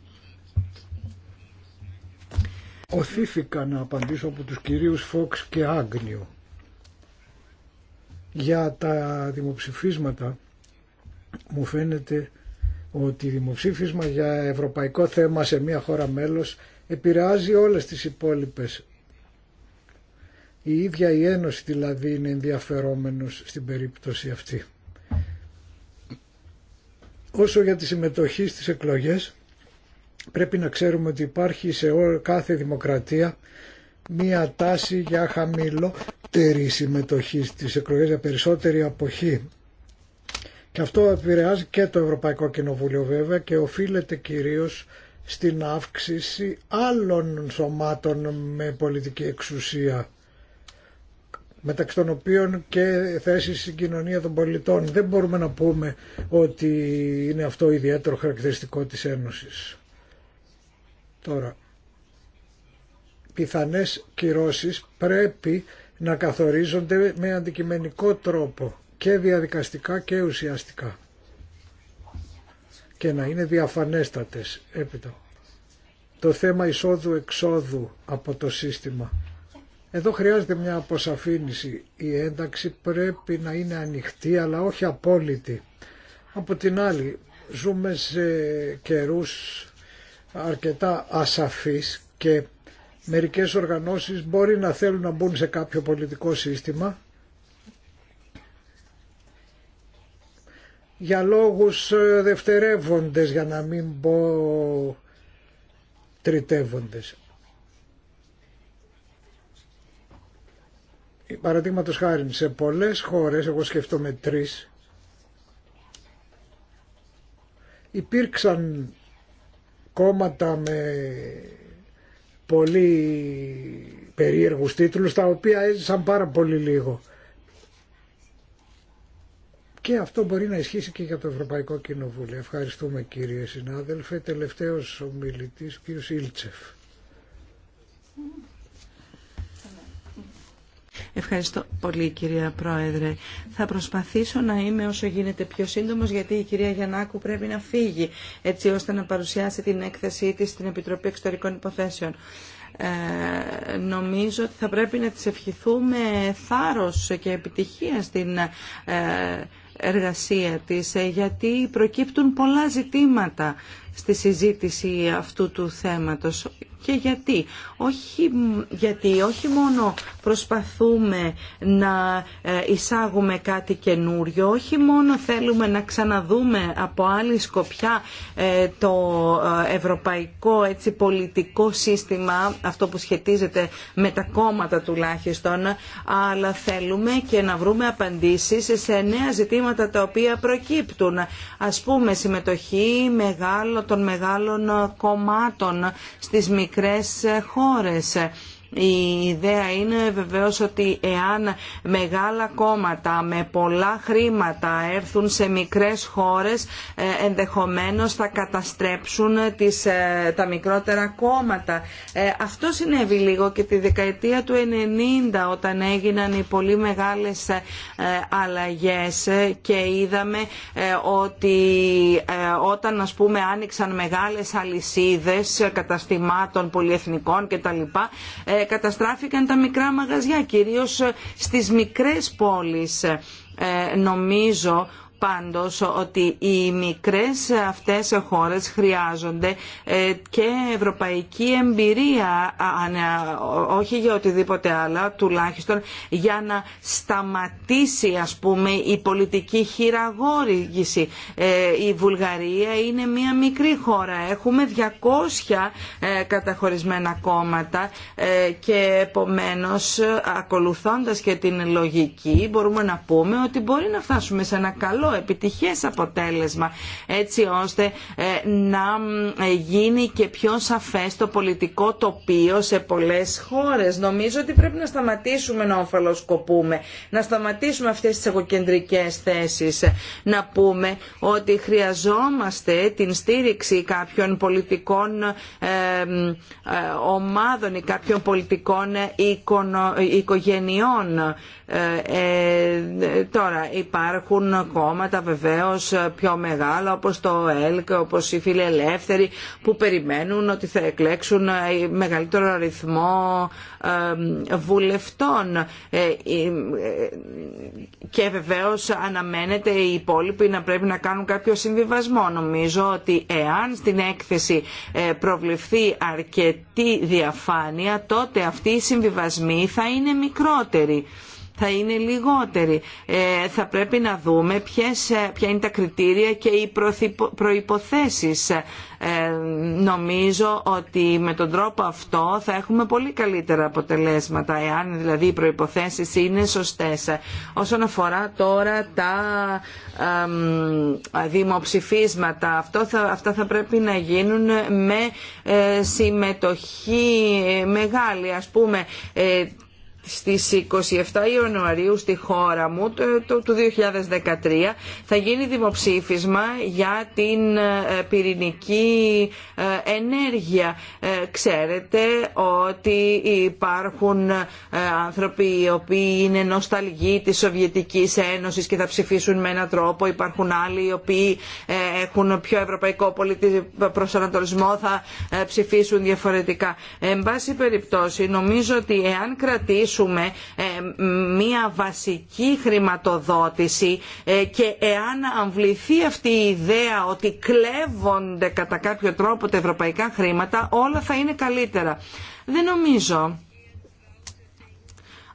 Οθήθηκα να απαντήσω από τους κυρίους Φόξ και Άγνιου για τα δημοψηφίσματα μου φαίνεται ότι δημοψήφισμα για ευρωπαϊκό θέμα σε μια χώρα μέλος επηρεάζει όλες τις υπόλοιπες. Η ίδια η Ένωση δηλαδή είναι ενδιαφερόμενος στην περίπτωση αυτή. Όσο για τη συμμετοχή στις εκλογές, πρέπει να ξέρουμε ότι υπάρχει σε κάθε δημοκρατία μία τάση για χαμηλότερη συμμετοχή στις εκλογές, για περισσότερη αποχή. Και αυτό επηρεάζει και το Ευρωπαϊκό Κοινοβούλιο βέβαια και οφείλεται κυρίως στην αύξηση άλλων σωμάτων με πολιτική εξουσία μεταξύ των οποίων και θέσεις στην κοινωνία των πολιτών. Δεν μπορούμε να πούμε ότι είναι αυτό ιδιαίτερο χαρακτηριστικό της Ένωσης. Τώρα, πιθανές κυρώσεις πρέπει να καθορίζονται με αντικειμενικό τρόπο και διαδικαστικά και ουσιαστικά και να είναι διαφανέστατες έπειτα. Το θέμα εισόδου-εξόδου από το σύστημα. Εδώ χρειάζεται μια αποσαφήνιση. Η ένταξη πρέπει να είναι ανοιχτή αλλά όχι απόλυτη. Από την άλλη, ζούμε σε καιρούς αρκετά ασαφής και μερικές οργανώσεις μπορεί να θέλουν να μπουν σε κάποιο πολιτικό σύστημα για λόγους ε, δευτερεύοντες για να μην πω τριτεύοντες. Παραδείγματος χάρη σε πολλές χώρες, εγώ σκεφτόμαι τρεις, υπήρξαν κόμματα με πολύ περίεργους τίτλους τα οποία έζησαν πάρα πολύ λίγο. Και αυτό μπορεί να ισχύσει και για το Ευρωπαϊκό Κοινοβούλιο. Ευχαριστούμε κύριε συνάδελφε. Τελευταίος ο μιλητής κύριος Ήλτσεφ. Ευχαριστώ πολύ κυρία Πρόεδρε. Θα προσπαθήσω να είμαι όσο γίνεται πιο σύντομος γιατί η κυρία Γιαννάκου πρέπει να φύγει έτσι ώστε να παρουσιάσει την έκθεσή της στην Επιτροπή Εξωτερικών Υποθέσεων. Ε, νομίζω ότι θα πρέπει να της ευχηθούμε θάρρος και επιτυχία στην ε, εργασία της ε, γιατί προκύπτουν πολλά ζητήματα στη συζήτηση αυτού του θέματος. Και γιατί. Όχι, γιατί όχι μόνο προσπαθούμε να ε, εισάγουμε κάτι καινούριο, όχι μόνο θέλουμε να ξαναδούμε από άλλη σκοπιά ε, το ε, ευρωπαϊκό έτσι, πολιτικό σύστημα, αυτό που σχετίζεται με τα κόμματα τουλάχιστον, αλλά θέλουμε και να βρούμε απαντήσεις σε νέα ζητήματα τα οποία προκύπτουν. Ας πούμε συμμετοχή μεγάλο των μεγάλων κομμάτων στις μικρές χώρες η ιδέα είναι βεβαίως ότι εάν μεγάλα κόμματα με πολλά χρήματα έρθουν σε μικρές χώρες ε, ενδεχομένως θα καταστρέψουν τις, ε, τα μικρότερα κόμματα. Ε, αυτό συνέβη λίγο και τη δεκαετία του 90 όταν έγιναν οι πολύ μεγάλες αλλαγές και είδαμε ότι όταν ας πούμε άνοιξαν μεγάλες αλυσίδες καταστημάτων πολυεθνικών κτλ καταστράφηκαν τα μικρά μαγαζιά, κυρίως στις μικρές πόλεις. Ε, νομίζω πάντως ότι οι μικρές αυτές χώρες χρειάζονται ε, και ευρωπαϊκή εμπειρία, όχι για οτιδήποτε άλλο, τουλάχιστον για να σταματήσει ας πούμε η πολιτική χειραγώργηση. Ε, η Βουλγαρία είναι μια μικρή χώρα, έχουμε 200 ε, καταχωρισμένα κόμματα και επομένως ακολουθώντας και την λογική μπορούμε να πούμε ότι μπορεί να φτάσουμε σε ένα καλό επιτυχές αποτέλεσμα έτσι ώστε ε, να ε, γίνει και πιο σαφές το πολιτικό τοπίο σε πολλές χώρες. Νομίζω ότι πρέπει να σταματήσουμε να οφαλοσκοπούμε, να σταματήσουμε αυτές τις εγωκεντρικές θέσεις, να πούμε ότι χρειαζόμαστε την στήριξη κάποιων πολιτικών ε, ομάδων ή κάποιων πολιτικών οικογενειών. τώρα υπάρχουν κόμματα κόμματα βεβαίως πιο μεγάλα όπως το ΕΛΚ, όπως οι φιλελεύθεροι που περιμένουν ότι θα εκλέξουν μεγαλύτερο αριθμό βουλευτών ε, ε, και βεβαίως αναμένεται οι υπόλοιποι να πρέπει να κάνουν κάποιο συμβιβασμό. Νομίζω ότι εάν στην έκθεση ε, προβληθεί αρκετή διαφάνεια τότε αυτοί οι συμβιβασμοί θα είναι μικρότεροι θα είναι λιγότεροι. Ε, θα πρέπει να δούμε ε, ποια είναι τα κριτήρια και οι προϋποθέσεις. Ε, νομίζω ότι με τον τρόπο αυτό θα έχουμε πολύ καλύτερα αποτελέσματα, εάν δηλαδή οι προϋποθέσεις είναι σωστές. Όσον αφορά τώρα τα δημοψηφίσματα, αυτά θα πρέπει να γίνουν με συμμετοχή μεγάλη. Ας πούμε, στις 27 Ιανουαρίου στη χώρα μου το, το, του 2013 θα γίνει δημοψήφισμα για την ε, πυρηνική ε, ενέργεια. Ε, ξέρετε ότι υπάρχουν άνθρωποι οι οποίοι είναι νοσταλγοί της Σοβιετικής Ένωσης και θα ψηφίσουν με έναν τρόπο. Υπάρχουν άλλοι οι οποίοι έχουν πιο ευρωπαϊκό προσανατολισμό θα ψηφίσουν διαφορετικά. Εν πάση περιπτώσει νομίζω ότι εάν κρατήσουμε δημιουργήσουμε ε, μία βασική χρηματοδότηση ε, και εάν αμβληθεί αυτή η ιδέα ότι κλέβονται κατά κάποιο τρόπο τα ευρωπαϊκά χρήματα όλα θα είναι καλύτερα. Δεν νομίζω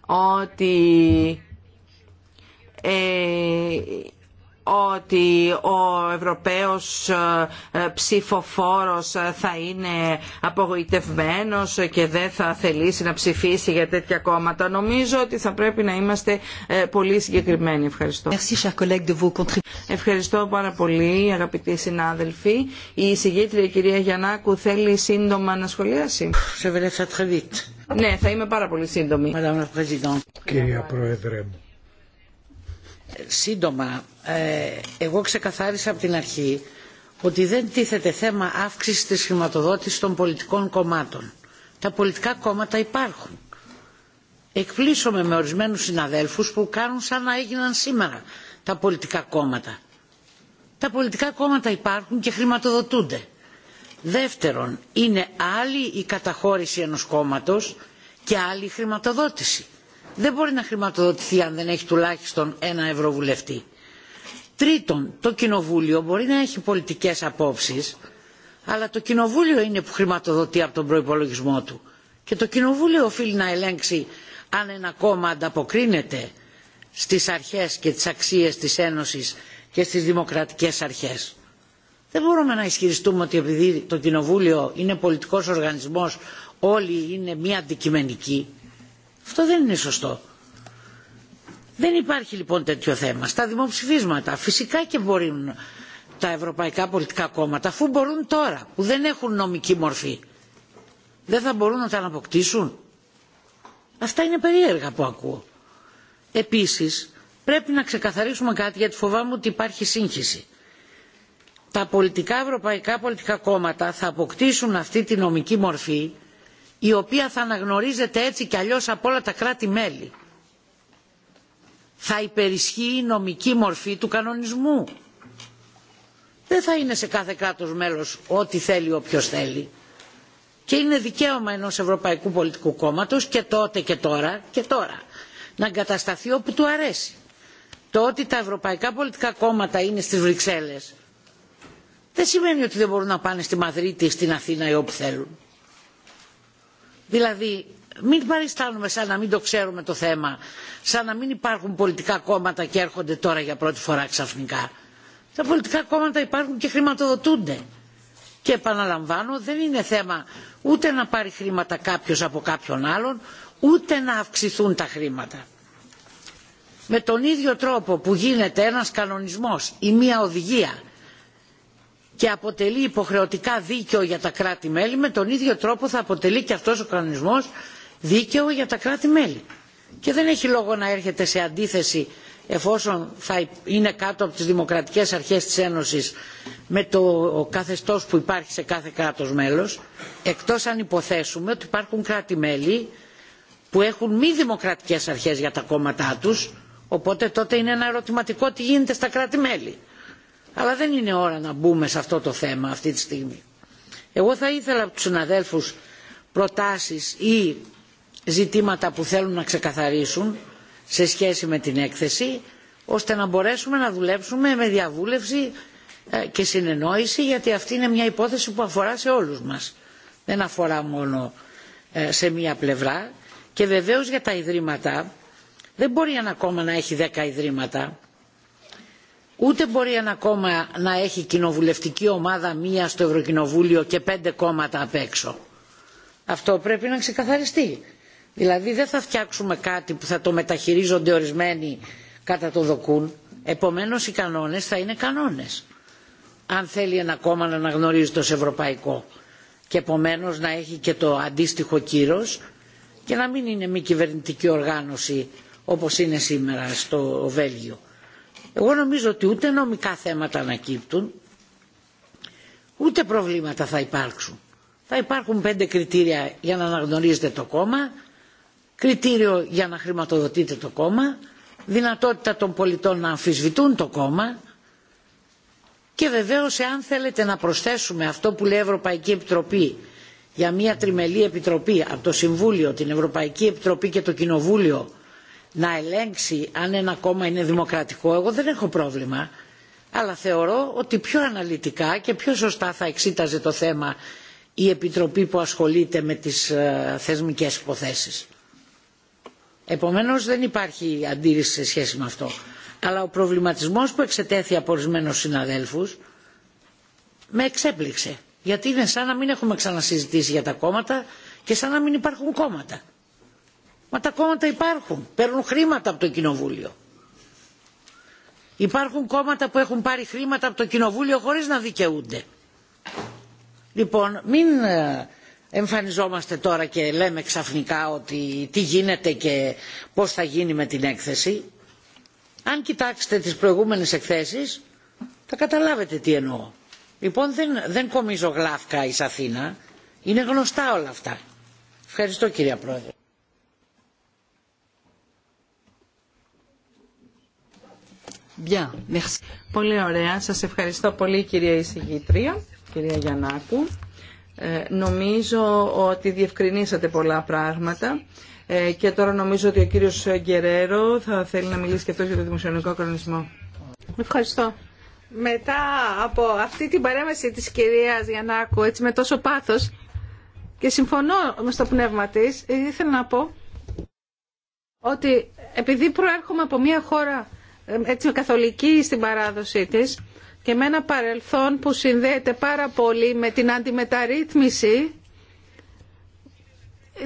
ότι ε, ότι ο Ευρωπαίος ε, ε, ψηφοφόρος ε, θα είναι απογοητευμένος και δεν θα θελήσει να ψηφίσει για τέτοια κόμματα. Νομίζω ότι θα πρέπει να είμαστε πολύ συγκεκριμένοι. Ευχαριστώ. Ευχαριστώ πάρα πολύ αγαπητοί συνάδελφοι. Η συγγήτρια κυρία Γιαννάκου θέλει σύντομα να σχολιάσει. Ναι, θα είμαι πάρα πολύ σύντομη. Κυρία Πρόεδρε μου σύντομα. Ε, εγώ ξεκαθάρισα από την αρχή ότι δεν τίθεται θέμα αύξηση της χρηματοδότησης των πολιτικών κομμάτων. Τα πολιτικά κόμματα υπάρχουν. Εκπλήσωμαι με ορισμένους συναδέλφους που κάνουν σαν να έγιναν σήμερα τα πολιτικά κόμματα. Τα πολιτικά κόμματα υπάρχουν και χρηματοδοτούνται. Δεύτερον, είναι άλλη η καταχώρηση ενός κόμματος και άλλη η χρηματοδότηση δεν μπορεί να χρηματοδοτηθεί αν δεν έχει τουλάχιστον ένα ευρωβουλευτή. Τρίτον, το Κοινοβούλιο μπορεί να έχει πολιτικές απόψεις, αλλά το Κοινοβούλιο είναι που χρηματοδοτεί από τον προϋπολογισμό του. Και το Κοινοβούλιο οφείλει να ελέγξει αν ένα κόμμα ανταποκρίνεται στις αρχές και τις αξίες της Ένωσης και στις δημοκρατικές αρχές. Δεν μπορούμε να ισχυριστούμε ότι επειδή το Κοινοβούλιο είναι πολιτικός οργανισμός όλοι είναι μία αντικειμενικοί αυτό δεν είναι σωστό. Δεν υπάρχει λοιπόν τέτοιο θέμα. Στα δημοψηφίσματα φυσικά και μπορούν τα ευρωπαϊκά πολιτικά κόμματα, αφού μπορούν τώρα που δεν έχουν νομική μορφή, δεν θα μπορούν να τα αναποκτήσουν. Αυτά είναι περίεργα που ακούω. Επίσης, πρέπει να ξεκαθαρίσουμε κάτι γιατί φοβάμαι ότι υπάρχει σύγχυση. Τα πολιτικά ευρωπαϊκά πολιτικά κόμματα θα αποκτήσουν αυτή τη νομική μορφή η οποία θα αναγνωρίζεται έτσι κι αλλιώς από όλα τα κράτη-μέλη. Θα υπερισχύει η νομική μορφή του κανονισμού. Δεν θα είναι σε κάθε κράτος μέλος ό,τι θέλει όποιος θέλει. Και είναι δικαίωμα ενός Ευρωπαϊκού Πολιτικού Κόμματος και τότε και τώρα και τώρα να εγκατασταθεί όπου του αρέσει. Το ότι τα ευρωπαϊκά πολιτικά κόμματα είναι στις Βρυξέλλες δεν σημαίνει ότι δεν μπορούν να πάνε στη Μαδρίτη ή στην Αθήνα ή όπου θέλουν Δηλαδή μην παριστάνουμε σαν να μην το ξέρουμε το θέμα, σαν να μην υπάρχουν πολιτικά κόμματα και έρχονται τώρα για πρώτη φορά ξαφνικά. Τα πολιτικά κόμματα υπάρχουν και χρηματοδοτούνται. Και επαναλαμβάνω δεν είναι θέμα ούτε να πάρει χρήματα κάποιος από κάποιον άλλον, ούτε να αυξηθούν τα χρήματα. Με τον ίδιο τρόπο που γίνεται ένας κανονισμός ή μία οδηγία και αποτελεί υποχρεωτικά δίκαιο για τα κράτη μέλη με τον ίδιο τρόπο θα αποτελεί και αυτός ο κανονισμός δίκαιο για τα κράτη μέλη και δεν έχει λόγο να έρχεται σε αντίθεση εφόσον θα είναι κάτω από τις δημοκρατικές αρχές της ένωσης με το καθεστώς που υπάρχει σε κάθε κράτος μέλος εκτός αν υποθέσουμε ότι υπάρχουν κράτη μέλη που έχουν μη δημοκρατικές αρχές για τα κόμματά τους οπότε τότε είναι ένα ερωτηματικό τι γίνεται στα κράτη μέλη αλλά δεν είναι ώρα να μπούμε σε αυτό το θέμα αυτή τη στιγμή. Εγώ θα ήθελα από τους συναδέλφους προτάσεις ή ζητήματα που θέλουν να ξεκαθαρίσουν σε σχέση με την έκθεση ώστε να μπορέσουμε να δουλέψουμε με διαβούλευση ε, και συνεννόηση γιατί αυτή είναι μια υπόθεση που αφορά σε όλους μας. Δεν αφορά μόνο ε, σε μία πλευρά και βεβαίως για τα ιδρύματα δεν μπορεί ένα κόμμα να έχει δέκα ιδρύματα ούτε μπορεί ένα κόμμα να έχει κοινοβουλευτική ομάδα μία στο ευρωκοινοβούλιο και πέντε κόμματα απ' έξω. αυτό πρέπει να ξεκαθαριστεί. δηλαδή δεν θα φτιάξουμε κάτι που θα το μεταχειρίζονται ορισμένοι κατά το δοκούν. επομένως οι κανόνες θα είναι κανόνες. αν θέλει ένα κόμμα να αναγνωρίζεται ως ευρωπαϊκό και επομένως να έχει και το αντίστοιχο κύρος και να μην είναι μη κυβερνητική οργάνωση όπως είναι σήμερα στο Βέλγιο εγώ νομίζω ότι ούτε νομικά θέματα ανακύπτουν, ούτε προβλήματα θα υπάρξουν. Θα υπάρχουν πέντε κριτήρια για να αναγνωρίζετε το κόμμα, κριτήριο για να χρηματοδοτείτε το κόμμα, δυνατότητα των πολιτών να αμφισβητούν το κόμμα και βεβαίως εάν θέλετε να προσθέσουμε αυτό που λέει η Ευρωπαϊκή Επιτροπή για μια τριμελή επιτροπή από το Συμβούλιο, την Ευρωπαϊκή Επιτροπή και το Κοινοβούλιο να ελέγξει αν ένα κόμμα είναι δημοκρατικό, εγώ δεν έχω πρόβλημα. Αλλά θεωρώ ότι πιο αναλυτικά και πιο σωστά θα εξήταζε το θέμα η Επιτροπή που ασχολείται με τις ε, θεσμικές υποθέσεις. Επομένως δεν υπάρχει αντίρρηση σε σχέση με αυτό. Αλλά ο προβληματισμός που εξετέθη από ορισμένου συναδέλφους με εξέπληξε. Γιατί είναι σαν να μην έχουμε ξανασυζητήσει για τα κόμματα και σαν να μην υπάρχουν κόμματα. Μα τα κόμματα υπάρχουν. Παίρνουν χρήματα από το Κοινοβούλιο. Υπάρχουν κόμματα που έχουν πάρει χρήματα από το Κοινοβούλιο χωρίς να δικαιούνται. Λοιπόν, μην ε, εμφανιζόμαστε τώρα και λέμε ξαφνικά ότι τι γίνεται και πώς θα γίνει με την έκθεση. Αν κοιτάξετε τις προηγούμενες εκθέσεις θα καταλάβετε τι εννοώ. Λοιπόν δεν, δεν κομίζω γλάφκα εις Αθήνα. Είναι γνωστά όλα αυτά. Ευχαριστώ κυρία Πρόεδρε. Πολύ ωραία. Σας ευχαριστώ πολύ κυρία εισηγήτρια, κυρία Γιαννάκου. Ε, νομίζω ότι διευκρινίσατε πολλά πράγματα ε, και τώρα νομίζω ότι ο κύριος Γκερέρο θα θέλει να μιλήσει και αυτό για το δημοσιονομικό κανονισμό. Ευχαριστώ. Μετά από αυτή την παρέμβαση της κυρίας Γιαννάκου, έτσι με τόσο πάθος και συμφωνώ με στο πνεύμα της, ήθελα να πω ότι επειδή προέρχομαι από μια χώρα ε, έτσι καθολική στην παράδοσή της και με ένα παρελθόν που συνδέεται πάρα πολύ με την αντιμεταρρύθμιση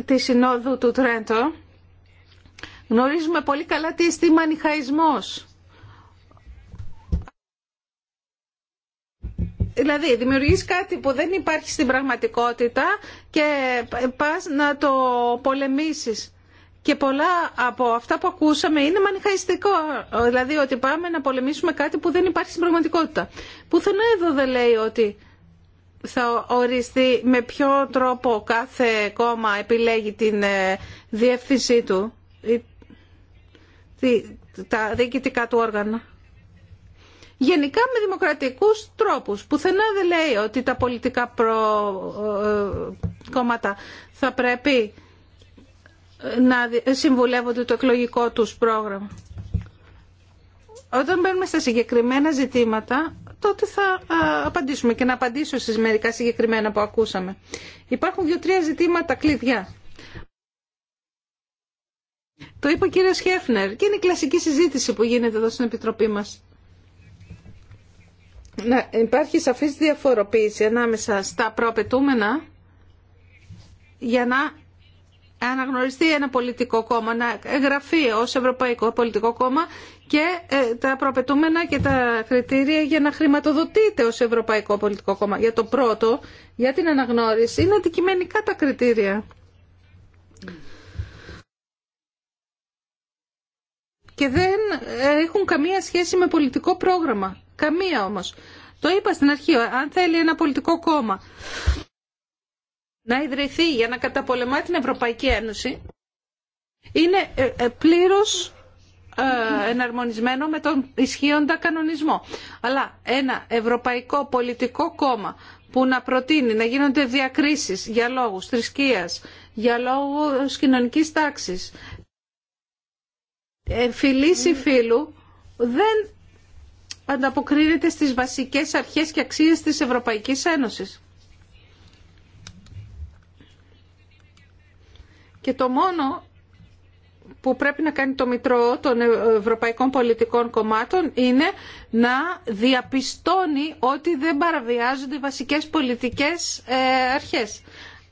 τη Συνόδου του Τρέντο. Γνωρίζουμε πολύ καλά τι εστί μανιχαϊσμός. Δηλαδή, δημιουργείς κάτι που δεν υπάρχει στην πραγματικότητα και πας να το πολεμήσεις. Και πολλά από αυτά που ακούσαμε είναι μανιχαϊστικό. Δηλαδή ότι πάμε να πολεμήσουμε κάτι που δεν υπάρχει στην πραγματικότητα. Πουθενά εδώ δεν λέει ότι θα οριστεί με ποιο τρόπο κάθε κόμμα επιλέγει την ε, διεύθυνσή του ή τα διοικητικά του όργανα. Γενικά με δημοκρατικούς τρόπους. Πουθενά δεν λέει ότι τα πολιτικά ε, κόμματα θα πρέπει να ε, συμβουλεύονται το εκλογικό τους πρόγραμμα. Όταν μπαίνουμε στα συγκεκριμένα ζητήματα, τότε θα απαντήσουμε και να απαντήσω στις μερικά συγκεκριμένα που ακούσαμε. Υπάρχουν δύο-τρία ζητήματα κλειδιά. Το είπε ο κύριος Χέφνερ και είναι η κλασική συζήτηση που γίνεται εδώ στην Επιτροπή μας. Να υπάρχει σαφής διαφοροποίηση ανάμεσα στα προαπαιτούμενα για να αναγνωριστεί ένα πολιτικό κόμμα, να εγγραφεί ως Ευρωπαϊκό Πολιτικό Κόμμα και ε, τα προπετούμενα και τα κριτήρια για να χρηματοδοτείται ως Ευρωπαϊκό Πολιτικό Κόμμα. Για το πρώτο, για την αναγνώριση, είναι αντικειμενικά τα κριτήρια. Και δεν ε, έχουν καμία σχέση με πολιτικό πρόγραμμα. Καμία όμως. Το είπα στην αρχή, αν θέλει ένα πολιτικό κόμμα να ιδρυθεί για να καταπολεμά την Ευρωπαϊκή Ένωση είναι ε, ε, πλήρως ε, εναρμονισμένο με τον ισχύοντα κανονισμό. Αλλά ένα ευρωπαϊκό πολιτικό κόμμα που να προτείνει να γίνονται διακρίσεις για λόγους θρησκείας, για λόγους κοινωνικής τάξης, φιλής ή φίλου, δεν ανταποκρίνεται στις βασικές αρχές και αξίες της Ευρωπαϊκής Ένωσης. Και το μόνο που πρέπει να κάνει το Μητρό των Ευρωπαϊκών Πολιτικών Κομμάτων είναι να διαπιστώνει ότι δεν παραβιάζονται οι βασικές πολιτικές ε, αρχές.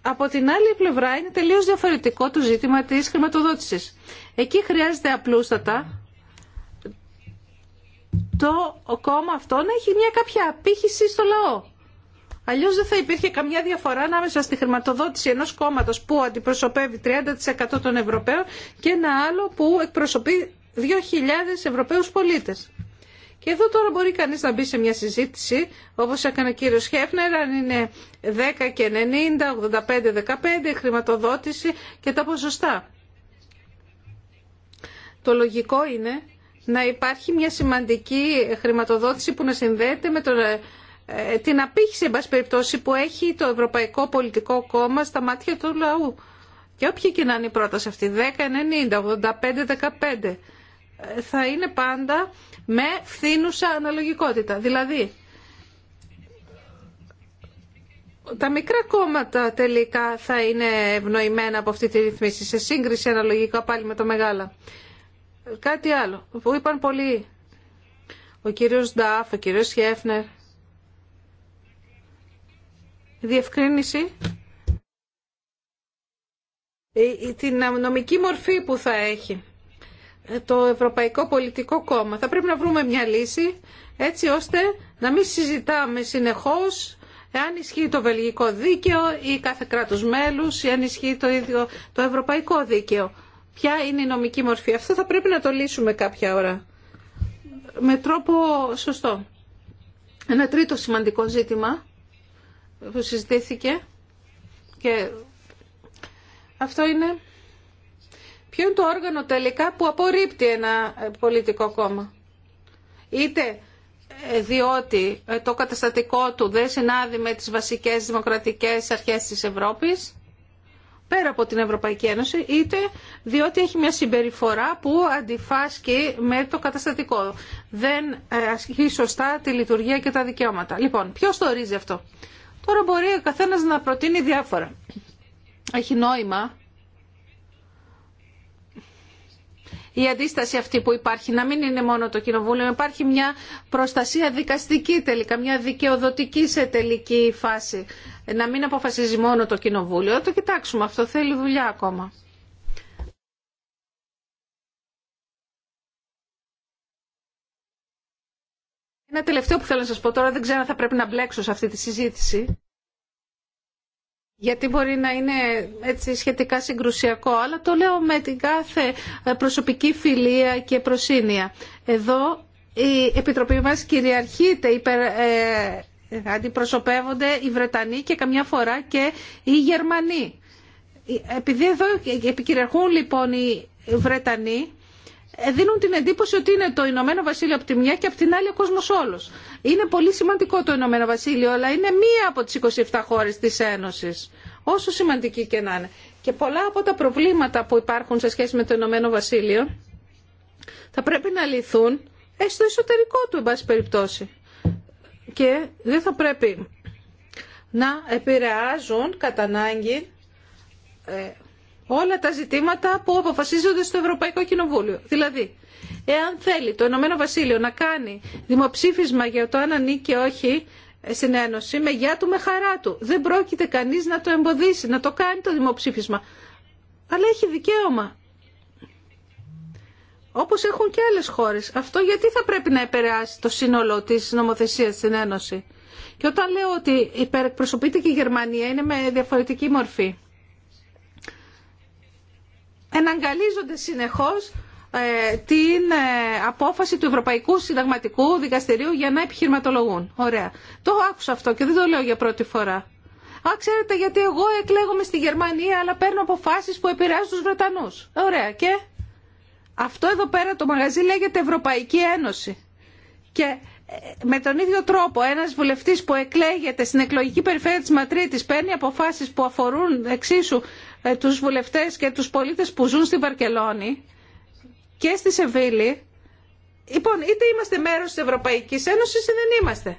Από την άλλη πλευρά είναι τελείως διαφορετικό το ζήτημα της χρηματοδότησης. Εκεί χρειάζεται απλούστατα το κόμμα αυτό να έχει μια κάποια απήχηση στο λαό. Αλλιώ δεν θα υπήρχε καμιά διαφορά ανάμεσα στη χρηματοδότηση ενό κόμματο που αντιπροσωπεύει 30% των Ευρωπαίων και ένα άλλο που εκπροσωπεί 2.000 ευρωπαίου πολίτε. Και εδώ τώρα μπορεί κανεί να μπει σε μια συζήτηση, όπω έκανε ο κύριο Χέφνερ, αν είναι 10 και 90, 85, 15, χρηματοδότηση και τα ποσοστά. Το λογικό είναι να υπάρχει μια σημαντική χρηματοδότηση που να συνδέεται με τον ε, την απήχηση εν πάση περιπτώσει που έχει το Ευρωπαϊκό Πολιτικό Κόμμα στα μάτια του λαού. Και όποια και να είναι η πρόταση αυτή, 10, 90, 85, 15, θα είναι πάντα με φθήνουσα αναλογικότητα. Δηλαδή, τα μικρά κόμματα τελικά θα είναι ευνοημένα από αυτή τη ρυθμίση, σε σύγκριση αναλογικά πάλι με τα μεγάλα. Κάτι άλλο που είπαν πολλοί, ο κύριος Νταφ, ο κύριος Χέφνερ, διευκρίνηση την νομική μορφή που θα έχει ε, το Ευρωπαϊκό Πολιτικό Κόμμα. Θα πρέπει να βρούμε μια λύση έτσι ώστε να μην συζητάμε συνεχώς εάν ισχύει το βελγικό δίκαιο ή κάθε κράτος μέλους ή αν ισχύει το ίδιο το ευρωπαϊκό δίκαιο. Ποια είναι η νομική μορφή. Αυτό θα πρέπει να το λύσουμε κάποια ώρα. Με τρόπο σωστό. Ένα τρίτο σημαντικό ζήτημα που συζητήθηκε και αυτό είναι ποιο είναι το όργανο τελικά που απορρίπτει ένα ε, πολιτικό κόμμα. Είτε ε, διότι ε, το καταστατικό του δεν συνάδει με τις βασικές δημοκρατικές αρχές της Ευρώπης, πέρα από την Ευρωπαϊκή Ένωση, είτε διότι έχει μια συμπεριφορά που αντιφάσκει με το καταστατικό. Δεν ασκεί σωστά τη λειτουργία και τα δικαιώματα. Λοιπόν, ποιος το ορίζει αυτό. Τώρα μπορεί ο καθένας να προτείνει διάφορα. Έχει νόημα η αντίσταση αυτή που υπάρχει να μην είναι μόνο το κοινοβούλιο, υπάρχει μια προστασία δικαστική τελικά, μια δικαιοδοτική σε τελική φάση. Να μην αποφασίζει μόνο το κοινοβούλιο. Το κοιτάξουμε, αυτό θέλει δουλειά ακόμα. Ένα τελευταίο που θέλω να σας πω τώρα, δεν ξέρω αν θα πρέπει να μπλέξω σε αυτή τη συζήτηση, γιατί μπορεί να είναι έτσι σχετικά συγκρουσιακό, αλλά το λέω με την κάθε ε, προσωπική φιλία και προσύνια. Εδώ η Επιτροπή μας κυριαρχείται ε, αντιπροσωπεύονται οι Βρετανοί και καμιά φορά και οι Γερμανοί. Ε, επειδή εδώ επικυριαρχούν λοιπόν οι Βρετανοί, ε, δίνουν την εντύπωση ότι είναι το Ηνωμένο Βασίλειο από τη μια και από την άλλη ο κόσμο όλο. Είναι πολύ σημαντικό το Ηνωμένο Βασίλειο, αλλά είναι μία από τις 27 χώρες της Ένωσης, όσο σημαντική και να είναι. Και πολλά από τα προβλήματα που υπάρχουν σε σχέση με το Ηνωμένο Βασίλειο θα πρέπει να λυθούν στο εσωτερικό του, εν πάση περιπτώσει. Και δεν θα πρέπει να επηρεάζουν κατά ανάγκη ε, όλα τα ζητήματα που αποφασίζονται στο Ευρωπαϊκό Κοινοβούλιο. Δηλαδή, εάν θέλει το Ηνωμένο Βασίλειο να κάνει δημοψήφισμα για το αν ανήκει ή όχι στην Ένωση, με γεια του, με χαρά του. Δεν πρόκειται κανείς να το εμποδίσει, να το κάνει το δημοψήφισμα. Αλλά έχει δικαίωμα. Όπως έχουν και άλλες χώρες. Αυτό γιατί θα πρέπει να επηρεάσει το σύνολο της νομοθεσίας στην Ένωση. Και όταν λέω ότι υπερεκπροσωπείται και η Γερμανία, είναι με διαφορετική μορφή εναγκαλίζονται συνεχώς ε, την ε, απόφαση του Ευρωπαϊκού Συνταγματικού Δικαστηρίου για να επιχειρηματολογούν. Ωραία. Το άκουσα αυτό και δεν το λέω για πρώτη φορά. Α, ξέρετε γιατί εγώ εκλέγομαι στη Γερμανία αλλά παίρνω αποφάσεις που επηρεάζουν τους Βρετανούς. Ωραία. Και αυτό εδώ πέρα το μαγαζί λέγεται Ευρωπαϊκή Ένωση. Και ε, με τον ίδιο τρόπο ένας βουλευτής που εκλέγεται στην εκλογική περιφέρεια της Ματρίτης παίρνει αποφάσεις που αφορούν εξίσου ε, τους βουλευτές και τους πολίτες που ζουν στη Βαρκελόνη και στη Σεβίλη. Λοιπόν, είτε είμαστε μέρος της Ευρωπαϊκής Ένωσης ή δεν είμαστε.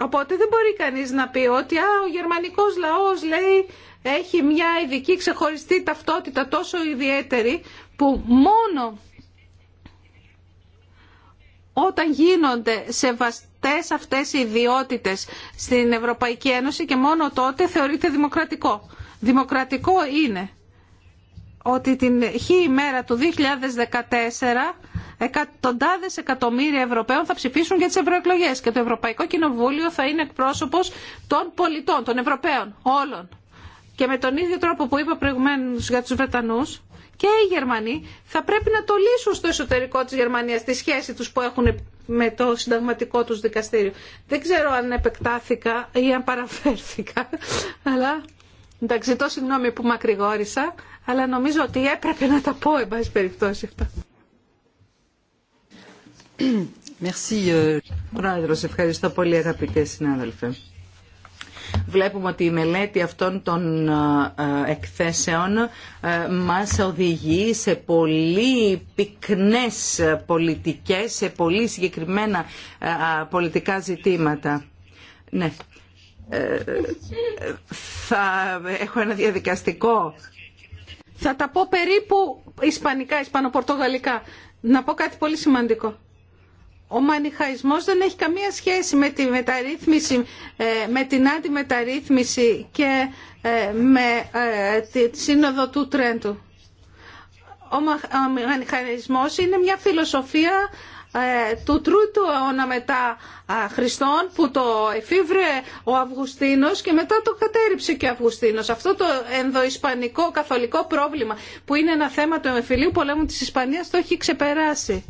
Οπότε δεν μπορεί κανείς να πει ότι ο γερμανικός λαός λέει έχει μια ειδική ξεχωριστή ταυτότητα τόσο ιδιαίτερη που μόνο όταν γίνονται σεβαστές αυτές οι ιδιότητες στην Ευρωπαϊκή Ένωση και μόνο τότε θεωρείται δημοκρατικό. Δημοκρατικό είναι ότι την χή ημέρα του 2014 εκατοντάδες εκατομμύρια Ευρωπαίων θα ψηφίσουν για τις ευρωεκλογέ και το Ευρωπαϊκό Κοινοβούλιο θα είναι εκπρόσωπος των πολιτών, των Ευρωπαίων, όλων. Και με τον ίδιο τρόπο που είπα προηγουμένως για τους Βρετανούς, και οι Γερμανοί θα πρέπει να το λύσουν στο εσωτερικό της Γερμανίας τη σχέση τους που έχουν με το συνταγματικό τους δικαστήριο. Δεν ξέρω αν επεκτάθηκα ή αν παραφέρθηκα, αλλά Εντάξει, ζητώ συγγνώμη που μακρηγόρησα, αλλά νομίζω ότι έπρεπε να τα πω, εν πάση περιπτώσει αυτά. Merci. Ε. Πρόεδρος, ευχαριστώ πολύ αγαπητέ συνάδελφε. Βλέπουμε ότι η μελέτη αυτών των ε, ε, εκθέσεων μας οδηγεί σε πολύ πυκνές πολιτικές, σε πολύ συγκεκριμένα πολιτικά ζητήματα. Ναι, ε, θα έχω ένα διαδικαστικό. Θα τα πω περίπου ισπανικά, ισπανοπορτογαλικά. Να πω κάτι πολύ σημαντικό. Ο μανιχαϊσμός δεν έχει καμία σχέση με τη μεταρρύθμιση, ε, με την αντιμεταρρύθμιση και ε, με τη σύνοδο του Τρέντου. Ο μανιχαϊσμός είναι μια φιλοσοφία ε, του τρίτου αιώνα μετά Χριστόν που το εφήβρε ο Αυγουστίνος και μετά το κατέριψε και ο Αυγουστίνος. Αυτό το ενδοϊσπανικό καθολικό πρόβλημα που είναι ένα θέμα του εμφυλίου πολέμου της Ισπανίας το έχει ξεπεράσει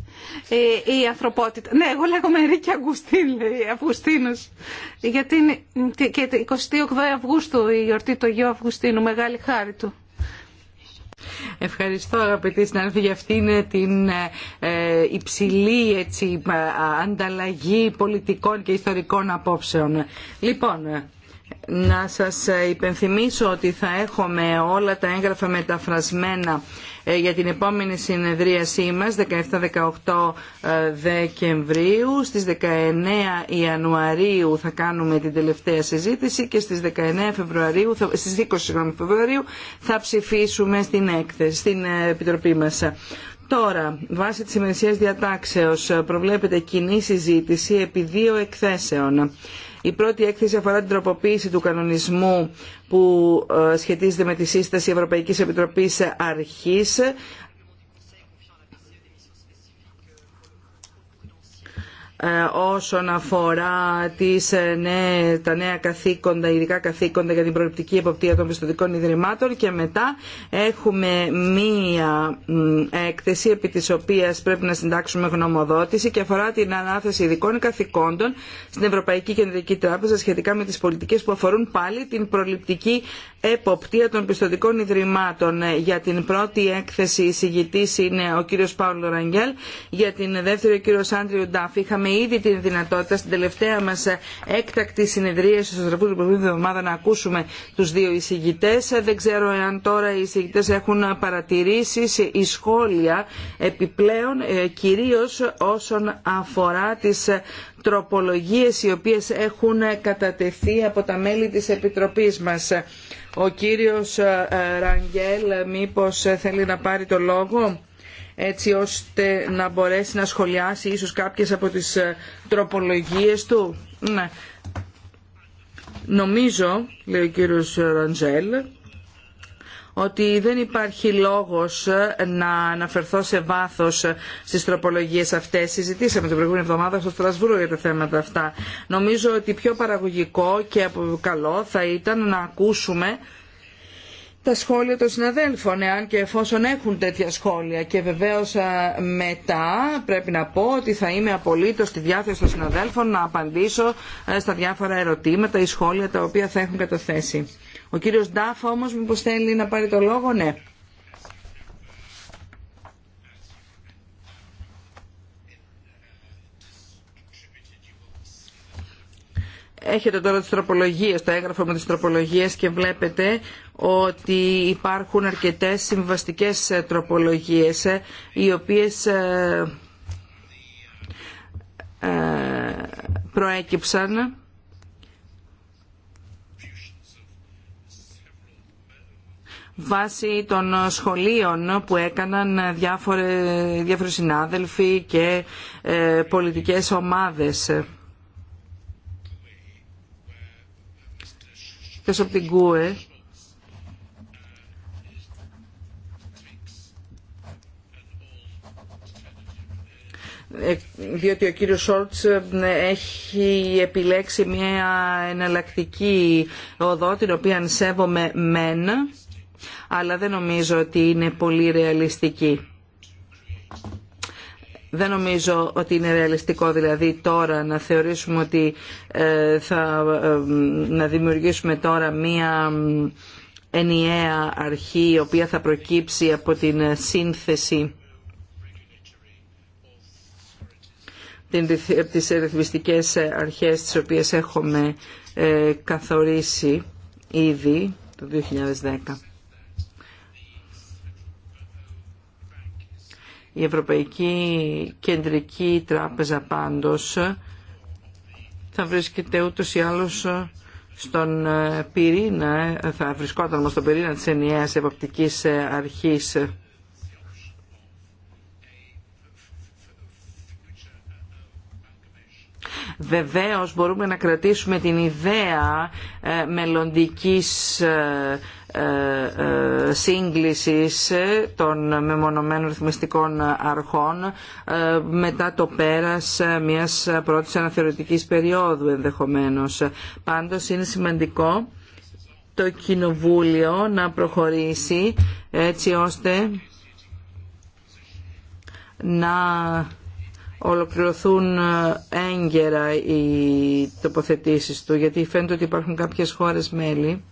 η, ανθρωπότητα. Ναι, εγώ λέγομαι Ρίκη Αυγουστίν, λέει Αυγουστίνος. Γιατί είναι και 28 Αυγούστου η γιορτή του Αγίου Αυγουστίνου, μεγάλη χάρη του. Ευχαριστώ αγαπητοί συνάδελφοι για αυτήν ε, την ε, ε, υψηλή έτσι, ανταλλαγή πολιτικών και ιστορικών απόψεων. Λοιπόν, να σας υπενθυμίσω ότι θα έχουμε όλα τα έγγραφα μεταφρασμένα ε, για την επόμενη συνεδρίασή μας 17-18 ε, Δεκεμβρίου. Στις 19 Ιανουαρίου θα κάνουμε την τελευταία συζήτηση και στις, 19 Φεβρουαρίου, στις 20 Φεβρουαρίου θα ψηφίσουμε στην, έκθεση, στην ε, Επιτροπή μας. Τώρα, βάσει της ημερησίας διατάξεως προβλέπεται κοινή συζήτηση επί δύο εκθέσεων. Η πρώτη έκθεση αφορά την τροποποίηση του κανονισμού που ε, σχετίζεται με τη σύσταση Ευρωπαϊκής Επιτροπής Αρχής Ε, όσον αφορά ε, τα νέα καθήκοντα, ειδικά καθήκοντα για την προληπτική εποπτεία των πιστοτικών ιδρυμάτων και μετά έχουμε μία έκθεση επί της οποίας πρέπει να συντάξουμε γνωμοδότηση και αφορά την ανάθεση ειδικών καθηκόντων στην Ευρωπαϊκή Κεντρική Τράπεζα σχετικά με τις πολιτικές που αφορούν πάλι την προληπτική εποπτεία των πιστοτικών ιδρυμάτων. Ε, για την πρώτη έκθεση η είναι ο κύριος Παύλο Ραγγέλ, για την δεύτερη ο κύριος Άντριου Ντάφ είχαμε ήδη την δυνατότητα στην τελευταία μα έκτακτη συνεδρία στου Στρασβούργο την εβδομάδα να ακούσουμε του δύο εισηγητέ. Δεν ξέρω εάν τώρα οι εισηγητέ έχουν παρατηρήσει ή σχόλια επιπλέον ε, κυρίω όσον αφορά τι τροπολογίες οι οποίες έχουν κατατεθεί από τα μέλη της Επιτροπής μας. Ο κύριος ε, ε, Ραγγέλ μήπως θέλει να πάρει το λόγο έτσι ώστε να μπορέσει να σχολιάσει ίσως κάποιες από τις ε, τροπολογίες του. Ναι. Νομίζω, λέει ο κύριος Ραντζέλ, ότι δεν υπάρχει λόγος ε, να αναφερθώ σε βάθος ε, στις τροπολογίες αυτές. Συζητήσαμε την προηγούμενη εβδομάδα στο Στρασβούργο για τα θέματα αυτά. Νομίζω ότι πιο παραγωγικό και καλό θα ήταν να ακούσουμε τα σχόλια των συναδέλφων, εάν και εφόσον έχουν τέτοια σχόλια. Και βεβαίως μετά πρέπει να πω ότι θα είμαι απολύτως στη διάθεση των συναδέλφων να απαντήσω στα διάφορα ερωτήματα ή σχόλια τα οποία θα έχουν καταθέσει. Ο κύριος Ντάφ όμως μήπως θέλει να πάρει το λόγο, ναι. Έχετε τώρα τις τροπολογίες, το έγγραφο με τις τροπολογίες και βλέπετε ότι υπάρχουν αρκετές συμβαστικές ε, τροπολογίες ε, οι οποίες ε, προέκυψαν βάσει των σχολείων που έκαναν διάφοροι συνάδελφοι και πολιτικές ομάδες. εκτός από την ΚΟΕ. Ε, διότι ο κύριος Σόλτς ε, έχει επιλέξει μια εναλλακτική οδό την οποία σέβομαι μεν αλλά δεν νομίζω ότι είναι πολύ ρεαλιστική. Δεν νομίζω ότι είναι ρεαλιστικό δηλαδή τώρα να θεωρήσουμε ότι ε, θα ε, να δημιουργήσουμε τώρα μία ενιαία αρχή η οποία θα προκύψει από την σύνθεση τις ρυθμιστικές αρχές τις οποίες έχουμε ε, καθορίσει ήδη το 2010. Η Ευρωπαϊκή Κεντρική Τράπεζα πάντως θα βρίσκεται ούτως ή άλλως στον ε, πυρήνα, ε, θα βρισκόταν στον πυρήνα της ενιαίας εποπτικής ε, αρχής. Βεβαίως μπορούμε να κρατήσουμε την ιδέα μελλοντικής σύγκλησης των μεμονωμένων ρυθμιστικών αρχών ε, μετά το πέρας μιας πρώτης αναθεωρητικής περίοδου ενδεχομένως. Πάντως είναι σημαντικό το Κοινοβούλιο να προχωρήσει έτσι ώστε να ολοκληρωθούν έγκαιρα οι τοποθετήσεις του, γιατί φαίνεται ότι υπάρχουν κάποιες χώρες μέλη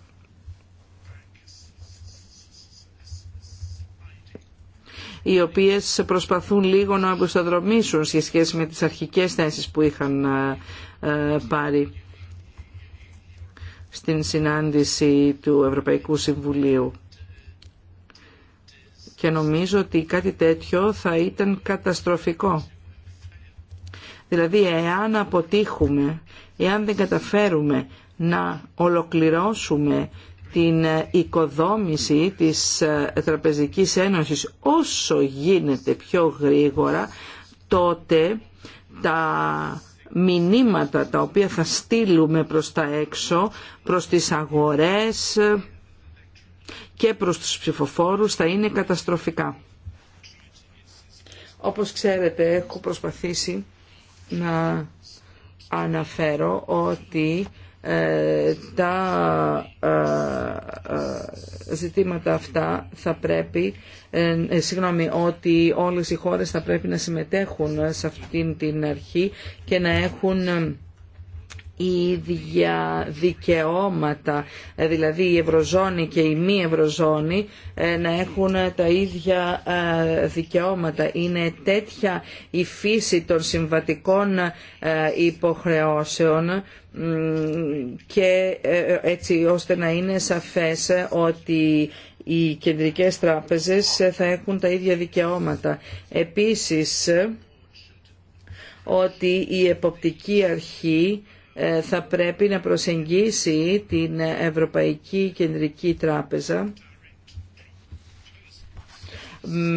οι οποίες προσπαθούν λίγο να αποσταδρομήσουν σε σχέση με τις αρχικές θέσεις που είχαν ε, ε, πάρει στην συνάντηση του Ευρωπαϊκού Συμβουλίου. Και νομίζω ότι κάτι τέτοιο θα ήταν καταστροφικό. Δηλαδή, εάν αποτύχουμε, εάν δεν καταφέρουμε να ολοκληρώσουμε την οικοδόμηση της ε, Τραπεζικής Ένωσης όσο γίνεται πιο γρήγορα, τότε τα μηνύματα τα οποία θα στείλουμε προς τα έξω, προς τις αγορές και προς τους ψηφοφόρους θα είναι καταστροφικά. Όπως ξέρετε έχω προσπαθήσει να αναφέρω ότι τα ε, ε, ζητήματα αυτά θα πρέπει, ε, συγγνώμη, ότι όλες οι χώρες θα πρέπει να συμμετέχουν σε αυτήν την αρχή και να έχουν ίδια δικαιώματα, ε, δηλαδή η Ευρωζώνη και η μη Ευρωζώνη ε, να έχουν τα ίδια ε, δικαιώματα. Είναι τέτοια η φύση των συμβατικών υποχρεώσεων και έτσι ώστε να είναι σαφές ότι οι κεντρικές τράπεζες θα έχουν τα ίδια δικαιώματα. Επίσης, ότι η εποπτική αρχή ε, θα πρέπει να προσεγγίσει την Ευρωπαϊκή Κεντρική Τράπεζα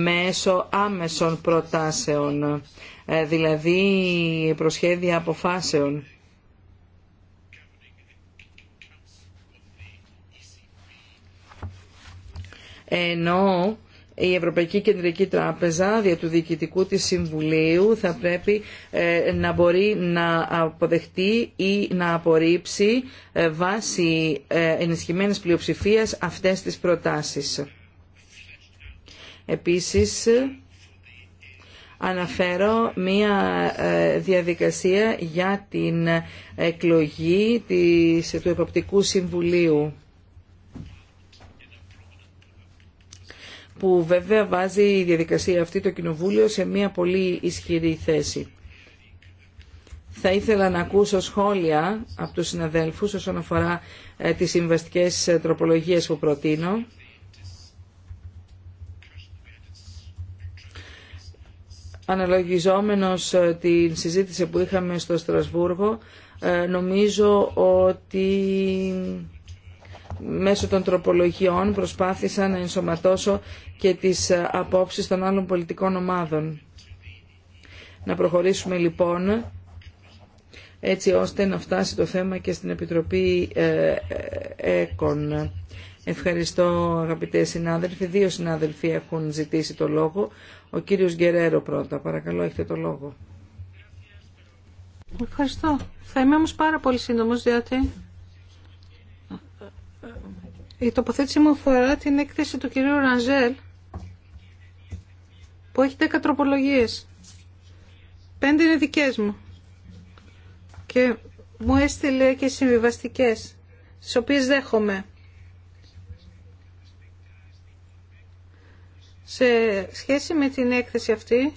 μέσω άμεσων προτάσεων, ε, δηλαδή προσχέδια αποφάσεων. Ενώ η Ευρωπαϊκή Κεντρική Τράπεζα δια του Διοικητικού της Συμβουλίου θα πρέπει ε, να μπορεί να αποδεχτεί ή να απορρίψει ε, βάσει ε, ενισχυμένης πλειοψηφίας αυτές τις προτάσεις. Επίσης, αναφέρω μία διαδικασία για την εκλογή της, του Εποπτικού Συμβουλίου. που βέβαια βάζει η διαδικασία αυτή το Κοινοβούλιο σε μια πολύ ισχυρή θέση. Θα ήθελα να ακούσω σχόλια από τους συναδέλφους όσον αφορά ε, τις συμβαστικές ε, τροπολογίες που προτείνω. Αναλογιζόμενος ε, την συζήτηση που είχαμε στο Στρασβούργο, νομίζω ότι μέσω των τροπολογιών προσπάθησα να ενσωματώσω και τις ε, απόψεις των άλλων πολιτικών ομάδων. Να προχωρήσουμε λοιπόν έτσι ώστε να φτάσει το θέμα και στην Επιτροπή ε, ε, ΕΚΟΝ. Ευχαριστώ αγαπητέ συνάδελφοι. Δύο συνάδελφοι έχουν ζητήσει το λόγο. Ο κύριος Γκερέρο πρώτα. Παρακαλώ έχετε το λόγο. Ευχαριστώ. Θα είμαι όμως πάρα πολύ σύντομος διότι η τοποθέτηση μου αφορά την έκθεση του κυρίου Ρανζέλ που έχει 10 τροπολογίε. Πέντε είναι δικέ μου. Και μου έστειλε και συμβιβαστικές, τι οποίες δέχομαι. Σε σχέση με την έκθεση αυτή,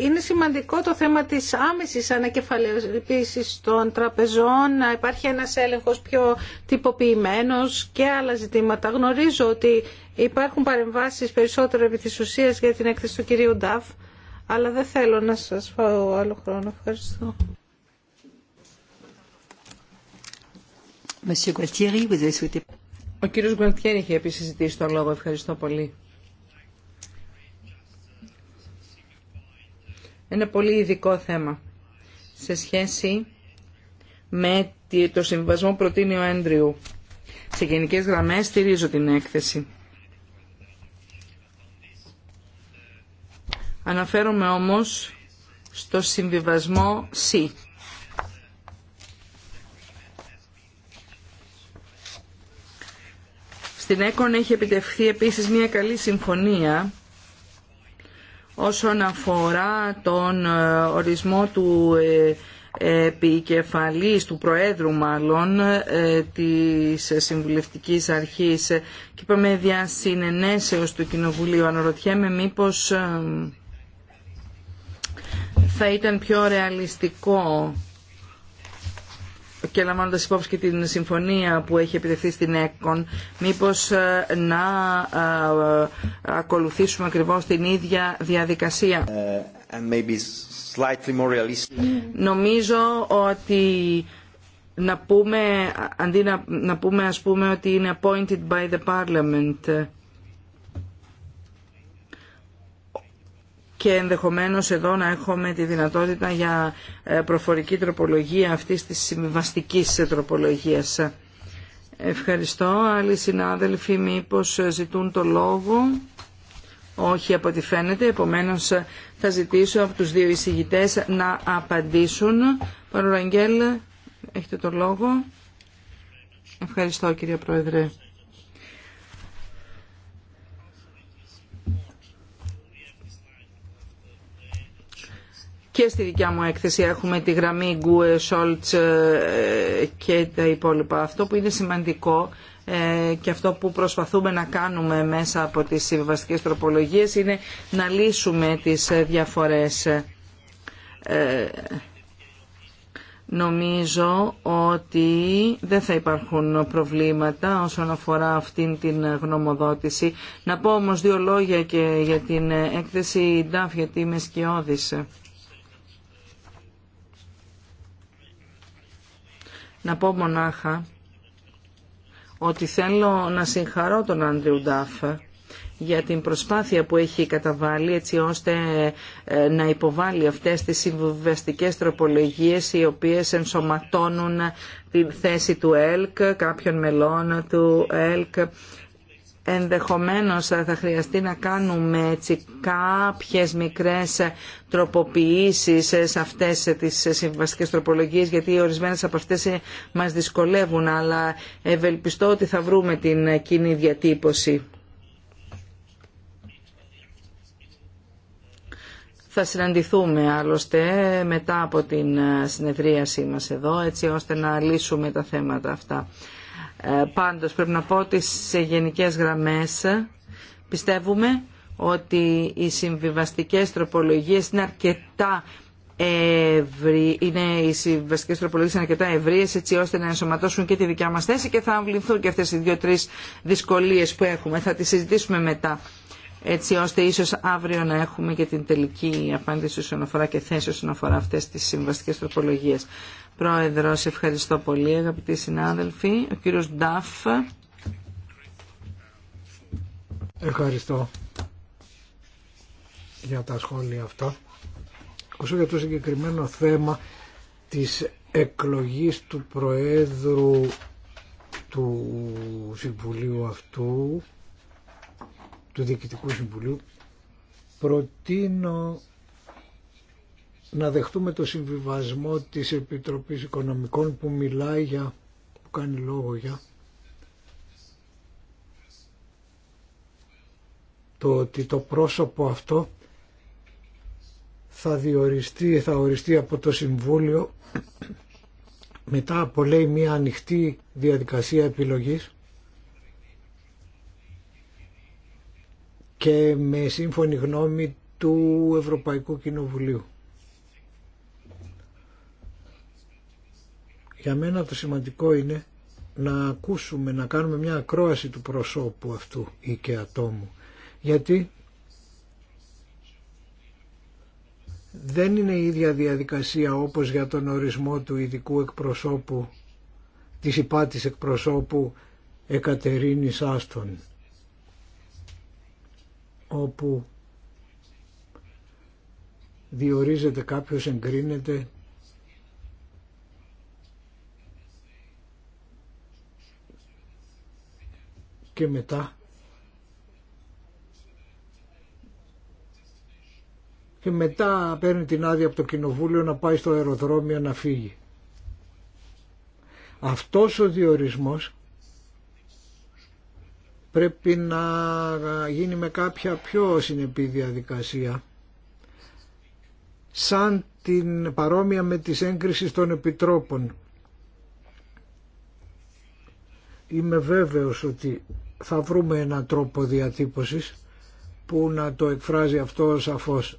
είναι σημαντικό το θέμα της άμεσης ανακεφαλαιοποίησης των τραπεζών, να υπάρχει ένας έλεγχος πιο τυποποιημένος και άλλα ζητήματα. Γνωρίζω ότι υπάρχουν παρεμβάσεις περισσότερο επί της ουσίας για την έκθεση του κυρίου Νταφ, αλλά δεν θέλω να σας φάω άλλο χρόνο. Ευχαριστώ. Ο κύριος Γκουαλτιέρη είχε επίσης ζητήσει τον λόγο. Ευχαριστώ πολύ. ένα πολύ ειδικό θέμα σε σχέση με το συμβασμό προτείνει ο Έντριου. Σε γενικές γραμμές στηρίζω την έκθεση. Αναφέρομαι όμως στο συμβιβασμό C. Στην ΕΚΟΝ έχει επιτευχθεί επίσης μια καλή συμφωνία όσον αφορά τον ε, ορισμό του ε, επικεφαλής του Προέδρου μάλλον ε, της Συμβουλευτικής Αρχής και είπαμε διασυνενέσεως του Κοινοβουλίου αναρωτιέμαι μήπως θα ήταν πιο ρεαλιστικό και λαμβάνοντα υπόψη και την συμφωνία που έχει επιτευχθεί στην ΕΚΟΝ, μήπως ε, να ε, ακολουθήσουμε ακριβώ την ίδια διαδικασία. Ε, maybe slightly more Νομίζω ότι να πούμε, αντί να, να πούμε ας πούμε ότι είναι appointed by the parliament, και ενδεχομένως εδώ να έχουμε τη δυνατότητα για ε, προφορική τροπολογία αυτής της συμβαστική τροπολογίας. Ευχαριστώ. Άλλοι συνάδελφοι μήπως ζητούν το λόγο. Όχι από ό,τι φαίνεται. Επομένως θα ζητήσω από τους δύο εισηγητές να απαντήσουν. Παροραγγέλ, έχετε το λόγο. Ευχαριστώ κύριε Πρόεδρε. Και στη δικιά μου έκθεση έχουμε τη γραμμή Γκουε, Σόλτ ε, και τα υπόλοιπα. Αυτό που είναι σημαντικό ε, και αυτό που προσπαθούμε να κάνουμε μέσα από τις συμβαστικές τροπολογίες είναι να λύσουμε τις ε, διαφορές. Νομίζω ότι δεν θα υπάρχουν προβλήματα όσον αφορά αυτήν την γνωμοδότηση. Να πω όμως δύο λόγια και για την έκθεση Ντάφ γιατί είμαι σκιώδης. Να πω μονάχα ότι θέλω να συγχαρώ τον Άντριου Ντάφ για την προσπάθεια που έχει καταβάλει έτσι ώστε ε, να υποβάλει αυτές τις συμβιβαστικές τροπολογίες οι οποίες ενσωματώνουν την θέση του ΕΛΚ, κάποιων μελών του ΕΛΚ ενδεχομένως θα χρειαστεί να κάνουμε έτσι κάποιες μικρές τροποποιήσεις σε αυτές τις συμβαστικές τροπολογίες γιατί ορισμένες από αυτές μας δυσκολεύουν αλλά ευελπιστώ ότι θα βρούμε την κοινή διατύπωση. Θα συναντηθούμε άλλωστε μετά από την συνεδρίασή μας εδώ έτσι ώστε να λύσουμε τα θέματα αυτά. Ε, πάντως πρέπει να πω ότι σε γενικές γραμμές ε, πιστεύουμε ότι οι συμβιβαστικές τροπολογίες είναι αρκετά ευρύ, είναι οι συμβιβαστικές τροπολογίες είναι αρκετά έτσι ώστε να ενσωματώσουν και τη δικιά μας θέση και θα αμβληθούν και αυτές οι δύο-τρεις δυσκολίες που έχουμε. Θα τις συζητήσουμε μετά έτσι ώστε ίσως αύριο να έχουμε και την τελική απάντηση όσον αφορά και θέση όσον αφορά αυτές τις συμβαστικές τροπολογίες. Πρόεδρος, ευχαριστώ πολύ αγαπητοί συνάδελφοι. Ο κύριος Νταφ. Ευχαριστώ για τα σχόλια αυτά. Όσο για το συγκεκριμένο θέμα της εκλογής του Προέδρου του Συμβουλίου αυτού, του Διοικητικού Συμβουλίου, προτείνω να δεχτούμε το συμβιβασμό της Επιτροπής Οικονομικών που μιλάει για, που κάνει λόγο για το ότι το πρόσωπο αυτό θα διοριστεί, θα οριστεί από το Συμβούλιο μετά από λέει μια ανοιχτή διαδικασία επιλογής και με σύμφωνη γνώμη του Ευρωπαϊκού Κοινοβουλίου. Για μένα το σημαντικό είναι να ακούσουμε, να κάνουμε μια ακρόαση του προσώπου αυτού ή και ατόμου. Γιατί δεν είναι η ίδια διαδικασία όπως για τον ορισμό του ειδικού εκπροσώπου, της υπάτης εκπροσώπου Εκατερίνης Άστον, όπου διορίζεται κάποιος, εγκρίνεται και μετά και μετά παίρνει την άδεια από το κοινοβούλιο να πάει στο αεροδρόμιο να φύγει. Αυτός ο διορισμός πρέπει να γίνει με κάποια πιο συνεπή διαδικασία σαν την παρόμοια με τις έγκρισεις των επιτρόπων. Είμαι βέβαιος ότι θα βρούμε έναν τρόπο διατύπωσης που να το εκφράζει αυτό σαφώς.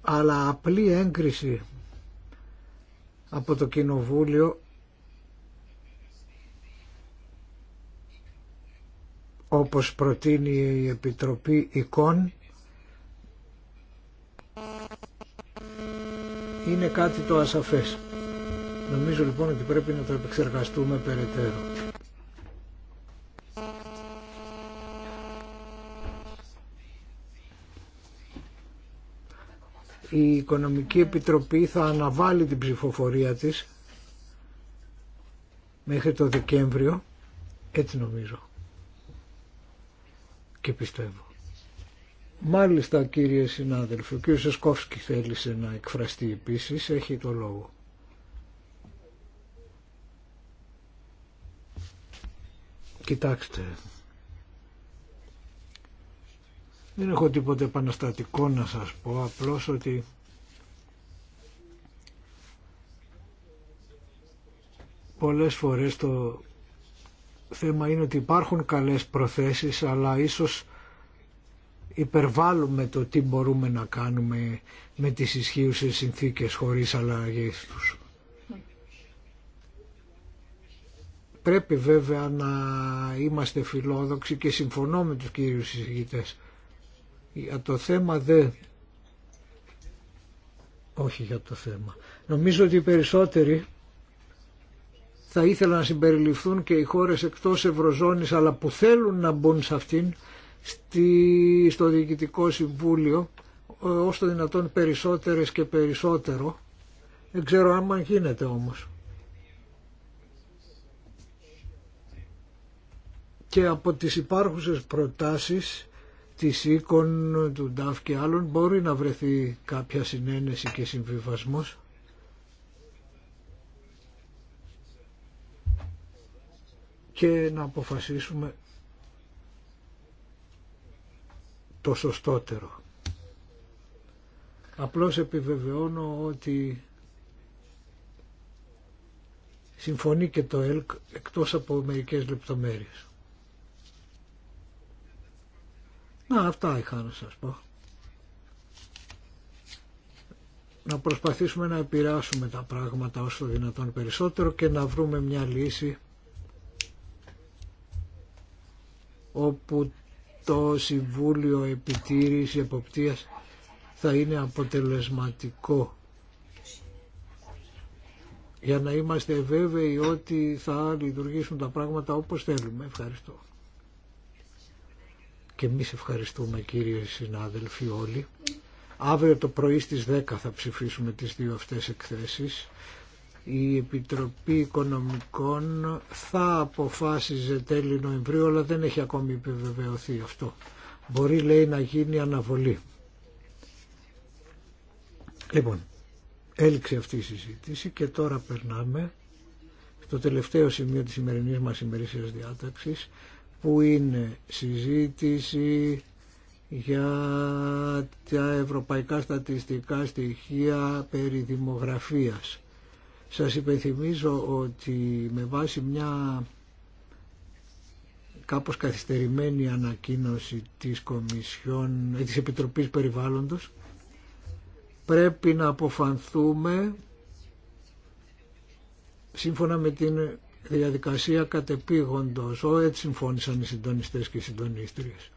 Αλλά απλή έγκριση από το Κοινοβούλιο όπως προτείνει η Επιτροπή Εικόν είναι κάτι το ασαφές. Νομίζω λοιπόν ότι πρέπει να το επεξεργαστούμε περαιτέρω. η Οικονομική Επιτροπή θα αναβάλει την ψηφοφορία της μέχρι το Δεκέμβριο, έτσι νομίζω και πιστεύω. Μάλιστα κύριε συνάδελφε, ο κύριος Σεσκόφσκι θέλησε να εκφραστεί επίσης, έχει το λόγο. Κοιτάξτε, δεν έχω τίποτε επαναστατικό να σας πω, απλώς ότι πολλές φορές το θέμα είναι ότι υπάρχουν καλές προθέσεις, αλλά ίσως υπερβάλλουμε το τι μπορούμε να κάνουμε με τις ισχύουσες συνθήκες χωρίς αλλαγές τους. Πρέπει βέβαια να είμαστε φιλόδοξοι και συμφωνώ με τους κύριους συζητητές για το θέμα δε... Όχι για το θέμα. Νομίζω ότι οι περισσότεροι θα ήθελαν να συμπεριληφθούν και οι χώρες εκτός Ευρωζώνης αλλά που θέλουν να μπουν σε αυτήν στη, στο Διοικητικό Συμβούλιο όσο δυνατόν περισσότερες και περισσότερο. Δεν ξέρω άμα γίνεται όμως. Και από τις υπάρχουσες προτάσεις της οίκων του ΝΤΑΦ και άλλων μπορεί να βρεθεί κάποια συνένεση και συμβιβασμός. και να αποφασίσουμε το σωστότερο. Απλώς επιβεβαιώνω ότι συμφωνεί και το ΕΛΚ εκτός από μερικές λεπτομέρειες. Να, αυτά είχα να σας πω. Να προσπαθήσουμε να επηρεάσουμε τα πράγματα όσο δυνατόν περισσότερο και να βρούμε μια λύση όπου το Συμβούλιο Επιτήρησης Εποπτείας θα είναι αποτελεσματικό για να είμαστε βέβαιοι ότι θα λειτουργήσουν τα πράγματα όπως θέλουμε. Ευχαριστώ και εμείς ευχαριστούμε Κύριε συνάδελφοι όλοι. Αύριο το πρωί στις 10 θα ψηφίσουμε τις δύο αυτές εκθέσεις. Η Επιτροπή Οικονομικών θα αποφάσιζε τέλη Νοεμβρίου, αλλά δεν έχει ακόμη επιβεβαιωθεί αυτό. Μπορεί, λέει, να γίνει αναβολή. Λοιπόν, έληξε αυτή η συζήτηση και τώρα περνάμε στο τελευταίο σημείο της σημερινής μας ημερήσιας διάταξης, που είναι συζήτηση για τα ευρωπαϊκά στατιστικά στοιχεία περί δημογραφίας. Σας υπενθυμίζω ότι με βάση μια κάπως καθυστερημένη ανακοίνωση της, Κομισιόν, ε, της Επιτροπής Περιβάλλοντος πρέπει να αποφανθούμε σύμφωνα με την διαδικασία κατεπήγοντος. Ό, έτσι συμφώνησαν οι συντονιστές και οι συντονίστριες.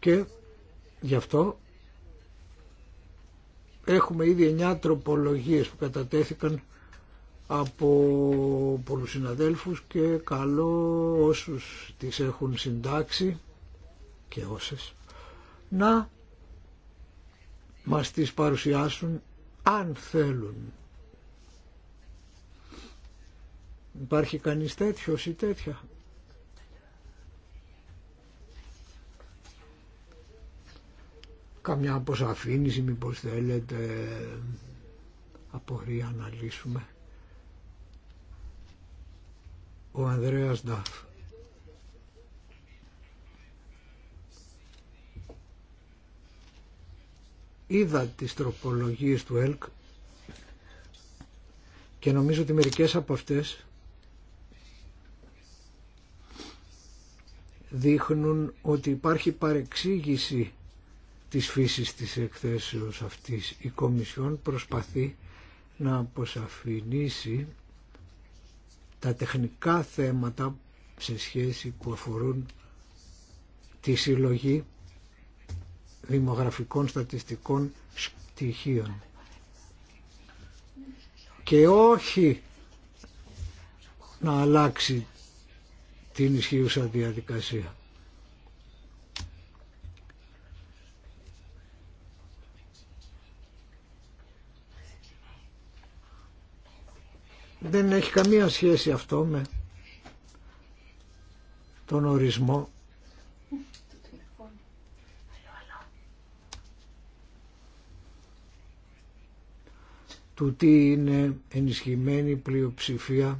Και γι' αυτό έχουμε ήδη εννιά τροπολογίες που κατατέθηκαν από πολλούς συναδέλφους και καλό όσους τις έχουν συντάξει και όσες να μας τις παρουσιάσουν αν θέλουν Υπάρχει κανείς τέτοιος ή τέτοια. Καμιά αποσαφήνιση μήπως θέλετε απορία να λύσουμε. Ο Ανδρέας Νταφ. Είδα τις τροπολογίες του ΕΛΚ και νομίζω ότι μερικές από αυτές δείχνουν ότι υπάρχει παρεξήγηση της φύσης της εκθέσεως αυτής. Η Κομισιόν προσπαθεί να αποσαφηνίσει τα τεχνικά θέματα σε σχέση που αφορούν τη συλλογή δημογραφικών στατιστικών στοιχείων. Και όχι να αλλάξει την ισχύουσα διαδικασία. Δεν έχει καμία σχέση αυτό με τον ορισμό του τι είναι ενισχυμένη πλειοψηφία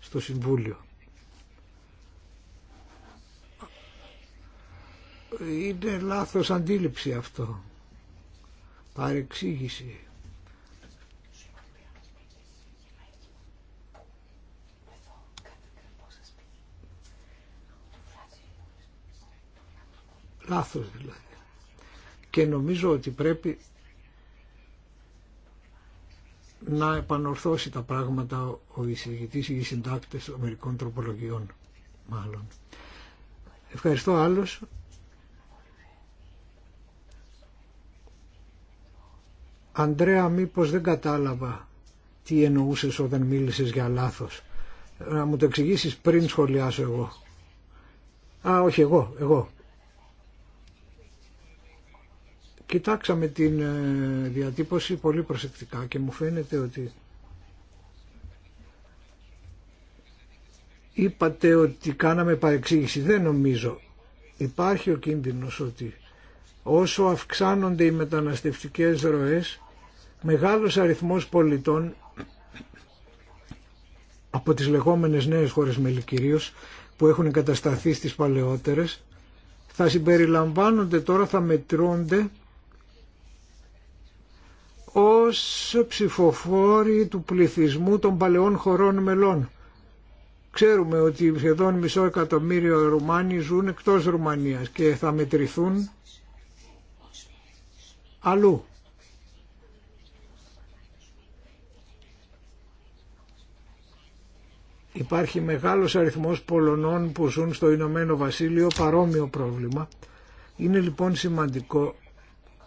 στο Συμβούλιο. είναι λάθος αντίληψη αυτό. Παρεξήγηση. Λάθος δηλαδή. Και νομίζω ότι πρέπει να επανορθώσει τα πράγματα ο εισηγητής ή οι συντάκτες των μερικών τροπολογιών μάλλον. Ευχαριστώ άλλος. Αντρέα μήπως δεν κατάλαβα τι εννοούσε όταν μίλησες για λάθος. Να μου το εξηγήσεις πριν σχολιάσω εγώ. Α, όχι εγώ, εγώ. Κοιτάξαμε την ε, διατύπωση πολύ προσεκτικά και μου φαίνεται ότι είπατε ότι κάναμε παρεξήγηση. Δεν νομίζω. Υπάρχει ο κίνδυνος ότι όσο αυξάνονται οι μεταναστευτικές ροές Μεγάλος αριθμός πολιτών από τις λεγόμενες νέες χώρες μέλη που έχουν εγκατασταθεί στις παλαιότερες θα συμπεριλαμβάνονται τώρα, θα μετρούνται ως ψηφοφόροι του πληθυσμού των παλαιών χωρών μελών. Ξέρουμε ότι σχεδόν μισό εκατομμύριο Ρουμάνοι ζουν εκτός Ρουμανίας και θα μετρηθούν αλλού. Υπάρχει μεγάλος αριθμός Πολωνών που ζουν στο Ηνωμένο Βασίλειο παρόμοιο πρόβλημα. Είναι λοιπόν σημαντικό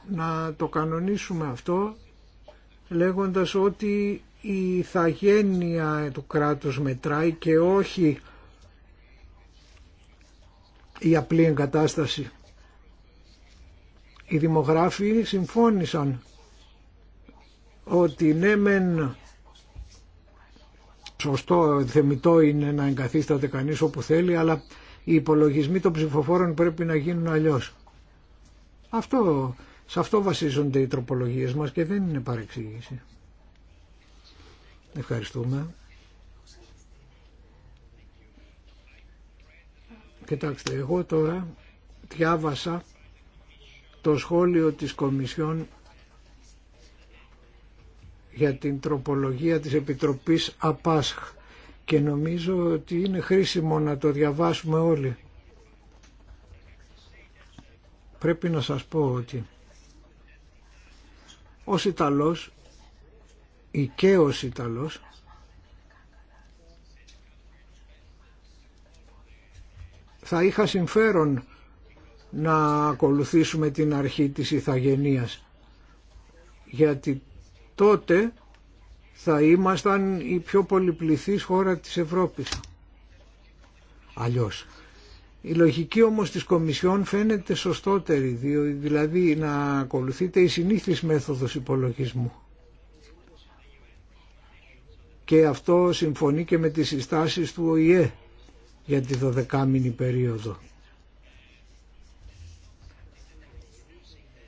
να το κανονίσουμε αυτό λέγοντας ότι η θαγένεια του κράτους μετράει και όχι η απλή εγκατάσταση. Οι δημογράφοι συμφώνησαν ότι ναι μεν σωστό, θεμητό είναι να εγκαθίσταται κανείς όπου θέλει, αλλά οι υπολογισμοί των ψηφοφόρων πρέπει να γίνουν αλλιώς. Αυτό, σε αυτό βασίζονται οι τροπολογίες μας και δεν είναι παρεξήγηση. Ευχαριστούμε. Κοιτάξτε, εγώ τώρα διάβασα το σχόλιο της Κομισιόν για την τροπολογία της Επιτροπής ΑΠΑΣΧ και νομίζω ότι είναι χρήσιμο να το διαβάσουμε όλοι. Πρέπει να σας πω ότι ο Ιταλός ή και ο Ιταλός θα είχα συμφέρον να ακολουθήσουμε την αρχή της Ιθαγενείας γιατί τότε θα ήμασταν η πιο πολυπληθής χώρα της Ευρώπης. Αλλιώς. Η λογική όμως της Κομισιόν φαίνεται σωστότερη, δηλαδή να ακολουθείται η συνήθις μέθοδος υπολογισμού. Και αυτό συμφωνεί και με τις συστάσεις του ΟΗΕ για τη 12μηνη περίοδο.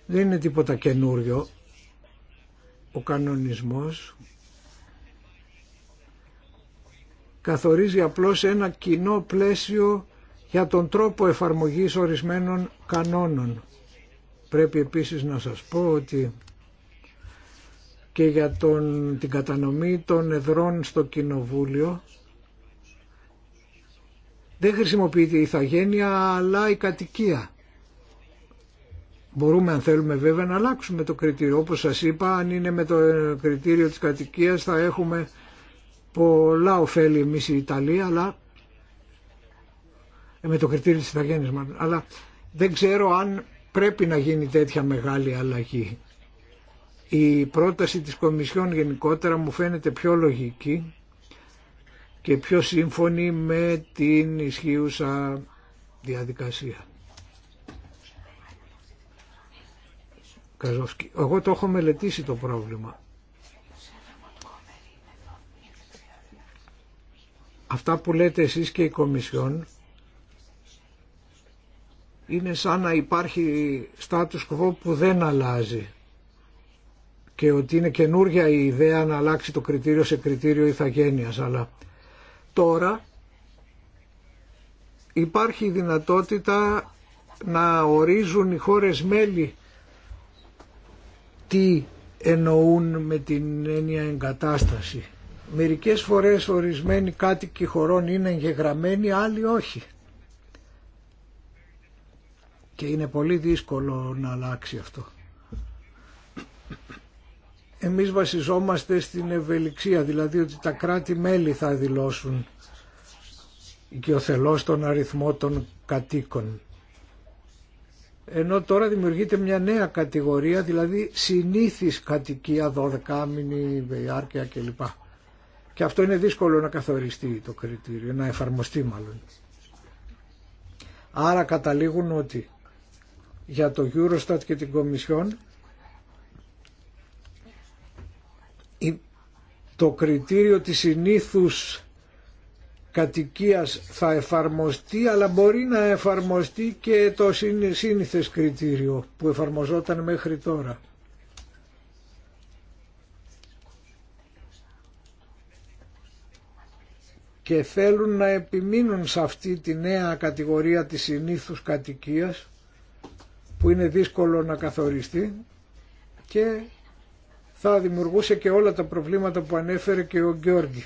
Δεν είναι τίποτα καινούριο. Ο κανονισμός καθορίζει απλώς ένα κοινό πλαίσιο για τον τρόπο εφαρμογής ορισμένων κανόνων. Πρέπει επίσης να σας πω ότι και για τον, την κατανομή των εδρών στο Κοινοβούλιο δεν χρησιμοποιείται η ηθαγένεια αλλά η κατοικία. Μπορούμε αν θέλουμε βέβαια να αλλάξουμε το κριτήριο. Όπως σας είπα, αν είναι με το κριτήριο της κατοικίας θα έχουμε πολλά ωφέλη εμείς η Ιταλία, αλλά ε, με το κριτήριο της Ιταγένης μάλλον. Αλλά δεν ξέρω αν πρέπει να γίνει τέτοια μεγάλη αλλαγή. Η πρόταση της Κομισιόν γενικότερα μου φαίνεται πιο λογική και πιο σύμφωνη με την ισχύουσα διαδικασία. Καζόφσκι. Εγώ το έχω μελετήσει το πρόβλημα. Αυτά που λέτε εσείς και η Κομισιόν είναι σαν να υπάρχει status quo που δεν αλλάζει και ότι είναι καινούργια η ιδέα να αλλάξει το κριτήριο σε κριτήριο ηθαγένειας αλλά τώρα υπάρχει δυνατότητα να ορίζουν οι χώρες μέλη τι εννοούν με την έννοια εγκατάσταση. Μερικές φορές ορισμένοι κάτοικοι χωρών είναι εγγεγραμμένοι, άλλοι όχι. Και είναι πολύ δύσκολο να αλλάξει αυτό. Εμείς βασιζόμαστε στην ευελιξία, δηλαδή ότι τα κράτη-μέλη θα δηλώσουν οικειοθελώς τον αριθμό των κατοίκων ενώ τώρα δημιουργείται μια νέα κατηγορία, δηλαδή συνήθις κατοικία, δωδεκάμινη, διάρκεια κλπ. Και αυτό είναι δύσκολο να καθοριστεί το κριτήριο, να εφαρμοστεί μάλλον. Άρα καταλήγουν ότι για το Eurostat και την Κομισιόν το κριτήριο της συνήθους κατοικίας θα εφαρμοστεί αλλά μπορεί να εφαρμοστεί και το σύνηθες κριτήριο που εφαρμοζόταν μέχρι τώρα. και θέλουν να επιμείνουν σε αυτή τη νέα κατηγορία της συνήθους κατοικίας που είναι δύσκολο να καθοριστεί και θα δημιουργούσε και όλα τα προβλήματα που ανέφερε και ο Γκιόργη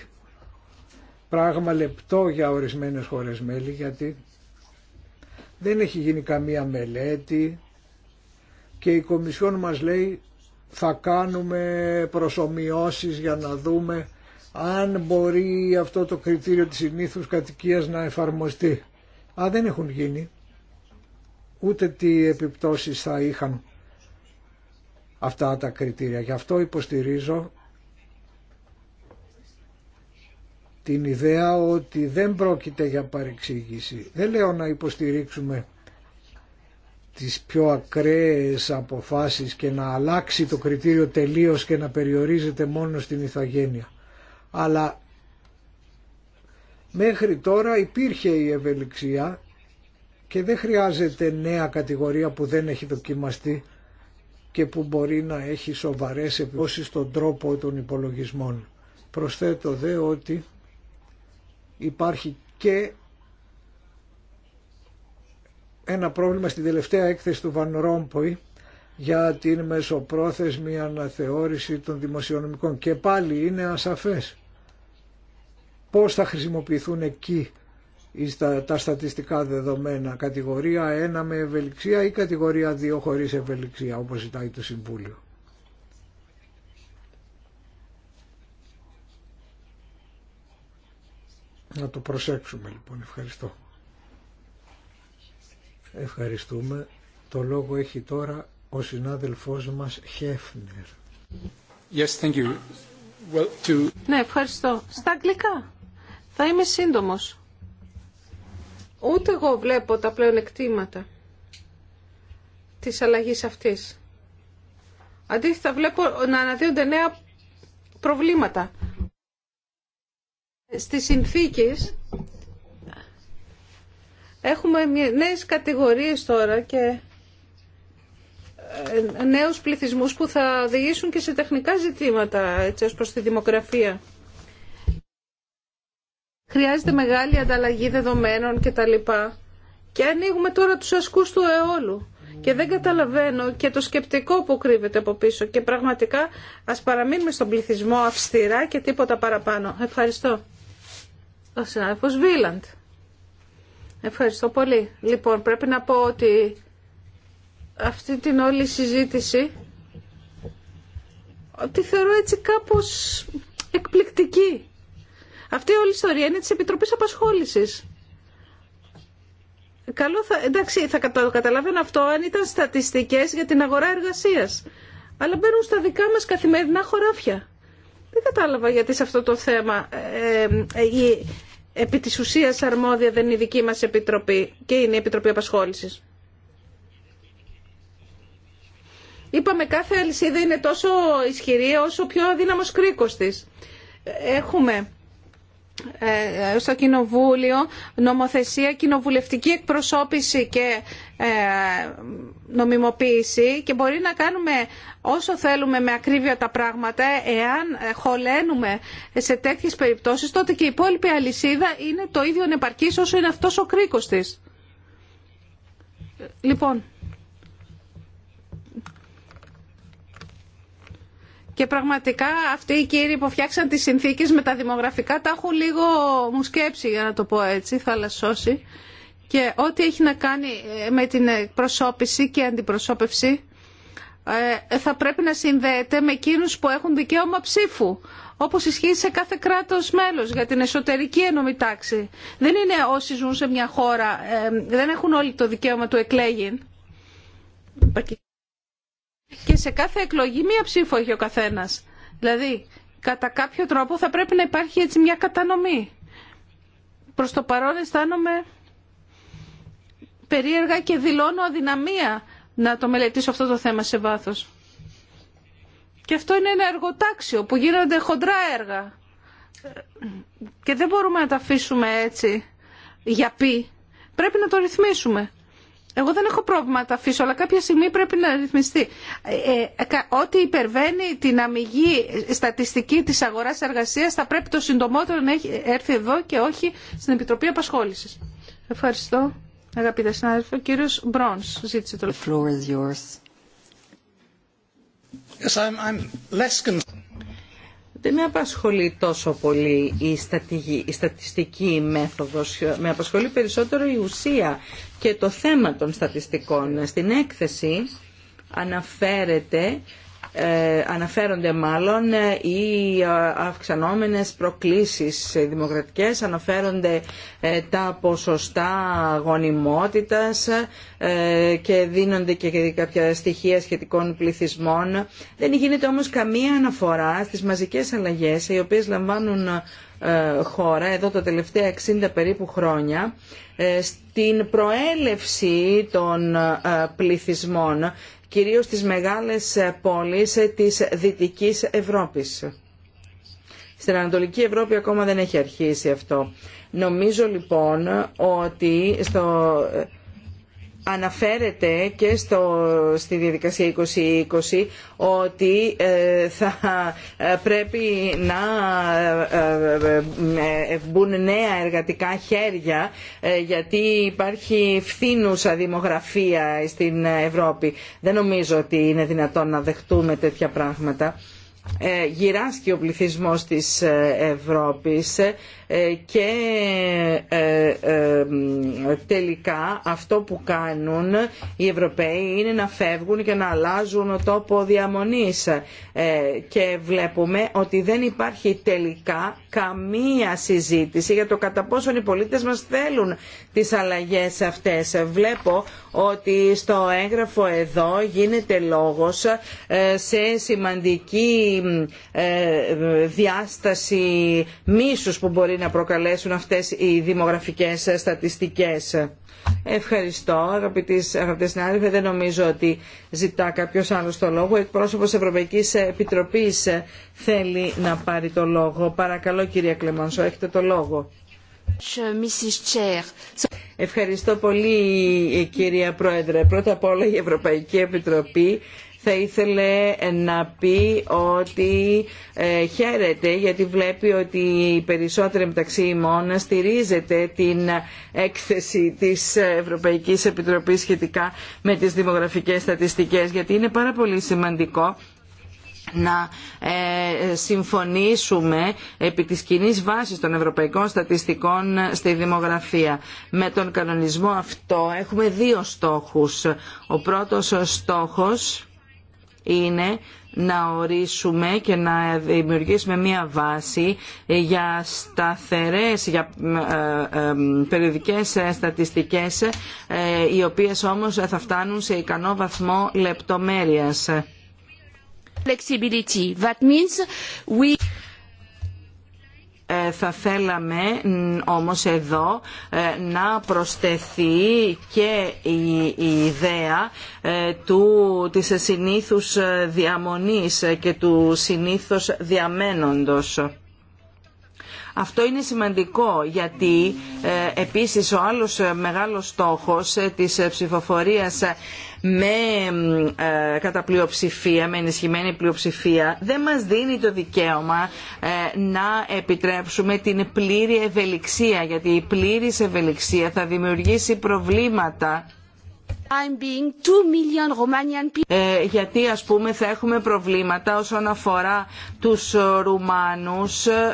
πράγμα λεπτό για ορισμένες χώρες μέλη γιατί δεν έχει γίνει καμία μελέτη και η Κομισιόν μας λέει θα κάνουμε προσωμιώσεις για να δούμε αν μπορεί αυτό το κριτήριο της συνήθους κατοικίας να εφαρμοστεί. Α, δεν έχουν γίνει. Ούτε τι επιπτώσεις θα είχαν αυτά τα κριτήρια. Γι' αυτό υποστηρίζω την ιδέα ότι δεν πρόκειται για παρεξήγηση. Δεν λέω να υποστηρίξουμε τις πιο ακραίες αποφάσεις και να αλλάξει το κριτήριο τελείως και να περιορίζεται μόνο στην ηθαγένεια. Αλλά μέχρι τώρα υπήρχε η ευελιξία και δεν χρειάζεται νέα κατηγορία που δεν έχει δοκιμαστεί και που μπορεί να έχει σοβαρές επιπτώσεις στον τρόπο των υπολογισμών. Προσθέτω δε ότι υπάρχει και ένα πρόβλημα στην τελευταία έκθεση του Βαν Ρόμποϊ για την μεσοπρόθεσμη αναθεώρηση των δημοσιονομικών. Και πάλι είναι ασαφές πώς θα χρησιμοποιηθούν εκεί τα στατιστικά δεδομένα, κατηγορία 1 με ευελιξία ή κατηγορία 2 χωρίς ευελιξία, όπως ζητάει το Συμβούλιο. Να το προσέξουμε λοιπόν. Ευχαριστώ. Ευχαριστούμε. Το λόγο έχει τώρα ο συνάδελφός μας Χέφνερ. Yes, thank you. Well, to... Ναι, ευχαριστώ. Στα αγγλικά. Θα είμαι σύντομος. Ούτε εγώ βλέπω τα πλέον εκτίματα της αλλαγής αυτής. Αντίθετα βλέπω να αναδύονται νέα προβλήματα. Στις συνθήκες έχουμε νέες κατηγορίες τώρα και ε, νέους πληθυσμούς που θα οδηγήσουν και σε τεχνικά ζητήματα έτσι ως προς τη δημογραφία. Χρειάζεται μεγάλη ανταλλαγή δεδομένων και τα λοιπά. Και ανοίγουμε τώρα τους ασκούς του αιώλου. Και δεν καταλαβαίνω και το σκεπτικό που κρύβεται από πίσω. Και πραγματικά ας παραμείνουμε στον πληθυσμό αυστηρά και τίποτα παραπάνω. Ευχαριστώ ο συνάδελφος Βίλαντ. Ευχαριστώ πολύ. Λοιπόν, πρέπει να πω ότι αυτή την όλη συζήτηση ότι θεωρώ έτσι κάπως εκπληκτική. Αυτή η όλη ιστορία είναι της Επιτροπής Απασχόλησης. Καλό θα, εντάξει, θα καταλαβαίνω αυτό αν ήταν στατιστικές για την αγορά εργασίας. Αλλά μπαίνουν στα δικά μας καθημερινά χωράφια. Δεν κατάλαβα γιατί σε αυτό το θέμα ε, ε, επί της ουσίας αρμόδια δεν είναι η δική μας επιτροπή και είναι η Επιτροπή Απασχόλησης. Είπαμε κάθε αλυσίδα είναι τόσο ισχυρή όσο πιο αδύναμος κρίκος της. Έχουμε ε, στο Κοινοβούλιο νομοθεσία, κοινοβουλευτική εκπροσώπηση και ε, νομιμοποίηση και μπορεί να κάνουμε όσο θέλουμε με ακρίβεια τα πράγματα εάν χωλένουμε σε τέτοιες περιπτώσεις τότε και η υπόλοιπη αλυσίδα είναι το ίδιο νεπαρκής όσο είναι αυτός ο κρίκος της. Λοιπόν, Και πραγματικά αυτοί οι κύριοι που φτιάξαν τις συνθήκες με τα δημογραφικά τα έχουν λίγο μου σκέψει για να το πω έτσι, θαλασσώσει. Και ό,τι έχει να κάνει ε, με την προσώπηση και αντιπροσώπευση ε, θα πρέπει να συνδέεται με εκείνους που έχουν δικαίωμα ψήφου όπως ισχύει σε κάθε κράτος μέλος για την εσωτερική ενόμη τάξη. Δεν είναι όσοι ζουν σε μια χώρα, ε, δεν έχουν όλοι το δικαίωμα του εκλέγην. Και σε κάθε εκλογή μία ψήφο έχει ο καθένας. Δηλαδή, κατά κάποιο τρόπο θα πρέπει να υπάρχει έτσι μια κατανομή. Προς το παρόν αισθάνομαι περίεργα και δηλώνω αδυναμία να το μελετήσω αυτό το θέμα σε βάθος. Και αυτό είναι ένα εργοτάξιο που γίνονται χοντρά έργα. Και δεν μπορούμε να τα αφήσουμε έτσι για πει. Πρέπει να το ρυθμίσουμε. Εγώ δεν έχω πρόβλημα να τα αφήσω, αλλά κάποια στιγμή πρέπει να ρυθμιστεί. Ε, ε, ό,τι υπερβαίνει την αμυγή στατιστική της αγοράς εργασίας θα πρέπει το συντομότερο να έρθει εδώ και όχι στην Επιτροπή Απασχόλησης. Ευχαριστώ. Αγαπητέ συνάδελφοι, ο κύριο Μπρόν, ζήτησε το λόγο. Yes, I'm, I'm less... Δεν με απασχολεί τόσο πολύ η, η στατιστική μέθοδος, με απασχολεί περισσότερο η ουσία και το θέμα των στατιστικών. Στην έκθεση αναφέρεται ε, αναφέρονται μάλλον ε, οι ε, αυξανόμενες προκλήσεις δημοκρατικές, αναφέρονται τα ποσοστά γονιμότητας και δίνονται και κάποια στοιχεία σχετικών πληθυσμών. Δεν γίνεται όμως καμία αναφορά στις μαζικές αλλαγές οι οποίες λαμβάνουν χώρα εδώ τα τελευταία 60 περίπου χρόνια ε, στην προέλευση των ε, πληθυσμών, κυρίως στις μεγάλες ε, πόλεις της Δυτικής Ευρώπης. Στην Ανατολική Ευρώπη ακόμα δεν έχει αρχίσει αυτό. Νομίζω λοιπόν ότι στο αναφέρεται και στο, στη διαδικασία 2020 ότι ε, θα ε, πρέπει να ε, μπουν νέα εργατικά χέρια γιατί υπάρχει φθήνουσα δημογραφία στην Ευρώπη. Δεν νομίζω ότι είναι δυνατόν να δεχτούμε τέτοια πράγματα. Γυράσκει ο πληθυσμός της Ευρώπης ε, και ε, ε, τελικά αυτό που κάνουν οι Ευρωπαίοι είναι να φεύγουν και να αλλάζουν τόπο διαμονής και βλέπουμε ότι δεν υπάρχει τελικά καμία συζήτηση για το κατά πόσον οι πολίτες μας θέλουν τις αλλαγές αυτές. Βλέπω ότι στο έγγραφο εδώ γίνεται λόγος σε σημαντική διάσταση μίσους που μπορεί να προκαλέσουν αυτές οι δημογραφικές στατιστικές. Ευχαριστώ αγαπητές, αγαπητές συνάδελφοι. Δεν νομίζω ότι ζητά κάποιος άλλος το λόγο. Εκπρόσωπος Ευρωπαϊκής Επιτροπής θέλει να πάρει το λόγο. Παρακαλώ κυρία Κλεμανσό, έχετε το λόγο. Ευχαριστώ πολύ κυρία Πρόεδρε. Πρώτα απ' όλα η Ευρωπαϊκή Επιτροπή θα ήθελε να πει ότι ε, χαίρεται γιατί βλέπει ότι οι περισσότεροι μεταξύ ημών στηρίζεται την έκθεση της Ευρωπαϊκής Επιτροπής σχετικά με τις δημογραφικές στατιστικές γιατί είναι πάρα πολύ σημαντικό να ε, συμφωνήσουμε επί της κοινή βάσης των ευρωπαϊκών στατιστικών στη δημογραφία. Με τον κανονισμό αυτό έχουμε δύο στόχους. Ο πρώτος στόχος είναι να ορίσουμε και να δημιουργήσουμε μία βάση για σταθερές, για ε, ε, περιοδικές στατιστικές, ε, οι οποίες όμως θα φτάνουν σε ικανό βαθμό λεπτομέρειας. Flexibility. That means ε, θα θέλαμε όμως εδώ ε, να προσθεθεί και η ιδέα ε, του, της συνήθους διαμονής και του συνήθως διαμένοντος. Αυτό είναι σημαντικό γιατί επίσης ο άλλος μεγάλος στόχος της ψηφοφορίας με ε, κατά πλειοψηφία, με ενισχυμένη πλειοψηφία, δεν μας δίνει το δικαίωμα ε, να επιτρέψουμε την πλήρη ευελιξία, γιατί η πλήρης ευελιξία θα δημιουργήσει προβλήματα ε, γιατί ας πούμε θα έχουμε προβλήματα όσον αφορά τους ε, Ρουμάνους ε,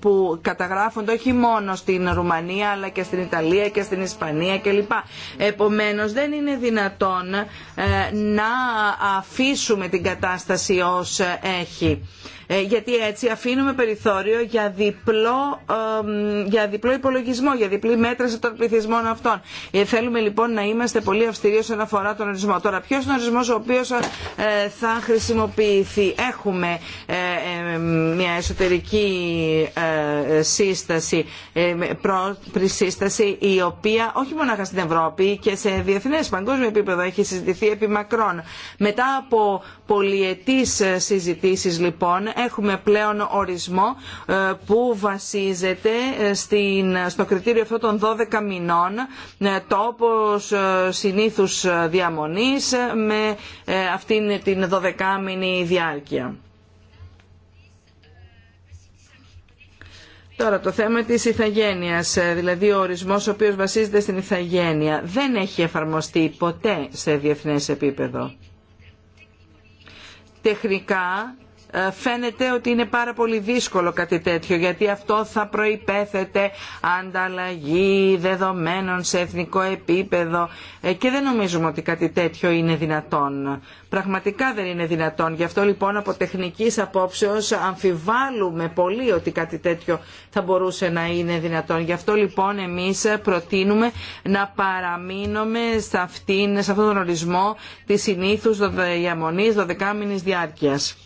που καταγράφονται όχι μόνο στην Ρουμανία αλλά και στην Ιταλία και στην Ισπανία κλπ. Επομένως δεν είναι δυνατόν να αφήσουμε την κατάσταση ως έχει. Γιατί έτσι αφήνουμε περιθώριο για διπλό, για διπλό υπολογισμό, για διπλή μέτρηση των πληθυσμών αυτών. Θέλουμε λοιπόν Λοιπόν να είμαστε πολύ αυστηροί όσον αφορά τον ορισμό. Τώρα, ποιο είναι ο ορισμό ο οποίο ε, θα χρησιμοποιηθεί. Έχουμε ε, μια εσωτερική ε, σύσταση, σύσταση, η οποία όχι μόνο στην Ευρώπη και σε διεθνέ παγκόσμιο επίπεδο έχει συζητηθεί επί μακρόν. Μετά από πολιετής συζητήσεις λοιπόν έχουμε πλέον ορισμό ε, που βασίζεται ε, στην, στο κριτήριο αυτό των 12 μηνών ε, τόπος συνήθους διαμονής με αυτήν την 12 μηνή διάρκεια. Τώρα το θέμα της ηθαγένειας, δηλαδή ο ορισμός ο οποίος βασίζεται στην ηθαγένεια, δεν έχει εφαρμοστεί ποτέ σε διεθνές επίπεδο τεχνικά ε, φαίνεται ότι είναι πάρα πολύ δύσκολο κάτι τέτοιο γιατί αυτό θα προϋπέθεται ανταλλαγή δεδομένων σε εθνικό επίπεδο ε, και δεν νομίζουμε ότι κάτι τέτοιο είναι δυνατόν. Πραγματικά δεν είναι δυνατόν. Γι' αυτό λοιπόν από τεχνικής απόψεως αμφιβάλλουμε πολύ ότι κάτι τέτοιο θα μπορούσε να είναι δυνατόν. Γι' αυτό λοιπόν εμείς προτείνουμε να παραμείνουμε σε, αυτόν τον ορισμό της συνήθους διαμονής 12 μήνης διάρκειας.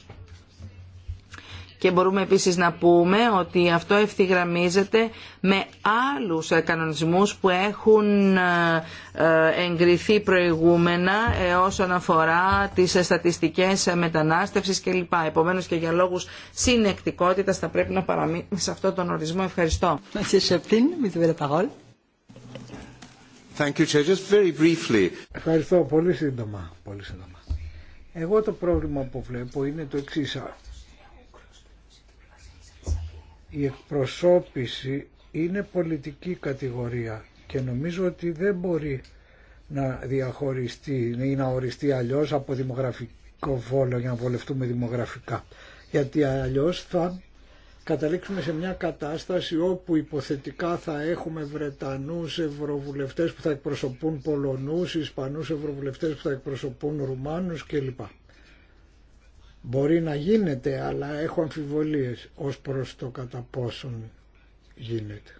Και μπορούμε επίσης να πούμε ότι αυτό ευθυγραμμίζεται με άλλους κανονισμούς που έχουν ε, εγκριθεί προηγούμενα ε, όσον αφορά τις στατιστικές μετανάστευσης κλπ. Επομένως και για λόγους συνεκτικότητας θα πρέπει να παραμείνουμε σε αυτόν τον ορισμό. Ευχαριστώ. Ευχαριστώ πολύ σύντομα, σύντομα. Εγώ το πρόβλημα που βλέπω είναι το εξής η εκπροσώπηση είναι πολιτική κατηγορία και νομίζω ότι δεν μπορεί να διαχωριστεί ή να οριστεί αλλιώς από δημογραφικό βόλο για να βολευτούμε δημογραφικά. Γιατί αλλιώς θα καταλήξουμε σε μια κατάσταση όπου υποθετικά θα έχουμε Βρετανούς ευρωβουλευτές που θα εκπροσωπούν Πολωνούς, Ισπανούς ευρωβουλευτές που θα εκπροσωπούν Ρουμάνους κλπ. Μπορεί να γίνεται, αλλά έχω αμφιβολίες ως προς το κατά πόσον γίνεται.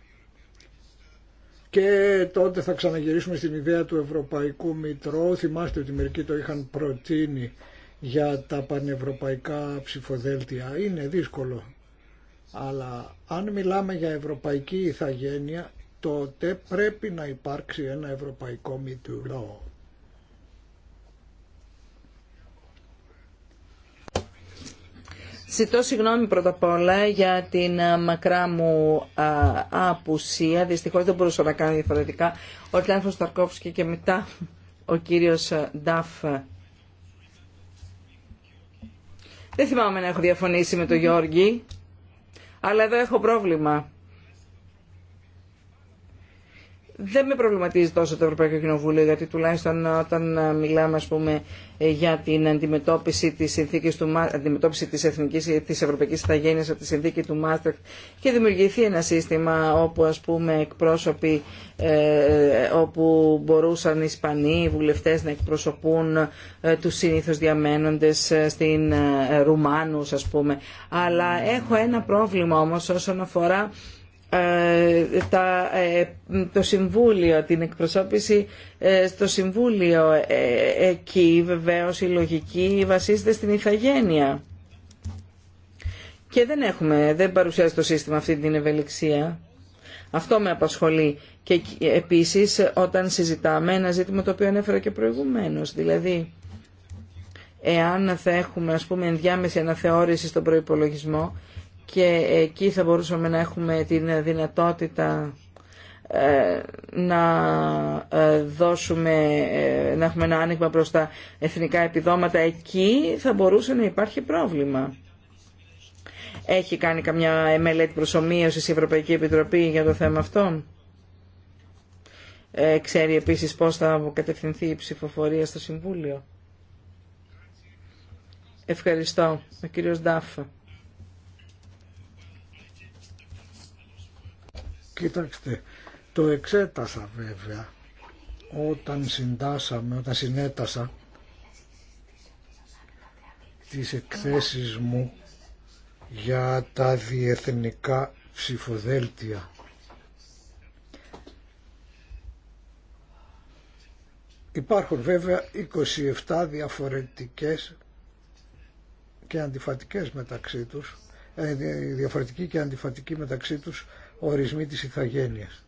Και τότε θα ξαναγυρίσουμε στην ιδέα του Ευρωπαϊκού Μητρώου. Θυμάστε ότι μερικοί το είχαν προτείνει για τα πανευρωπαϊκά ψηφοδέλτια. Είναι δύσκολο. Αλλά αν μιλάμε για ευρωπαϊκή ηθαγένεια, τότε πρέπει να υπάρξει ένα ευρωπαϊκό Μητρώο. Ζητώ συγγνώμη πρώτα απ' όλα για την ε, μακρά μου ε, απουσία. Δυστυχώς δεν μπορούσα να κάνω διαφορετικά. Ο Τλάνφος Ταρκόφσκι και μετά ο κύριος ε, Νταφ. Δεν θυμάμαι να έχω διαφωνήσει με τον Γιώργη, αλλά εδώ έχω πρόβλημα δεν με προβληματίζει τόσο το Ευρωπαϊκό Κοινοβούλιο, γιατί τουλάχιστον όταν ε, μιλάμε ας πούμε, ε, για την αντιμετώπιση της, συνθήκης του, αντιμετώπιση της, εθνικής, ε, της ευρωπαϊκής από τη συνθήκη του Μάστερ και δημιουργηθεί ένα σύστημα όπου ας πούμε, εκπρόσωποι, όπου μπορούσαν οι Ισπανοί οι βουλευτές να εκπροσωπούν ε, τους συνήθως διαμένοντες στην ε, Ρουμάνους ας πούμε. Αλλά έχω ένα πρόβλημα όμως όσον αφορά ε, ε, το Συμβούλιο, την εκπροσώπηση ε, στο Συμβούλιο. Εκεί βεβαίως η λογική βασίζεται στην ηθαγένεια. Και δεν έχουμε, δεν παρουσιάζει το σύστημα αυτή την ευελιξία. Αυτό με απασχολεί και επίσης όταν συζητάμε ένα ζήτημα το οποίο ανέφερα και προηγουμένως, δηλαδή εάν θα έχουμε ας πούμε ενδιάμεση αναθεώρηση στον προϋπολογισμό και εκεί θα μπορούσαμε να έχουμε την δυνατότητα ε, να ε, δώσουμε, ε, να έχουμε ένα άνοιγμα προς τα εθνικά επιδόματα, εκεί θα μπορούσε να υπάρχει πρόβλημα. Έχει κάνει καμιά μελέτη προσωμείωσης η Ευρωπαϊκή Επιτροπή για το θέμα αυτό. Ε, ξέρει επίσης πώς θα κατευθυνθεί η ψηφοφορία στο Συμβούλιο. Ευχαριστώ. Ο κύριος Ντάφα. Κοιτάξτε, το εξέτασα βέβαια όταν συντάσαμε, όταν συνέτασα τις εκθέσεις μου για τα διεθνικά ψηφοδέλτια. Υπάρχουν βέβαια 27 διαφορετικές και αντιφατικές μεταξύ τους, ε, διαφορετική και αντιφατική μεταξύ τους ορισμοί της ηθαγένειας.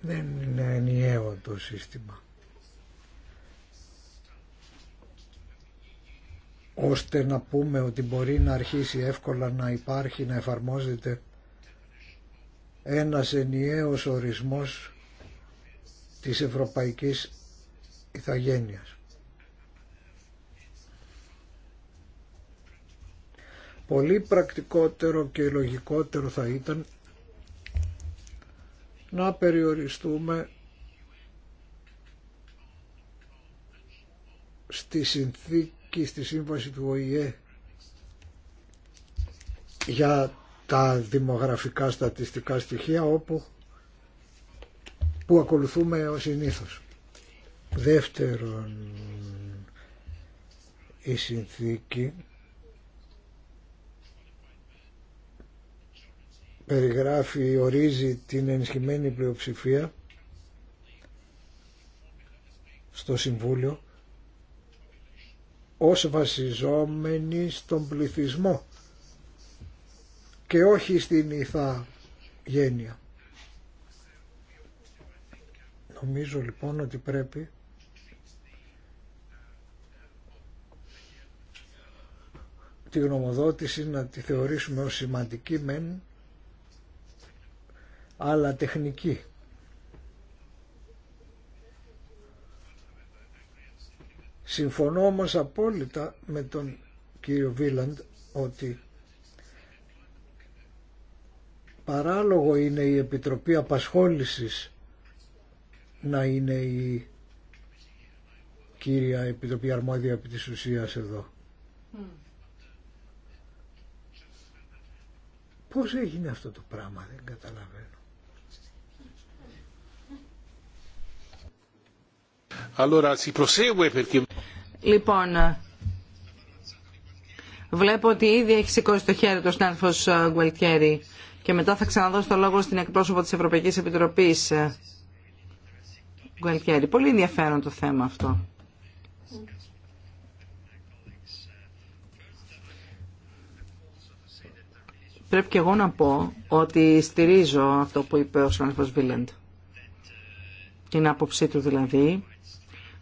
Δεν είναι ενιαίο το σύστημα. ώστε να πούμε ότι μπορεί να αρχίσει εύκολα να υπάρχει, να εφαρμόζεται ένας ενιαίος ορισμός της ευρωπαϊκής ηθαγένειας. Πολύ πρακτικότερο και λογικότερο θα ήταν να περιοριστούμε στη συνθήκη, στη σύμβαση του ΟΗΕ για τα δημογραφικά στατιστικά στοιχεία όπου που ακολουθούμε ως συνήθως. Δεύτερον, η συνθήκη περιγράφει, ορίζει την ενισχυμένη πλειοψηφία στο Συμβούλιο ως βασιζόμενη στον πληθυσμό και όχι στην ηθά γένεια. Νομίζω λοιπόν ότι πρέπει τη γνωμοδότηση να τη θεωρήσουμε ως σημαντική μεν αλλά τεχνική. Συμφωνώ όμως απόλυτα με τον κύριο Βίλαντ ότι παράλογο είναι η Επιτροπή Απασχόλησης να είναι η κύρια Επιτροπή Αρμόδια επί της ουσίας εδώ. Mm. Πώς έγινε αυτό το πράγμα δεν καταλαβαίνω. Λοιπόν, βλέπω ότι ήδη έχει σηκώσει το χέρι του συνάδελφος ε, Γκουελτιέρη και μετά θα ξαναδώσω το λόγο στην εκπρόσωπο της Ευρωπαϊκής Επιτροπής. Ε, Γκουελτιέρη, πολύ ενδιαφέρον το θέμα αυτό. Πρέπει και εγώ να πω ότι στηρίζω αυτό που είπε ο συνάδελφος Βίλεντ. Την άποψή του δηλαδή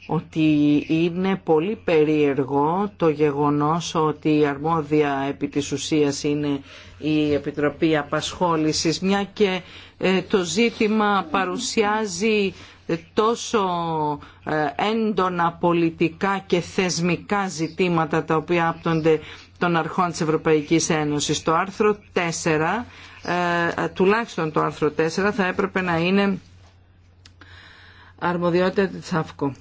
ότι είναι πολύ περίεργο το γεγονός ότι η αρμόδια επί της ουσίας είναι η Επιτροπή Απασχόλησης, μια και ε, το ζήτημα παρουσιάζει ε, τόσο ε, έντονα πολιτικά και θεσμικά ζητήματα τα οποία άπτονται των αρχών της Ευρωπαϊκής Ένωσης. Το άρθρο 4, τουλάχιστον το άρθρο 4, θα έπρεπε να είναι αρμοδιότητα της ΑΦΚΟ.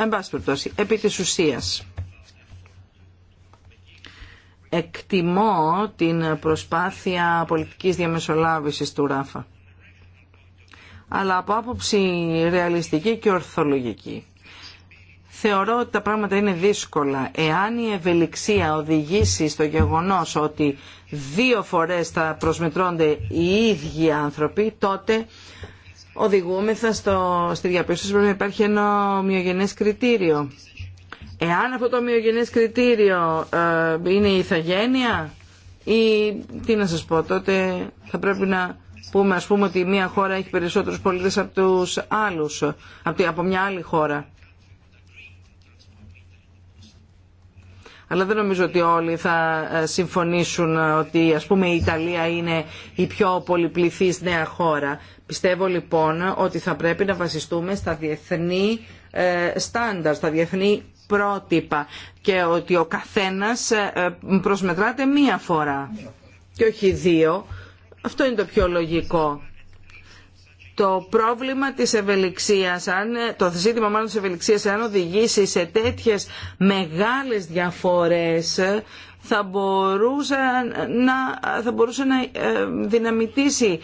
Εν πάση περιπτώσει, επί της ουσίας. Εκτιμώ την προσπάθεια πολιτικής διαμεσολάβησης του Ράφα. Αλλά από άποψη ρεαλιστική και ορθολογική. Θεωρώ ότι τα πράγματα είναι δύσκολα. Εάν η ευελιξία οδηγήσει στο γεγονός ότι δύο φορές θα προσμετρώνται οι ίδιοι άνθρωποι, τότε οδηγούμεθα στο, στη διαπίστωση πρέπει να υπάρχει ένα ομοιογενές κριτήριο. Εάν αυτό το ομοιογενές κριτήριο ε, είναι η ηθαγένεια ή τι να σας πω, τότε θα πρέπει να πούμε ας πούμε ότι μια χώρα έχει περισσότερους πολίτες από τους άλλους, από, μια άλλη χώρα. αλλά δεν νομίζω ότι όλοι θα ε, συμφωνήσουν ότι ας πούμε η Ιταλία είναι η πιο πολυπληθής νέα χώρα. Πιστεύω λοιπόν ότι θα πρέπει να βασιστούμε στα διεθνή ε, στάνταρ, στα διεθνή πρότυπα και ότι ο καθένας ε, προσμετράται μία φορά και όχι δύο. Αυτό είναι το πιο λογικό. Το πρόβλημα της ευελιξίας, αν, το ζήτημα μάλλον της ευελιξίας, αν οδηγήσει σε τέτοιες μεγάλες διαφορές, θα μπορούσε να, θα μπορούσε να ε, δυναμητήσει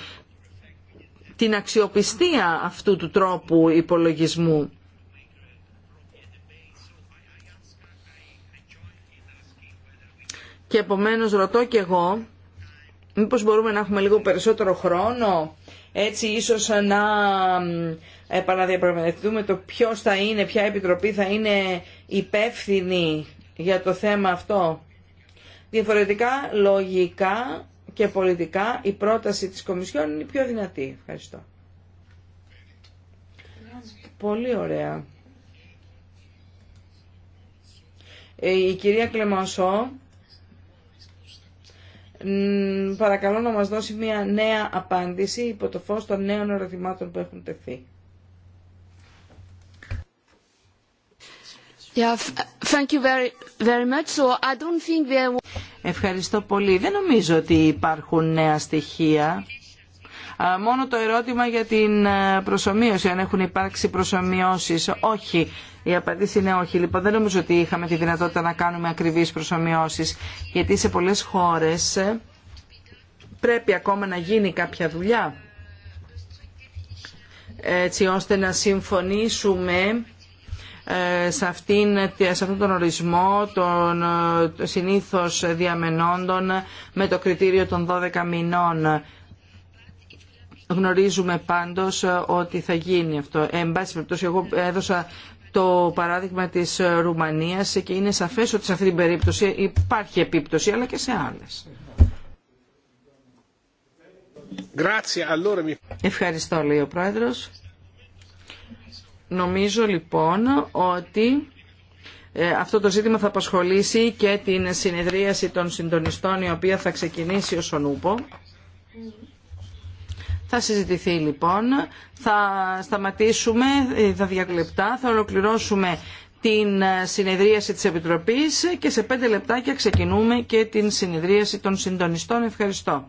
την αξιοπιστία αυτού του τρόπου υπολογισμού. Και επομένως ρωτώ και εγώ, μήπως μπορούμε να έχουμε λίγο περισσότερο χρόνο, έτσι ίσως να επαναδιαπραγματευτούμε το ποιος θα είναι, ποια επιτροπή θα είναι υπεύθυνη για το θέμα αυτό. Διαφορετικά, λογικά, και πολιτικά η πρόταση της Κομισιόν είναι η πιο δυνατή. Ευχαριστώ. Πολύ ωραία. Ε, η κυρία Κλεμασό παρακαλώ να μας δώσει μια νέα απάντηση υπό το φως των νέων ερωτημάτων που έχουν τεθεί. Yeah, thank you very, very Ευχαριστώ πολύ. Δεν νομίζω ότι υπάρχουν νέα στοιχεία. Μόνο το ερώτημα για την ε, προσωμείωση, αν έχουν υπάρξει προσωμιώσεις. Όχι. Η απαντήση είναι όχι. Λοιπόν, δεν νομίζω ότι είχαμε τη δυνατότητα να κάνουμε ακριβείς προσωμιώσεις, γιατί σε πολλές χώρες ε, πρέπει ακόμα να γίνει κάποια δουλειά, έτσι ώστε να συμφωνήσουμε ε, σε, αυτήν, σε αυτόν τον ορισμό των ε, συνήθως διαμενόντων με το κριτήριο των 12 μηνών. Γνωρίζουμε πάντως ε, ότι θα γίνει αυτό. Ε, εν εγώ έδωσα το παράδειγμα της Ρουμανίας και είναι σαφές ότι σε αυτή την περίπτωση υπάρχει επίπτωση, αλλά και σε άλλες. Ευχαριστώ, λέει ο Πρόεδρος. Νομίζω λοιπόν ότι ε, αυτό το ζήτημα θα απασχολήσει και την συνεδρίαση των συντονιστών η οποία θα ξεκινήσει ως ονούπο. Θα συζητηθεί λοιπόν, θα σταματήσουμε ε, τα διακλεπτά θα ολοκληρώσουμε την ε, συνεδρίαση της Επιτροπής και σε πέντε λεπτάκια ξεκινούμε και την συνεδρίαση των συντονιστών. Ευχαριστώ.